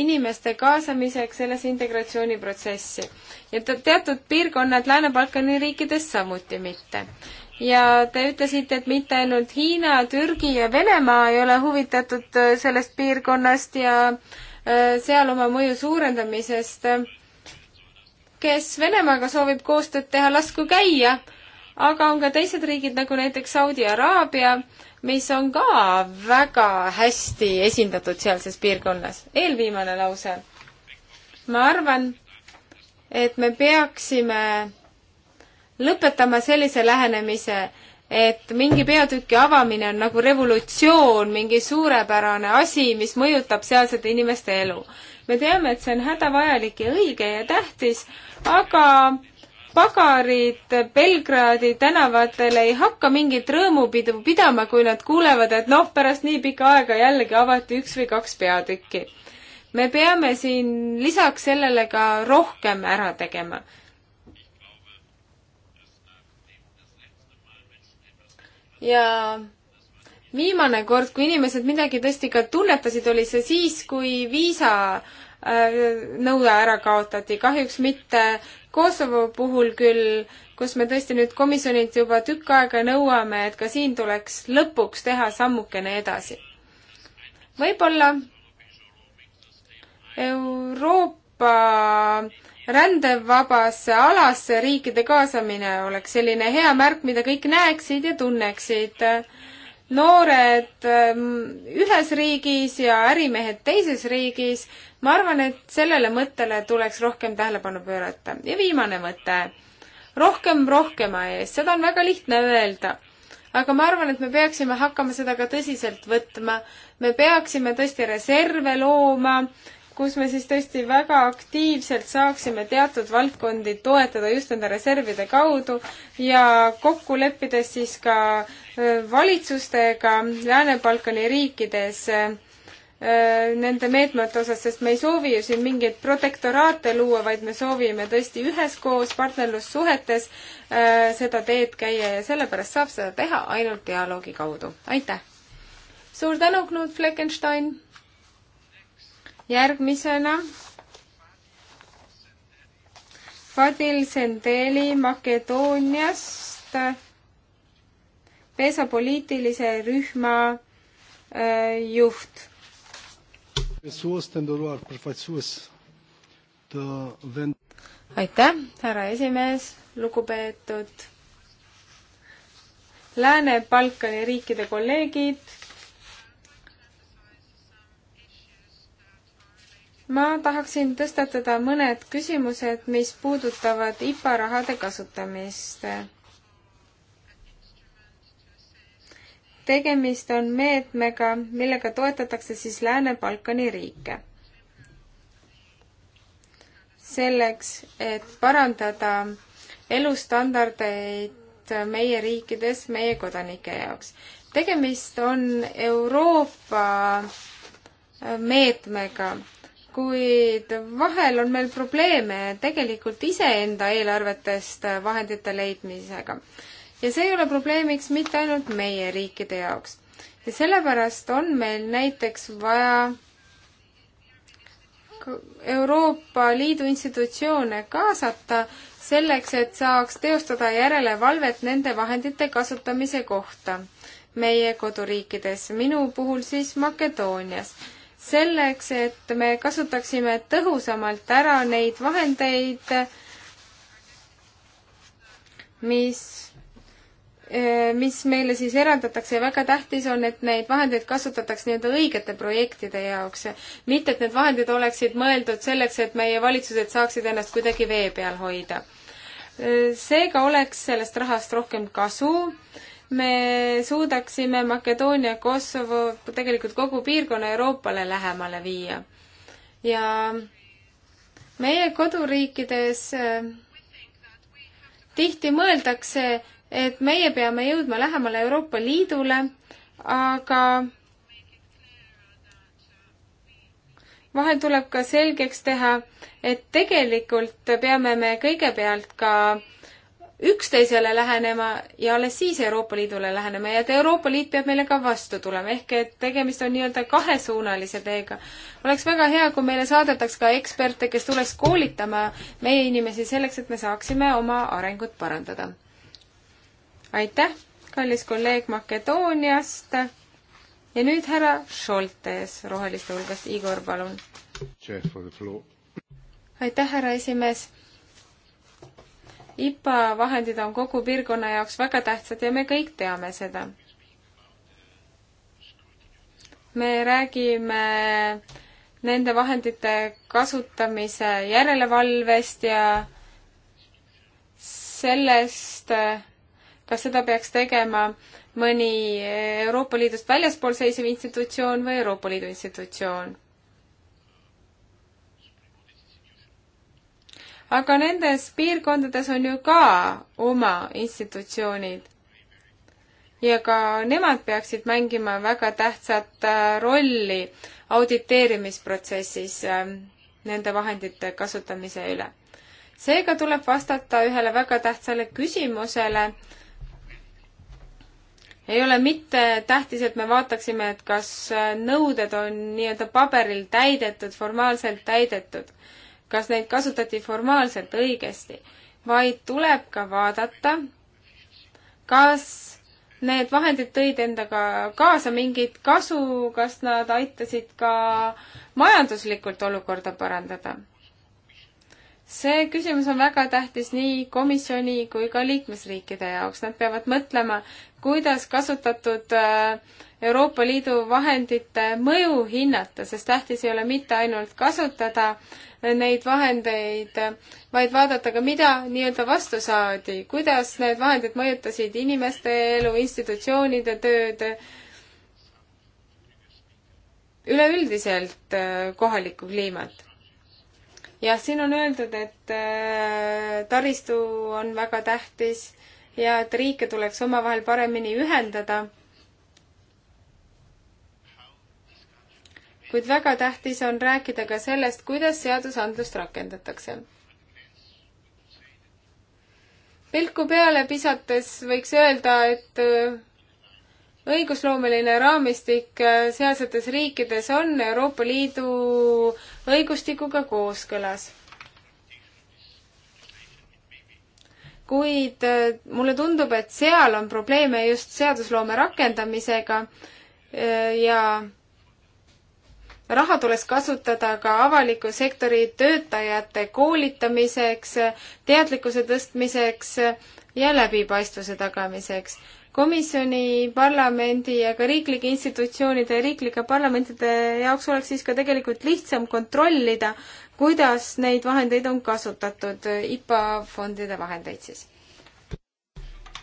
[SPEAKER 1] inimeste kaasamiseks sellesse integratsiooniprotsessi ja teatud piirkonnad Lääne-Balkani riikides samuti mitte ja te ütlesite, et mitte ainult Hiina, Türgi ja Venemaa ei ole huvitatud äh, sellest piirkonnast ja äh, seal oma mõju suurendamisest. kes Venemaaga soovib koostööd teha, lasku käia aga on ka teised riigid, nagu näiteks Saudi Araabia, mis on ka väga hästi esindatud sealses piirkonnas. eelviimane lause. ma arvan, et me peaksime lõpetama sellise lähenemise, et mingi peatüki avamine on nagu revolutsioon, mingi suurepärane asi, mis mõjutab sealsete inimeste elu. me teame, et see on hädavajalik ja õige ja tähtis, aga pagarid Belgradi tänavatel ei hakka mingit rõõmupidu pidama, kui nad kuulevad, et noh, pärast nii pikka aega jällegi avati üks või kaks peatükki. me peame siin lisaks sellele ka rohkem ära tegema. ja viimane kord, kui inimesed midagi tõesti ka tunnetasid, oli see siis, kui viisa Äh, nõue ära kaotati, kahjuks mitte Kosovo puhul küll, kus me tõesti nüüd komisjonilt juba tükk aega nõuame, et ka siin tuleks lõpuks teha sammukene edasi. võib-olla Euroopa rändevabasse alasse riikide kaasamine oleks selline hea märk, mida kõik näeksid ja tunneksid noored ähm, ühes riigis ja ärimehed teises riigis. ma arvan, et sellele mõttele tuleks rohkem tähelepanu pöörata. ja viimane mõte, rohkem rohkema ees, seda on väga lihtne öelda aga ma arvan, et me peaksime hakkama seda ka tõsiselt võtma. me peaksime tõesti reserve looma äh, kus me siis tõesti väga aktiivselt saaksime teatud valdkondi toetada just nende reservide kaudu ja kokku leppides siis ka valitsustega Lääne-Balkani riikides nende meetmete osas, sest me ei soovi ju siin mingeid protektoraate luua, vaid me soovime tõesti üheskoos partnerlussuhetes seda teed käia ja sellepärast saab seda teha ainult dialoogi kaudu. aitäh! suur tänu, Knut Fleckenstein! järgmisena Fadil Sendeli Makedooniast Pesa poliitilise rühma äh, juht. aitäh, härra esimees, lugupeetud Lääne-Balkani riikide kolleegid ma tahaksin tõstatada mõned küsimused, mis puudutavad IPA rahade kasutamist. tegemist on meetmega, millega toetatakse siis Lääne-Balkani riike. selleks, et parandada elustandardeid meie riikides meie kodanike jaoks. tegemist on Euroopa meetmega kuid vahel on meil probleeme tegelikult iseenda eelarvetest vahendite leidmisega. ja see ei ole probleemiks mitte ainult meie riikide jaoks. ja sellepärast on meil näiteks vaja Euroopa Liidu institutsioone kaasata selleks, et saaks teostada järelevalvet nende vahendite kasutamise kohta meie koduriikides, minu puhul siis Makedoonias selleks, et me kasutaksime tõhusamalt ära neid vahendeid, mis, eh, mis meile siis eraldatakse ja väga tähtis on, et neid vahendeid kasutatakse nii-öelda õigete projektide jaoks. mitte, et need vahendid oleksid mõeldud selleks, et meie valitsused saaksid ennast kuidagi vee peal hoida. Eh, seega oleks sellest rahast rohkem kasu me suudaksime Makedoonia, Kosovo, tegelikult kogu piirkonna Euroopale lähemale viia. ja meie koduriikides äh, tihti mõeldakse, et meie peame jõudma lähemale Euroopa Liidule, aga vahel tuleb ka selgeks teha, et tegelikult peame me kõigepealt ka äh, üksteisele lähenema ja alles siis Euroopa Liidule lähenema ja et Euroopa Liit peab meile ka vastu tulema, ehk et tegemist on nii-öelda kahesuunalise teega. oleks väga hea, kui meile saadetaks ka eksperte, kes tuleks koolitama meie inimesi selleks, et me saaksime oma arengut parandada. aitäh, kallis kolleeg Makedooniast. ja nüüd härra Šoltes roheliste hulgast, Igor, palun. aitäh, härra esimees IPA vahendid on kogu piirkonna jaoks väga tähtsad ja me kõik teame seda. me räägime nende vahendite kasutamise järelevalvest ja sellest, kas seda peaks tegema mõni Euroopa Liidust väljaspool seisev institutsioon või Euroopa Liidu institutsioon aga nendes piirkondades on ju ka oma institutsioonid. ja ka nemad peaksid mängima väga tähtsat äh, rolli auditeerimisprotsessis ähm, nende vahendite kasutamise üle. seega tuleb vastata ühele väga tähtsale küsimusele, ei ole mitte tähtis, et me vaataksime, et kas äh, nõuded on nii-öelda paberil täidetud, formaalselt täidetud kas neid kasutati formaalselt õigesti, vaid tuleb ka vaadata, kas need vahendid tõid endaga kaasa mingit kasu, kas nad aitasid ka majanduslikult olukorda parandada? see küsimus on väga tähtis nii komisjoni kui ka liikmesriikide jaoks, nad peavad mõtlema, kuidas kasutatud äh, Euroopa Liidu vahendite mõju hinnata, sest tähtis ei ole mitte ainult kasutada neid vahendeid, vaid vaadata ka, mida nii-öelda vastu saadi, kuidas need vahendid mõjutasid inimeste elu, institutsioonide tööd, üleüldiselt äh, kohalikku kliimat. jah, siin on öeldud, et äh, taristu on väga tähtis ja et riike tuleks omavahel paremini ühendada kuid väga tähtis on rääkida ka sellest, kuidas seadusandlust rakendatakse. pilku peale pisates võiks öelda, et äh, õigusloomeline raamistik äh, sealsetes riikides on Euroopa Liidu õigustikuga kooskõlas kuid äh, mulle tundub, et seal on probleeme just seadusloome rakendamisega ja raha tuleks kasutada ka avaliku sektori töötajate koolitamiseks, teadlikkuse tõstmiseks ja läbipaistvuse tagamiseks. komisjoni, parlamendi ja ka riiklike institutsioonide ja riiklike parlamentide jaoks oleks siis ka tegelikult lihtsam kontrollida, kuidas neid vahendeid on kasutatud, IPA fondide vahendeid siis.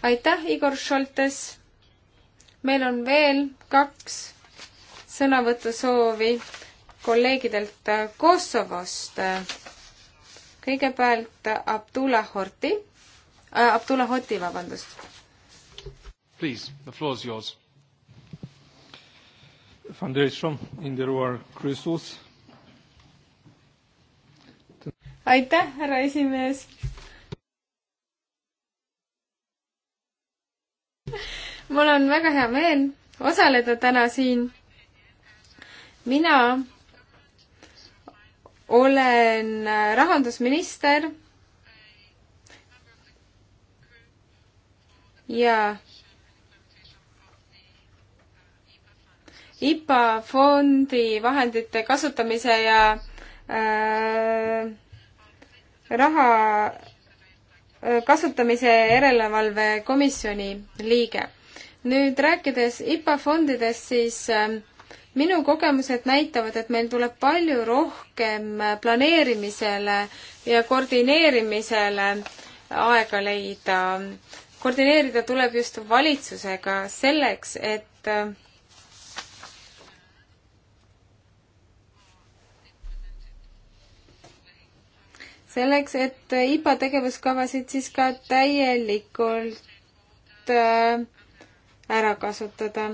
[SPEAKER 1] aitäh, Igor Šoltes! meil on veel kaks sõnavõtusoovi kolleegidelt Kosovost. kõigepealt Abdullah Horti äh,, Abdullah Hoti, vabandust. Please, the floor is
[SPEAKER 2] yours. Foundation in the Ruhr Kristus.
[SPEAKER 1] aitäh, härra esimees. mul on väga hea meel osaleda täna siin mina olen rahandusminister ja IPA fondi vahendite kasutamise ja äh, raha äh, kasutamise järelevalve komisjoni liige. nüüd rääkides IPA fondidest, siis äh, minu kogemused näitavad, et meil tuleb palju rohkem planeerimisele ja koordineerimisele aega leida. koordineerida tuleb just valitsusega selleks, et selleks, et IPA tegevuskavasid siis ka täielikult äh, ära kasutada.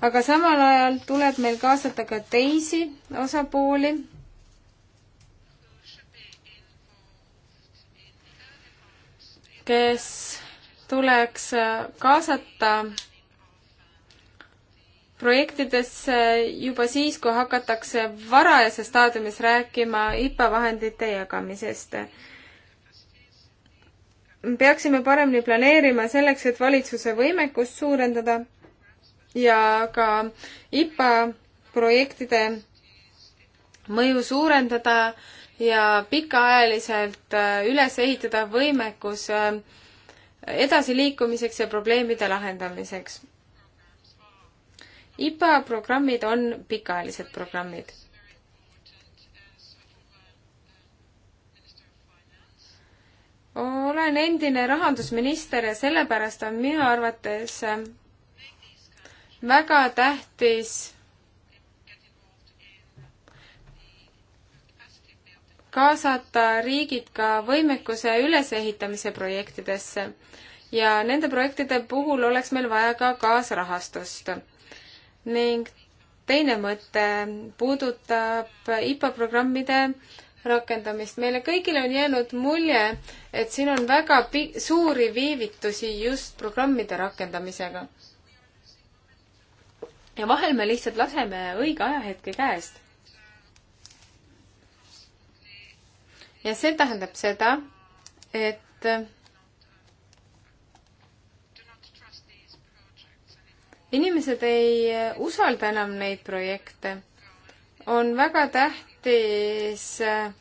[SPEAKER 1] aga samal ajal tuleb meil kaasata ka teisi osapooli. kes tuleks kaasata projektidesse juba siis, kui hakatakse varajases staadiumis rääkima IPA vahendite jagamisest peaksime paremini planeerima selleks, et valitsuse võimekust suurendada ja ka IPA projektide mõju suurendada ja pikaajaliselt äh, üles ehitada võimekus äh, edasiliikumiseks ja probleemide lahendamiseks. IPA programmid on pikaajalised programmid olen endine rahandusminister ja sellepärast on minu arvates äh, väga tähtis kaasata riigid ka võimekuse ülesehitamise projektidesse ja nende projektide puhul oleks meil vaja ka kaasrahastust. ning teine mõte puudutab IPA programmide rakendamist. meile kõigile on jäänud mulje, et siin on väga pi-, suuri viivitusi just programmide rakendamisega. ja vahel me lihtsalt laseme õige ajahetke käest. ja see tähendab seda, et inimesed ei usalda enam neid projekte. on väga tähtis suutis äh,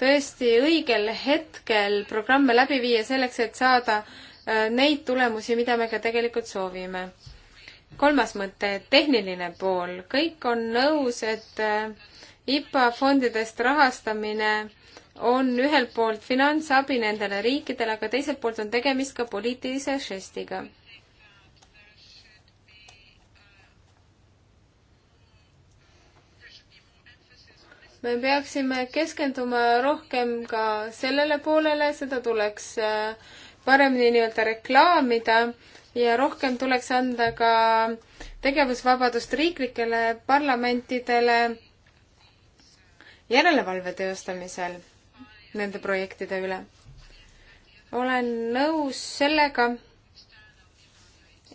[SPEAKER 1] tõesti õigel hetkel programme läbi viia selleks, et saada äh, neid tulemusi, mida me ka tegelikult soovime. kolmas mõte, tehniline pool. kõik on nõus, et äh, IPA fondidest rahastamine on ühelt poolt finantsabi nendele riikidele, aga teiselt poolt on tegemist ka poliitilise žestiga. me peaksime keskenduma rohkem ka sellele poolele, seda tuleks äh, paremini nii-öelda reklaamida ja rohkem tuleks anda ka tegevusvabadust riiklikele parlamentidele järelevalve teostamisel nende projektide üle. olen nõus sellega,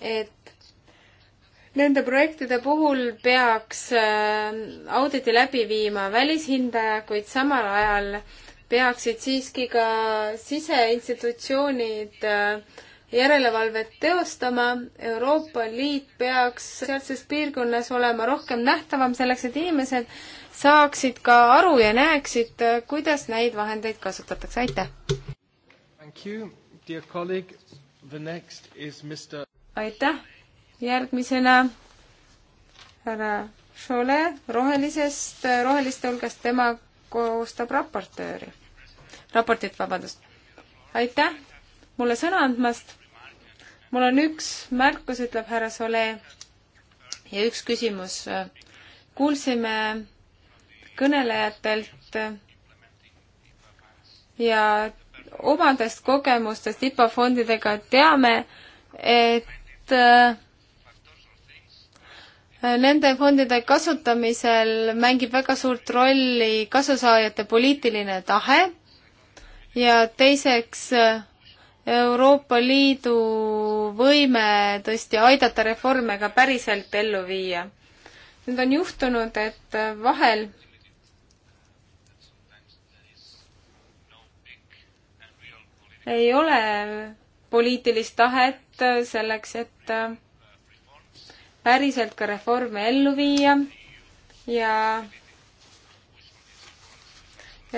[SPEAKER 1] et Nende projektide puhul peaks äh, auditi läbi viima välishindaja, kuid samal ajal peaksid siiski ka siseinstitutsioonid äh, järelevalvet teostama. Euroopa Liit peaks sealses piirkonnas olema rohkem nähtavam selleks, et inimesed saaksid ka aru ja näeksid, äh, kuidas neid vahendeid kasutatakse. aitäh! aitäh! järgmisena härra Šole rohelisest, roheliste hulgast, tema koostab raportööri, raportit, vabandust. aitäh mulle sõna andmast. mul on üks märkus, ütleb härra Šole ja üks küsimus. kuulsime kõnelejatelt ja omadest kogemustest IPA fondidega teame, et nende fondide kasutamisel mängib väga suurt rolli kasusaajate poliitiline tahe ja teiseks Euroopa Liidu võime tõesti aidata reforme ka päriselt ellu viia. nüüd on juhtunud, et vahel ei ole poliitilist tahet selleks, et päriselt ka reforme ellu viia ja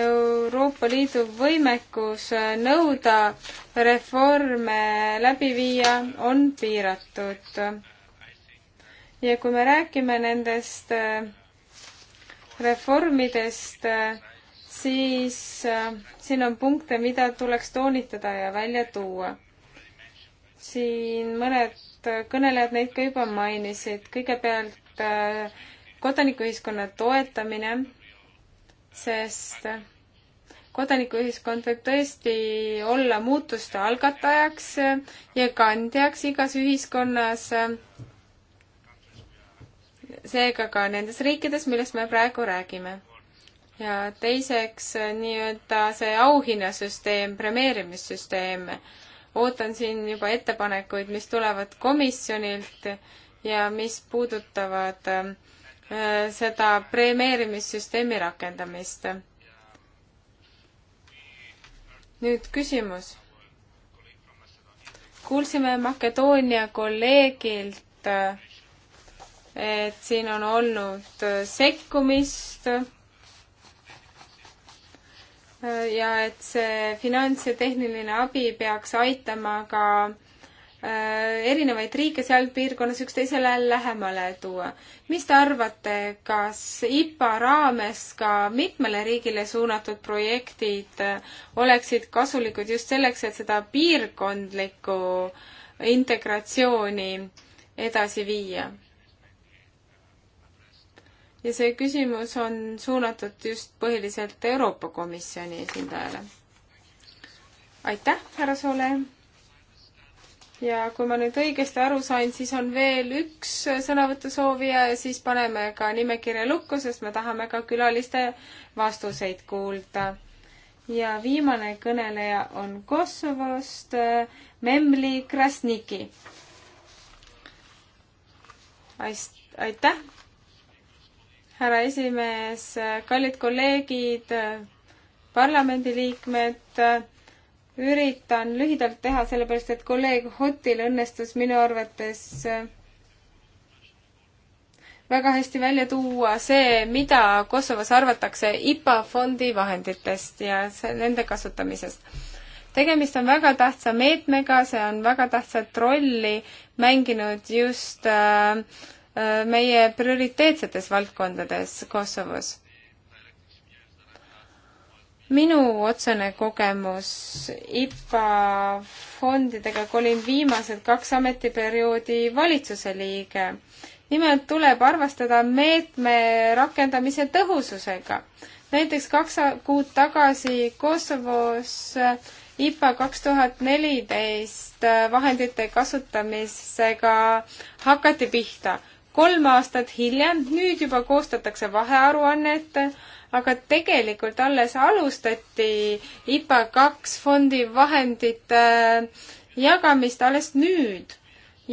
[SPEAKER 1] Euroopa Liidu võimekus nõuda reforme läbi viia on piiratud. ja kui me räägime nendest äh, reformidest, äh, siis äh, siin on punkte, mida tuleks toonitada ja välja tuua. siin mõned Äh, kõnelejad neid ka juba mainisid. kõigepealt äh, kodanikuühiskonna toetamine, sest äh, kodanikuühiskond võib tõesti olla muutuste algatajaks ja kandjaks igas ühiskonnas. seega ka nendes riikides, millest me praegu räägime. ja teiseks nii-öelda see auhinnasüsteem, premeerimissüsteem ootan siin juba ettepanekuid, mis tulevad komisjonilt ja mis puudutavad äh, seda premeerimissüsteemi rakendamist. nüüd küsimus. kuulsime Makedoonia kolleegilt, äh, et siin on olnud äh, sekkumist ja et see finants ja tehniline abi peaks aitama ka äh, erinevaid riike seal piirkonnas üksteisele lähemale tuua. mis te arvate, kas IPA raames ka mitmele riigile suunatud projektid äh, oleksid kasulikud just selleks, et seda piirkondlikku integratsiooni edasi viia? ja see küsimus on suunatud just põhiliselt Euroopa Komisjoni esindajale. aitäh, härra Soole! ja kui ma nüüd õigesti aru sain, siis on veel üks sõnavõtusoovija ja siis paneme ka nimekirja lukku, sest me tahame ka külaliste vastuseid kuulda. ja viimane kõneleja on Kosovost, äh, Memli Krasniki. aitäh härra esimees, kallid kolleegid, parlamendiliikmed, üritan lühidalt teha, sellepärast et kolleeg Hotil õnnestus minu arvates väga hästi välja tuua see, mida Kosovos arvatakse IPA fondi vahenditest ja nende kasutamisest. tegemist on väga tähtsa meetmega, see on väga tähtsat rolli mänginud just äh, meie prioriteetsetes valdkondades Kosovos. minu otsene kogemus IPA fondidega, kui olin viimased kaks ametiperioodi valitsuse liige, nimelt tuleb arvestada meetme rakendamise tõhususega. näiteks kaks kuud tagasi Kosovos IPA kaks tuhat neliteist vahendite kasutamisega hakati pihta kolm aastat hiljem, nüüd juba koostatakse vahearuannet, aga tegelikult alles alustati IPA kaks fondi vahendite äh, jagamist alles nüüd.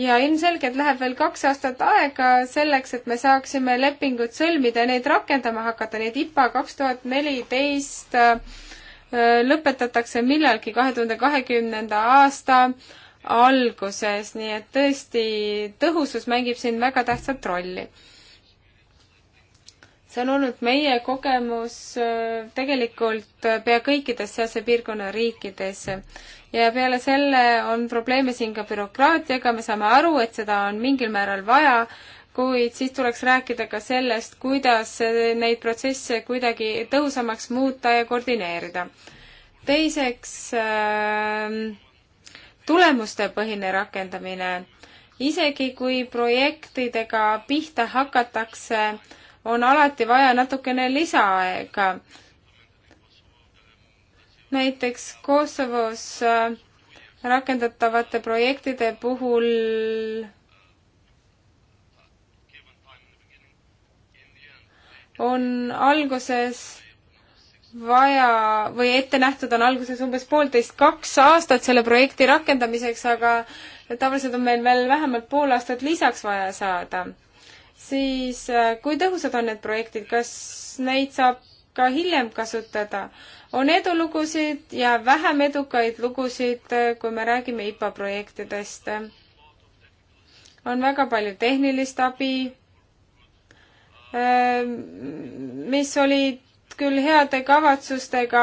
[SPEAKER 1] ja ilmselgelt läheb veel kaks aastat aega selleks, et me saaksime lepingud sõlmida ja neid rakendama hakata, nii et IPA kaks tuhat neliteist äh, äh, lõpetatakse millalgi kahe tuhande kahekümnenda aasta alguses, nii et tõesti, tõhusus mängib siin väga tähtsat rolli. see on olnud meie kogemus äh, tegelikult äh, pea kõikides sealse piirkonna riikides ja peale selle on probleeme siin ka bürokraatiaga, me saame aru, et seda on mingil määral vaja, kuid siis tuleks rääkida ka sellest, kuidas äh, neid protsesse kuidagi tõhusamaks muuta ja koordineerida. teiseks äh, tulemustepõhine rakendamine. isegi kui projektidega pihta hakatakse, on alati vaja natukene lisaaega. näiteks Kosovos äh, rakendatavate projektide puhul on alguses vaja või ette nähtud on alguses umbes poolteist, kaks aastat selle projekti rakendamiseks, aga tavaliselt on meil veel vähemalt pool aastat lisaks vaja saada. siis äh, kui tõhusad on need projektid, kas neid saab ka hiljem kasutada? on edulugusid ja vähem edukaid lugusid, äh, kui me räägime IPA projektidest. on väga palju tehnilist abi, äh, mis olid küll heade kavatsustega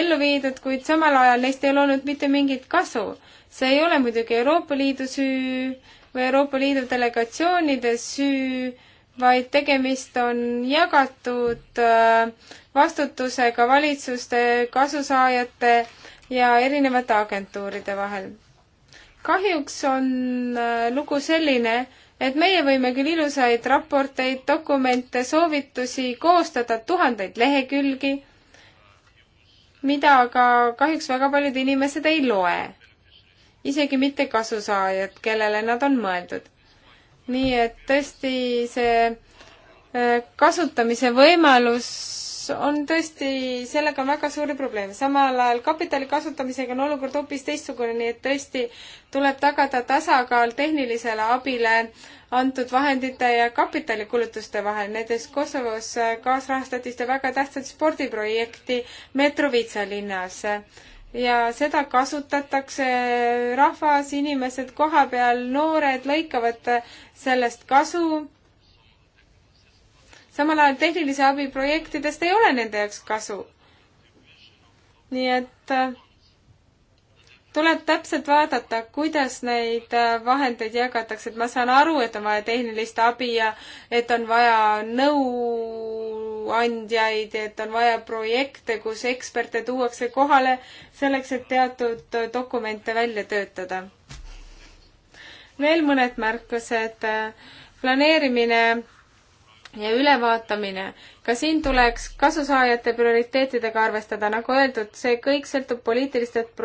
[SPEAKER 1] ellu viidud, kuid samal ajal neist ei ole olnud mitte mingit kasu. see ei ole muidugi Euroopa Liidu süü või Euroopa Liidu delegatsioonide süü, vaid tegemist on jagatud äh, vastutusega valitsuste, kasusaajate ja erinevate agentuuride vahel. kahjuks on äh, lugu selline, et meie võime küll ilusaid raporteid, dokumente, soovitusi koostada, tuhandeid lehekülgi, mida aga kahjuks väga paljud inimesed ei loe. isegi mitte kasusaajad, kellele nad on mõeldud. nii et tõesti see äh, kasutamise võimalus on tõesti, sellega on väga suuri probleeme. samal ajal kapitali kasutamisega on olukord hoopis teistsugune, nii et tõesti tuleb tagada tasakaal tehnilisele abile antud vahendite ja kapitalikulutuste vahel. näiteks Kosovos kaasrahastati seda väga tähtsat spordiprojekti Metrovitsa linnas ja seda kasutatakse, rahvas, inimesed kohapeal, noored lõikavad sellest kasu samal ajal tehnilise abi projektidest ei ole nende jaoks kasu. nii et äh, tuleb täpselt vaadata, kuidas neid äh, vahendeid jagatakse, et ma saan aru, et on vaja tehnilist abi ja et on vaja nõuandjaid, et on vaja projekte, kus eksperte tuuakse kohale selleks, et teatud äh, dokumente välja töötada. veel mõned märkused. planeerimine ja ülevaatamine. ka siin tuleks kasusaajate prioriteetidega arvestada, nagu öeldud, see kõik sõltub poliitilistest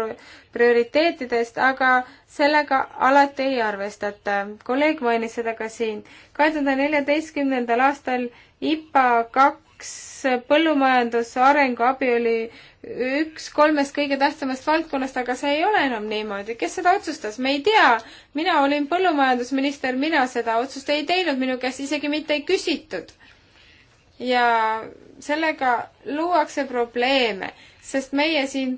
[SPEAKER 1] prioriteetidest, aga sellega alati ei arvestata. kolleeg mainis seda ka siin. kahe tuhande neljateistkümnendal aastal IPA kaks kaks põllumajanduse arenguabi oli üks kolmest kõige tähtsamast valdkonnast, aga see ei ole enam niimoodi. kes seda otsustas? me ei tea. mina olin põllumajandusminister, mina seda otsust ei teinud, minu käest isegi mitte ei küsitud. ja sellega luuakse probleeme, sest meie siin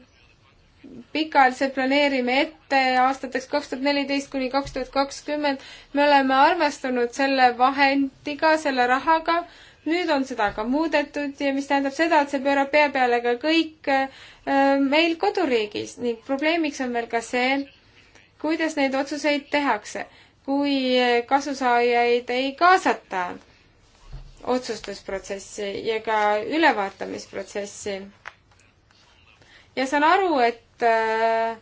[SPEAKER 1] pikaajaliselt planeerime ette aastateks kaks tuhat neliteist kuni kaks tuhat kakskümmend. me oleme arvestanud selle vahendiga, selle rahaga nüüd on seda ka muudetud ja mis tähendab seda, et see pöörab pea peale ka kõik äh, meil koduriigis ning probleemiks on veel ka see, kuidas neid otsuseid tehakse, kui äh, kasusaajaid ei kaasata otsustusprotsessi ja ka ülevaatamisprotsessi. ja saan aru, et äh,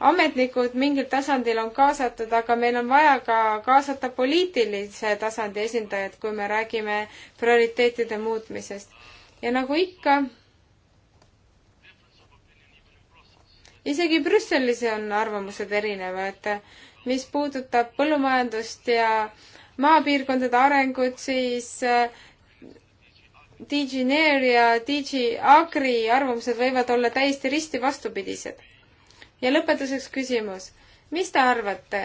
[SPEAKER 1] ametnikud mingil tasandil on kaasatud, aga meil on vaja ka kaasata poliitilise tasandi esindajad, kui me räägime prioriteetide muutmisest. ja nagu ikka, isegi Brüsselis on arvamused erinevad. mis puudutab põllumajandust ja maapiirkondade arengut, siis eh, DG Neer ja DG Agri arvamused võivad olla täiesti risti vastupidised ja lõpetuseks küsimus. mis te arvate,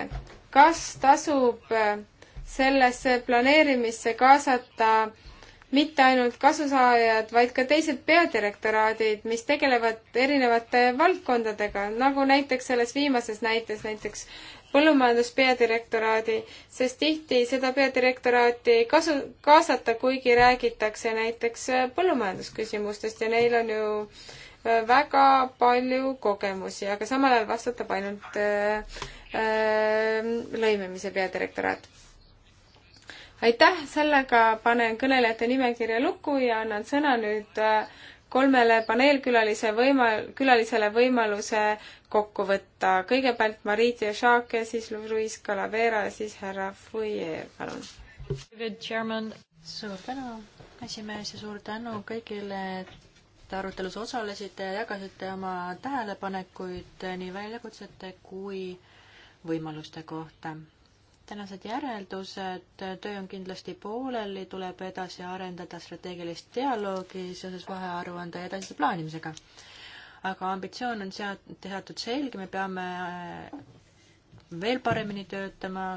[SPEAKER 1] kas tasub äh, sellesse planeerimisse kaasata mitte ainult kasusaajad, vaid ka teised peadirektoraadid, mis tegelevad erinevate valdkondadega, nagu näiteks selles viimases näites, näiteks põllumajanduspeadirektoraadi, sest tihti seda peadirektoraati kasu, kaasata, kuigi räägitakse näiteks äh, põllumajandusküsimustest ja neil on ju äh, väga palju kogemusi, aga samal ajal vastutab ainult äh, äh, lõimimise peadirektoraat. aitäh, sellega panen kõnelejate nimekirja lukku ja annan sõna nüüd äh, kolmele paneelkülalise võima-, külalisele võimaluse kokku võtta. kõigepealt Marit Jašake, siis Luis Calavera ja siis härra Fourier, palun.
[SPEAKER 2] suur tänu, esimees ja suur tänu kõigile, et te arutelus osalesite ja jagasite oma tähelepanekuid nii väljakutsete kui võimaluste kohta. tänased järeldused, töö on kindlasti pooleli, tuleb edasi arendada strateegilist dialoogi seoses vahearuande edasise plaanimisega. aga ambitsioon on seat-, seatud selge, me peame äh, veel paremini töötama,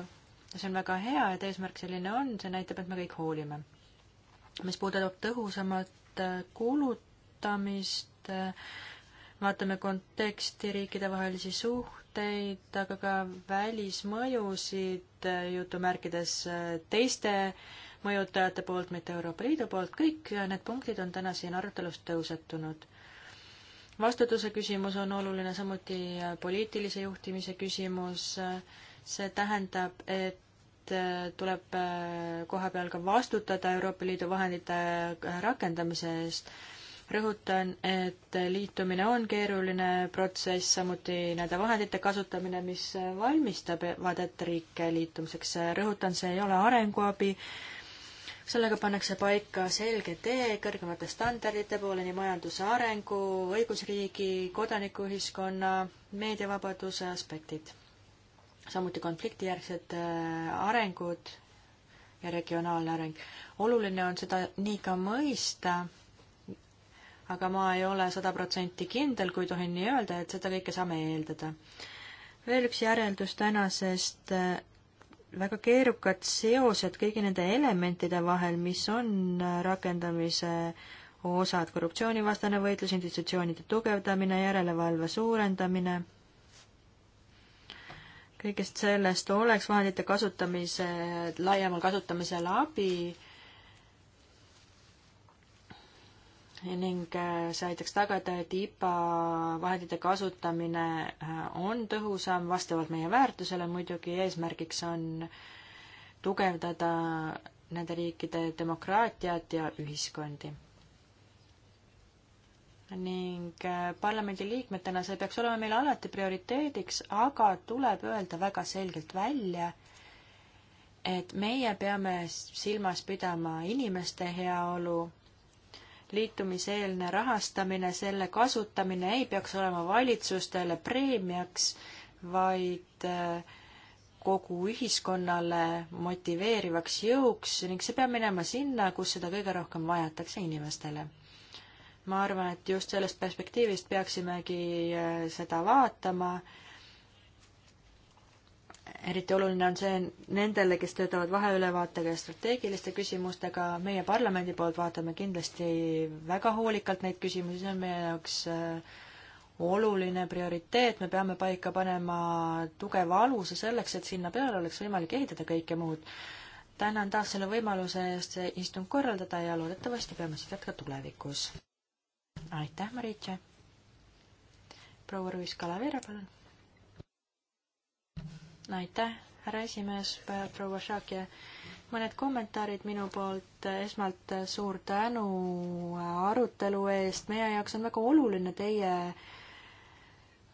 [SPEAKER 2] see on väga hea, et eesmärk selline on, see näitab, et me kõik hoolime. mis puudutab tõhusamat äh, kulutamist, kasutamist, vaatame konteksti, riikidevahelisi suhteid, aga ka välismõjusid jutumärkides teiste mõjutajate poolt, mitte Euroopa Liidu poolt, kõik need punktid on täna siin arutelus tõusetunud vastutuse küsimus on oluline, samuti poliitilise juhtimise küsimus. see tähendab, et tuleb kohapeal ka vastutada Euroopa Liidu vahendite rakendamise eest rõhutan, et liitumine on keeruline protsess, samuti nende vahendite kasutamine, mis valmistavad ette riike liitumiseks. rõhutan, see ei ole arenguabi, sellega pannakse paika selge tee kõrgemate standardite poole nii majanduse arengu, õigusriigi, kodanikuühiskonna, meediavabaduse aspektid, samuti konfliktijärgsed äh, arengud ja regionaalne areng. oluline on seda nii ka mõista aga ma ei ole sada protsenti kindel, kui tohin nii öelda, et seda kõike saame eeldada. veel üks järeldus tänasest, äh, väga keerukad seosed kõigi nende elementide vahel, mis on äh, rakendamise osad, korruptsioonivastane võitlus, institutsioonide tugevdamine, järelevalve suurendamine, kõigest sellest oleks vahendite kasutamise, laiemal kasutamisel abi, ning äh, see aitaks tagada, et IPA vahendite kasutamine äh, on tõhusam, vastavalt meie väärtusele muidugi, eesmärgiks on tugevdada nende riikide demokraatiat ja ühiskondi. ning äh, parlamendiliikmetena see peaks olema meil alati prioriteediks, aga tuleb öelda väga selgelt välja, et meie peame silmas pidama inimeste heaolu liitumiseelne rahastamine, selle kasutamine ei peaks olema valitsustele preemiaks, vaid äh, kogu ühiskonnale motiveerivaks jõuks ning see peab minema sinna, kus seda kõige rohkem vajatakse inimestele. ma arvan, et just sellest perspektiivist peaksimegi äh, seda vaatama eriti oluline on see nendele, kes töötavad vaheülevaatega ja strateegiliste küsimustega, meie parlamendi poolt vaatame kindlasti väga hoolikalt neid küsimusi, see on meie jaoks äh, oluline prioriteet, me peame paika panema tugeva aluse selleks, et sinna peale oleks võimalik ehitada kõike muud. tänan taas selle võimaluse eest see istung korraldada ja loodetavasti peame seda ka tulevikus. aitäh, Maritša! proua Ruiz-Kalavera, palun! aitäh, härra esimees, proua Šakje. mõned kommentaarid minu poolt. esmalt suur tänu arutelu eest. meie jaoks on väga oluline teie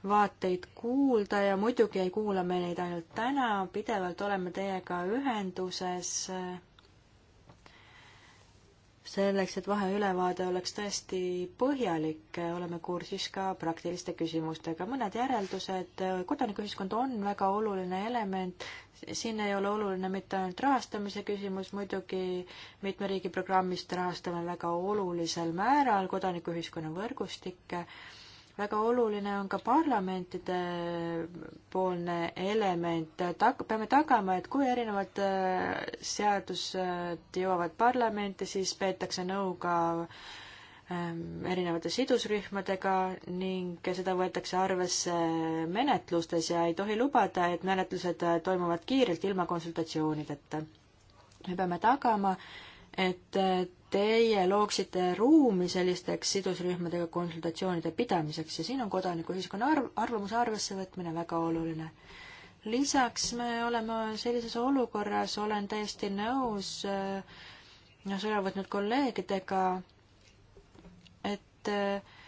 [SPEAKER 2] vaateid kuulda ja muidugi ei kuula me neid ainult täna, pidevalt oleme teiega ühenduses selleks, et vaheülevaade oleks tõesti põhjalik, oleme kursis ka praktiliste küsimustega. mõned järeldused, kodanikuühiskond on väga oluline element, siin ei ole oluline mitte ainult rahastamise küsimus, muidugi mitme riigi programmist rahastame väga olulisel määral kodanikuühiskonna võrgustikke väga oluline on ka parlamentide poolne element, tag-, peame tagama, et kui erinevad äh, seadused jõuavad parlamenti, siis peetakse nõu ka ähm, erinevate sidusrühmadega ning seda võetakse arvesse menetlustes ja ei tohi lubada, et menetlused toimuvad kiirelt ilma konsultatsioonideta. me peame tagama, et äh, teie looksite ruumi sellisteks sidusrühmadega konsultatsioonide pidamiseks ja siin on kodanikuühiskonna arv, arvamuse arvesse võtmine väga oluline. lisaks me oleme sellises olukorras, olen täiesti nõus äh, sõna võtnud kolleegidega, et äh,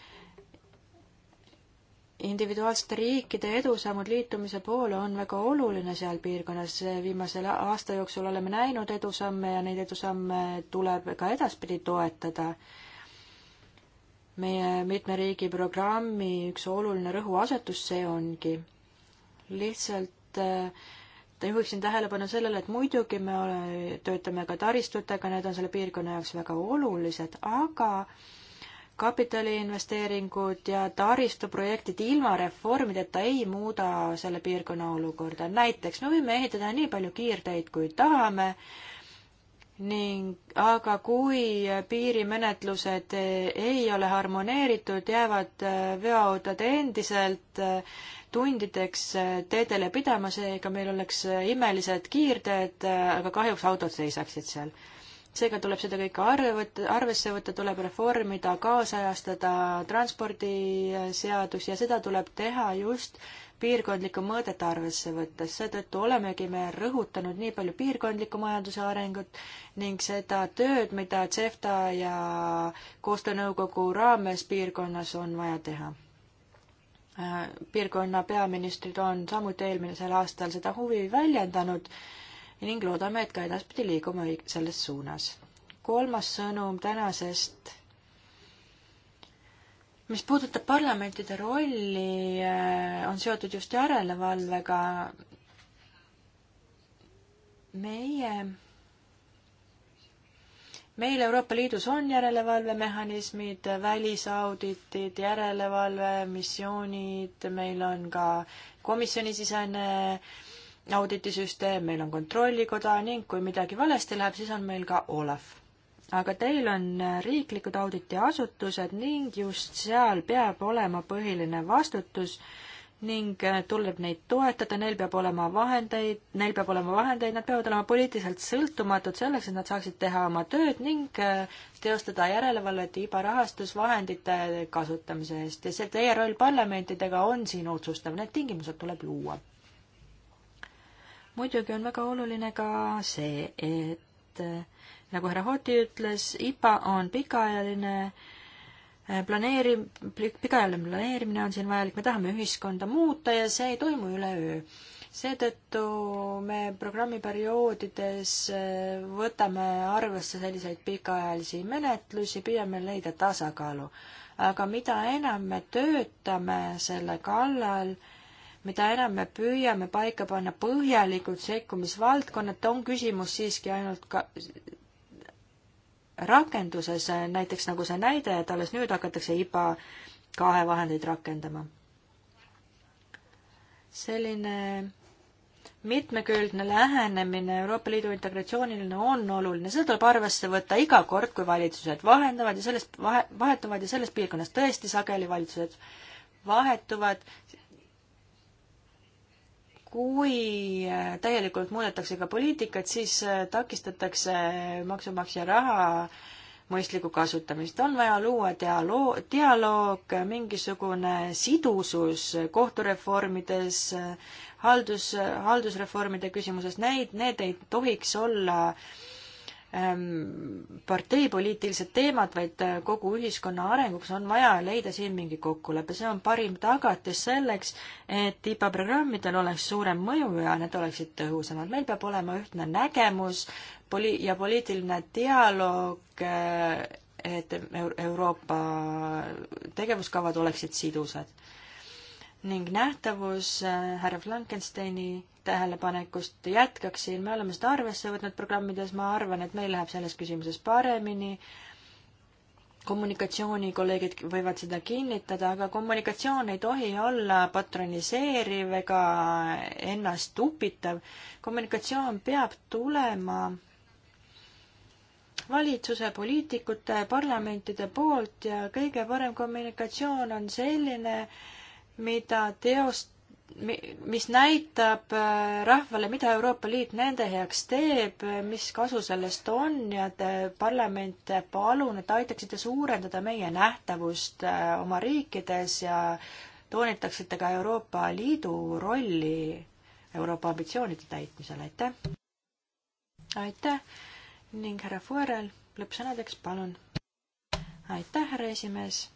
[SPEAKER 2] individuaalsete riikide edusammud liitumise poole on väga oluline seal piirkonnas. viimasel aasta jooksul oleme näinud edusamme ja neid edusamme tuleb ka edaspidi toetada. meie mitme riigi programmi üks oluline rõhuasetus see ongi. lihtsalt äh, juhiksin tähelepanu sellele, et muidugi me ole, töötame ka taristutega, need on selle piirkonna jaoks väga olulised, aga kapitaliinvesteeringud ja taristuprojektid ilma reformideta ei muuda selle piirkonna olukorda. näiteks me võime ehitada nii palju kiirteid, kui tahame, ning, aga kui piirimenetlused ei ole harmoneeritud, jäävad veoautod endiselt tundideks teedele pidama, seega meil oleks imelised kiirteed, aga kahjuks autod seisaksid seal seega tuleb seda kõike arve võtta, arvesse võtta, tuleb reformida, kaasajastada transpordiseadus ja seda tuleb teha just piirkondlikku mõõdet arvesse võttes, seetõttu olemegi me rõhutanud nii palju piirkondliku majanduse arengut ning seda tööd, mida CEFTA ja koostöönõukogu raames piirkonnas on vaja teha. Äh, piirkonna peaministrid on samuti eelmisel aastal seda huvi väljendanud ning loodame, et ka edaspidi liigume selles suunas. kolmas sõnum tänasest, mis puudutab parlamentide rolli, äh, on seotud just järelevalvega. meie meil Euroopa Liidus on järelevalvemehhanismid, välisauditid, järelevalve, missioonid, meil on ka komisjonisisene äh, auditisüsteem, meil on kontrollikoda ning kui midagi valesti läheb, siis on meil ka Olav. aga teil on äh, riiklikud auditiasutused ning just seal peab olema põhiline vastutus ning äh, tuleb neid toetada, neil peab olema vahendeid, neil peab olema vahendeid, nad peavad olema poliitiliselt sõltumatud selleks, et nad saaksid teha oma tööd ning äh, teostada järelevalvet IBA rahastusvahendite kasutamise eest ja see teie roll parlamentidega on siin otsustav, need tingimused tuleb luua muidugi on väga oluline ka see, et nagu härra Hoti ütles, IPA on pikaajaline äh, planeeri-, pikaajaline planeerimine on siin vajalik, me tahame ühiskonda muuta ja see ei toimu üleöö. seetõttu me programmiperioodides äh, võtame arvesse selliseid pikaajalisi menetlusi, püüame leida tasakaalu. aga mida enam me töötame selle kallal ka, mida enam me püüame paika panna põhjalikud sekkumisvaldkonnad, on küsimus siiski ainult ka rakenduses, näiteks nagu see näide, et alles nüüd hakatakse IBA kahe vahendeid rakendama. selline mitmekülgne lähenemine Euroopa Liidu integratsioonile on oluline, seda tuleb arvesse võtta iga kord, kui valitsused vahendavad ja sellest vahe, vahetuvad ja selles piirkonnas tõesti sageli valitsused vahetuvad, kui äh, täielikult muudetakse ka poliitikat, siis äh, takistatakse maksumaksja raha mõistlikku kasutamist. on vaja luua dialoo-, dialoog, äh, mingisugune sidusus kohtureformides, haldus, haldusreformide küsimuses, neid, need ei tohiks olla äh, Ähm, parteipoliitilised teemad, vaid äh, kogu ühiskonna arenguks on vaja leida siin mingi kokkulepe, see on parim tagatis selleks, et IPA programmidel oleks suurem mõju ja need oleksid tõhusamad. meil peab olema ühtne nägemus poli- ja poliitiline dialoog, äh, et Euroopa tegevuskavad oleksid sidusad ning nähtavus äh, härra Frankensteini tähelepanekust jätkaksin, me oleme seda arvesse võtnud programmides, ma arvan, et meil läheb selles küsimuses paremini, kommunikatsioonikolleegid võivad seda kinnitada, aga kommunikatsioon ei tohi olla patroniseeriv ega ennast upitav. kommunikatsioon peab tulema valitsuse, poliitikute, parlamentide poolt ja kõige parem kommunikatsioon on selline, mida teost-, mis näitab äh, rahvale, mida Euroopa Liit nende heaks teeb, mis kasu sellest on ja te, parlament, palun, et aitaksite suurendada meie nähtavust äh, oma riikides ja toonitaksite ka Euroopa Liidu rolli Euroopa ambitsioonide täitmisel, aitäh! aitäh ning härra Fuerel lõppsõnadeks, palun! aitäh, härra esimees!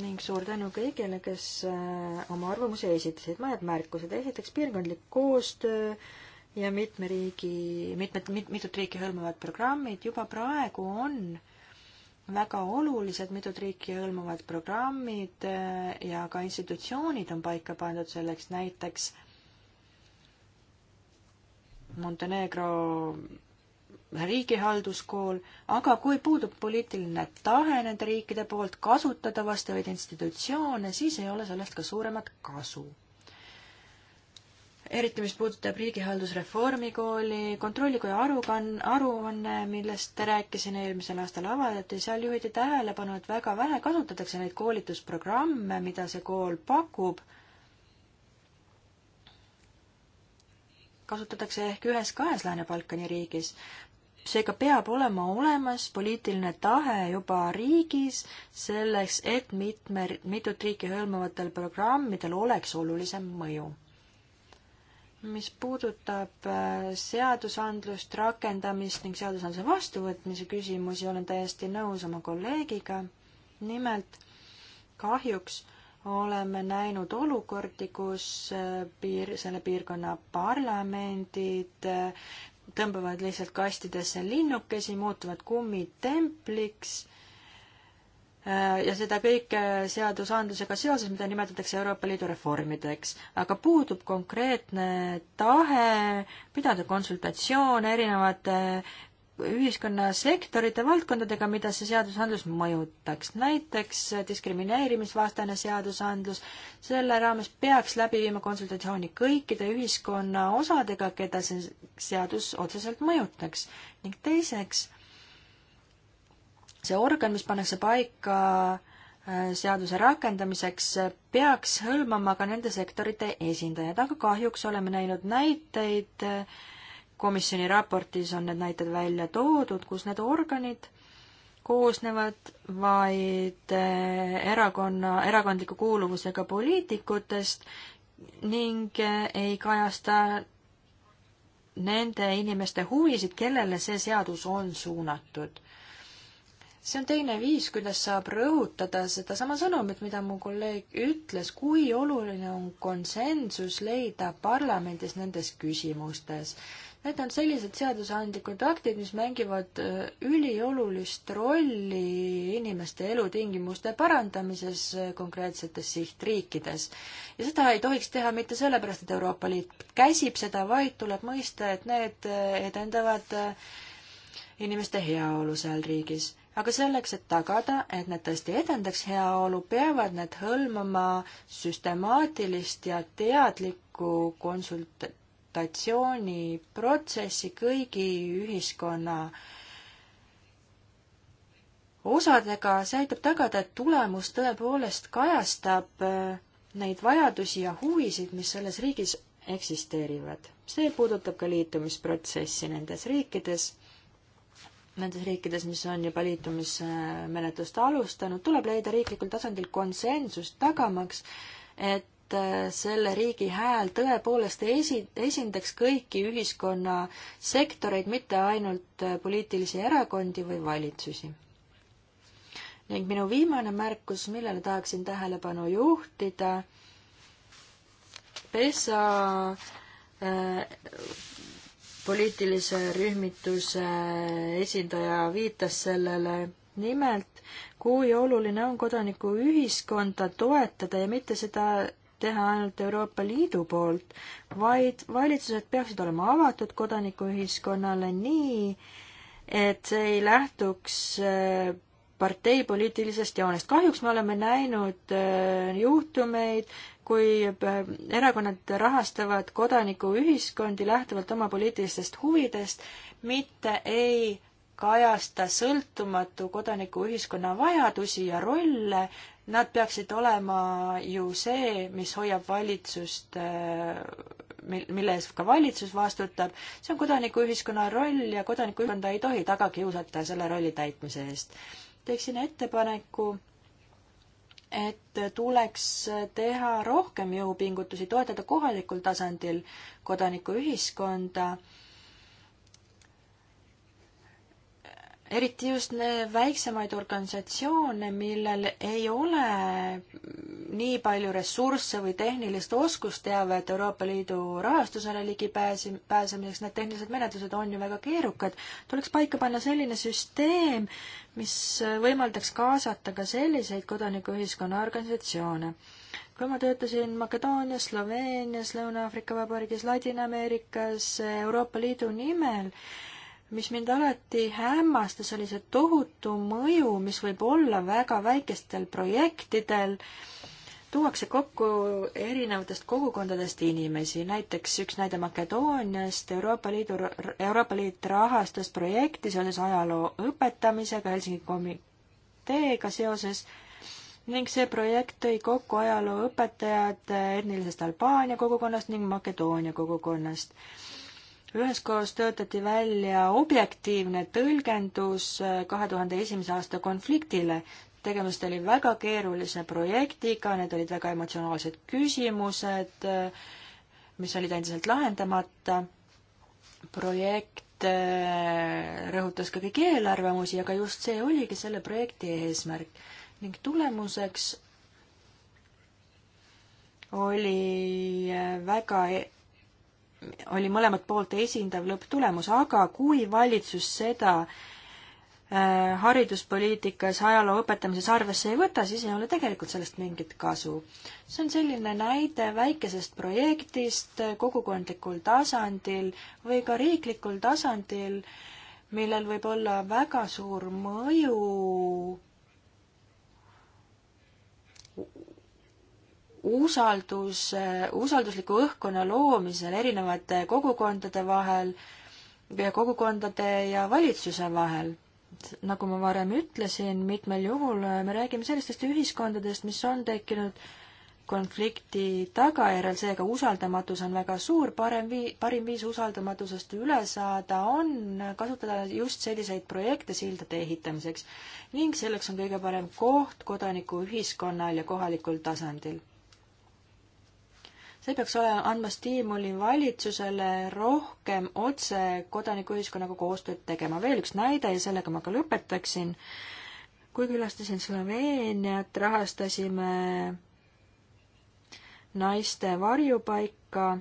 [SPEAKER 2] ning suur tänu kõigile, kes äh, oma arvamusi esitasid. mõned märkused. esiteks piirkondlik koostöö ja mitme riigi, mitmed mit,, mitut riiki hõlmavad programmid juba praegu on väga olulised, mitut riiki hõlmavad programmid äh, ja ka institutsioonid on paika pandud selleks, näiteks Montenegro riigihalduskool, aga kui puudub poliitiline tahe nende riikide poolt kasutada vastavaid institutsioone, siis ei ole sellest ka suuremat kasu. eriti, mis puudutab riigihaldusreformi kooli, kontrollikoja arukann-, aruanne, millest rääkisin eelmisel aastal avaldati, seal juhiti tähelepanu, et väga vähe kasutatakse neid koolitusprogramme, mida see kool pakub kasutatakse ehk ühes-kahes Lääne-Balkani riigis seega peab olema olemas poliitiline tahe juba riigis selleks, et mitme, mitut riiki hõlmavatel programmidel oleks olulisem mõju. mis puudutab äh, seadusandlust, rakendamist ning seadusandluse vastuvõtmise küsimusi, olen täiesti nõus oma kolleegiga. nimelt kahjuks oleme näinud olukordi, kus äh, piir, selle piirkonna parlamendid äh, tõmbavad lihtsalt kastidesse linnukesi, muutuvad kummitempliks äh, ja seda kõike seadusandlusega seoses, mida nimetatakse Euroopa Liidu reformideks. aga puudub konkreetne tahe pidada konsultatsioone erinevate ühiskonnasektorite valdkondadega, mida see seadusandlus mõjutaks. näiteks diskrimineerimisvastane seadusandlus, selle raames peaks läbi viima konsultatsiooni kõikide ühiskonna osadega, keda see seadus otseselt mõjutaks. ning teiseks, see organ, mis pannakse paika äh, seaduse rakendamiseks peaks hõlmama ka nende sektorite esindajad, aga kahjuks oleme näinud näiteid äh, komisjoni raportis on need näited välja toodud, kus need organid koosnevad vaid eh, erakonna, erakondliku kuuluvusega poliitikutest ning eh, ei kajasta nende inimeste huvisid, kellele see seadus on suunatud. see on teine viis, kuidas saab rõhutada sedasama sõnumit, mida mu kolleeg ütles, kui oluline on konsensus leida parlamendis nendes küsimustes. Need on sellised seadusandlikud aktid, mis mängivad äh, üliolulist rolli inimeste elutingimuste parandamises äh, konkreetsetes sihtriikides. ja seda ei tohiks teha mitte sellepärast, et Euroopa Liit käsib seda, vaid tuleb mõista, et need äh, edendavad inimeste heaolu seal riigis aga selleks, et tagada, et need tõesti edendaks heaolu, peavad need hõlmama süstemaatilist ja teadlikku konsult-, konsultatsiooniprotsessi kõigi ühiskonna osadega, see aitab tagada, et tulemus tõepoolest kajastab äh, neid vajadusi ja huvisid, mis selles riigis eksisteerivad. see puudutab ka liitumisprotsessi nendes riikides, nendes riikides, mis on juba liitumismenetlust alustanud, tuleb leida riiklikul tasandil konsensus, tagamaks, et et äh, selle riigi hääl tõepoolest esi-, esindaks kõiki ühiskonna sektoreid, mitte ainult äh, poliitilisi erakondi või valitsusi. ning minu viimane märkus, millele tahaksin tähelepanu juhtida, PESA äh, poliitilise rühmituse esindaja viitas sellele nimelt, kui oluline on kodanikuühiskonda toetada ja mitte seda teha ainult Euroopa Liidu poolt, vaid valitsused peaksid olema avatud kodanikuühiskonnale nii, et see ei lähtuks äh, parteipoliitilisest joonest. kahjuks me oleme näinud äh, juhtumeid, kui äh, erakonnad rahastavad kodanikuühiskondi lähtuvalt oma poliitilistest huvidest, mitte ei kajasta sõltumatu kodanikuühiskonna vajadusi ja rolle Nad peaksid olema ju see, mis hoiab valitsust, äh, mille eest ka valitsus vastutab, see on kodanikuühiskonna roll ja kodanikuühiskonda ei tohi taga kiusata selle rolli täitmise eest. teeksin ettepaneku, et tuleks teha rohkem jõupingutusi, toetada kohalikul tasandil kodanikuühiskonda eriti just väiksemaid organisatsioone, millel ei ole nii palju ressursse või tehnilist oskusteavet Euroopa Liidu rahastusele ligipääsi, pääsemiseks, need tehnilised menetlused on ju väga keerukad, tuleks paika panna selline süsteem, mis võimaldaks kaasata ka selliseid kodanikuühiskonna organisatsioone. kui ma töötasin Makedoonias, Sloveenias, Lõuna-Aafrika Vabariigis, Ladina-Ameerikas Euroopa Liidu nimel, mis mind alati hämmastas, oli see tohutu mõju, mis võib olla väga väikestel projektidel. tuuakse kokku erinevatest kogukondadest inimesi, näiteks üks näide Makedooniast, Euroopa Liidu, Euroopa Liit rahastas projekti seoses ajaloo õpetamisega Helsingi komiteega seoses ning see projekt tõi kokku ajalooõpetajad etnilisest Albaania kogukonnast ning Makedoonia kogukonnast ühest kohast töötati välja objektiivne tõlgendus äh, kahe tuhande esimese aasta konfliktile. tegemist oli väga keerulise projektiga, need olid väga emotsionaalsed küsimused, äh, mis olid endiselt lahendamata. projekt äh, rõhutas ka kõiki eelarvamusi, aga just see oligi selle projekti eesmärk ning tulemuseks oli väga e- oli mõlemat poolt esindav lõpptulemus, aga kui valitsus seda äh, hariduspoliitikas ajaloo õpetamises arvesse ei võta, siis ei ole tegelikult sellest mingit kasu. see on selline näide väikesest projektist kogukondlikul tasandil või ka riiklikul tasandil, millel võib olla väga suur mõju usaldus, usaldusliku õhkkonna loomisel erinevate kogukondade vahel, kogukondade ja valitsuse vahel. nagu ma varem ütlesin, mitmel juhul me räägime sellistest ühiskondadest, mis on tekkinud konflikti tagajärjel, seega usaldamatus on väga suur, parem vii-, parim viis usaldamatusest üle saada on kasutada just selliseid projekte sildade ehitamiseks. ning selleks on kõige parem koht kodanikuühiskonnal ja kohalikul tasandil see peaks olema, andma stiimuli valitsusele rohkem otse kodanikuühiskonnaga koostööd tegema. veel üks näide ja sellega ma ka lõpetaksin. kui külastasin Sloveeniat, rahastasime naiste varjupaika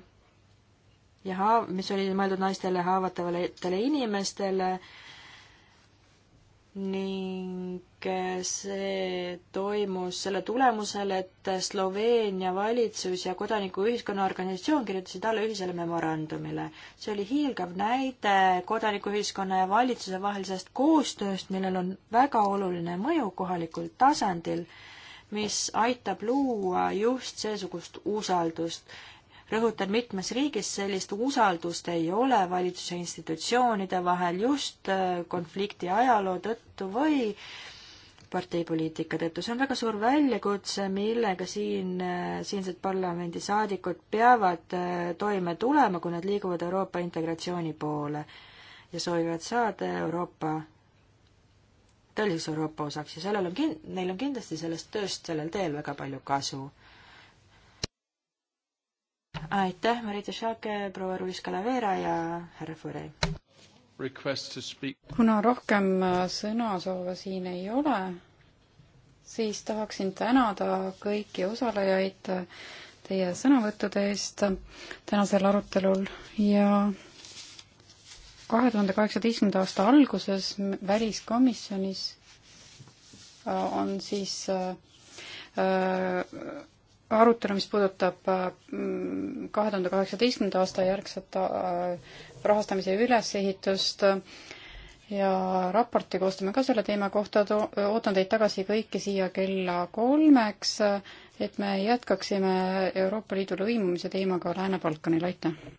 [SPEAKER 2] ja haav-, mis oli mõeldud naistele haavatavatele inimestele ning see toimus selle tulemusel, et Sloveenia valitsus ja kodanikuühiskonna organisatsioon kirjutasid alla ühisele memorandumile. see oli hiilgav näide kodanikuühiskonna ja valitsuse vahelisest koostööst, millel on väga oluline mõju kohalikul tasandil, mis aitab luua just seesugust usaldust rõhutan, mitmes riigis sellist usaldust ei ole valitsuse institutsioonide vahel just konflikti ajaloo tõttu või parteipoliitika tõttu. see on väga suur väljakutse, millega siin, äh, siinsed parlamendisaadikud peavad äh, toime tulema, kui nad liiguvad Euroopa integratsiooni poole ja soovivad saada Euroopa, tõeliseks Euroopa osaks ja sellel on kin-, neil on kindlasti sellest tööst sellel teel väga palju kasu.
[SPEAKER 3] aitäh, Marita Šake, proua Ruiz Calavera ja härra Fure! kuna rohkem äh, sõnasoove siin ei ole, siis tahaksin tänada kõiki osalejaid äh, teie sõnavõttude eest äh, tänasel arutelul ja kahe tuhande kaheksateistkümnenda aasta alguses väliskomisjonis on siis äh, arutelu, mis puudutab mm, kahe tuhande kaheksateistkümnenda aasta järgset äh, rahastamise ülesehitust äh, ja raporti koostame ka selle teema kohta, ootan teid tagasi kõiki siia kella kolmeks, äh, et me jätkaksime Euroopa Liidu lõimumise teemaga Lääne-Balkanil, aitäh!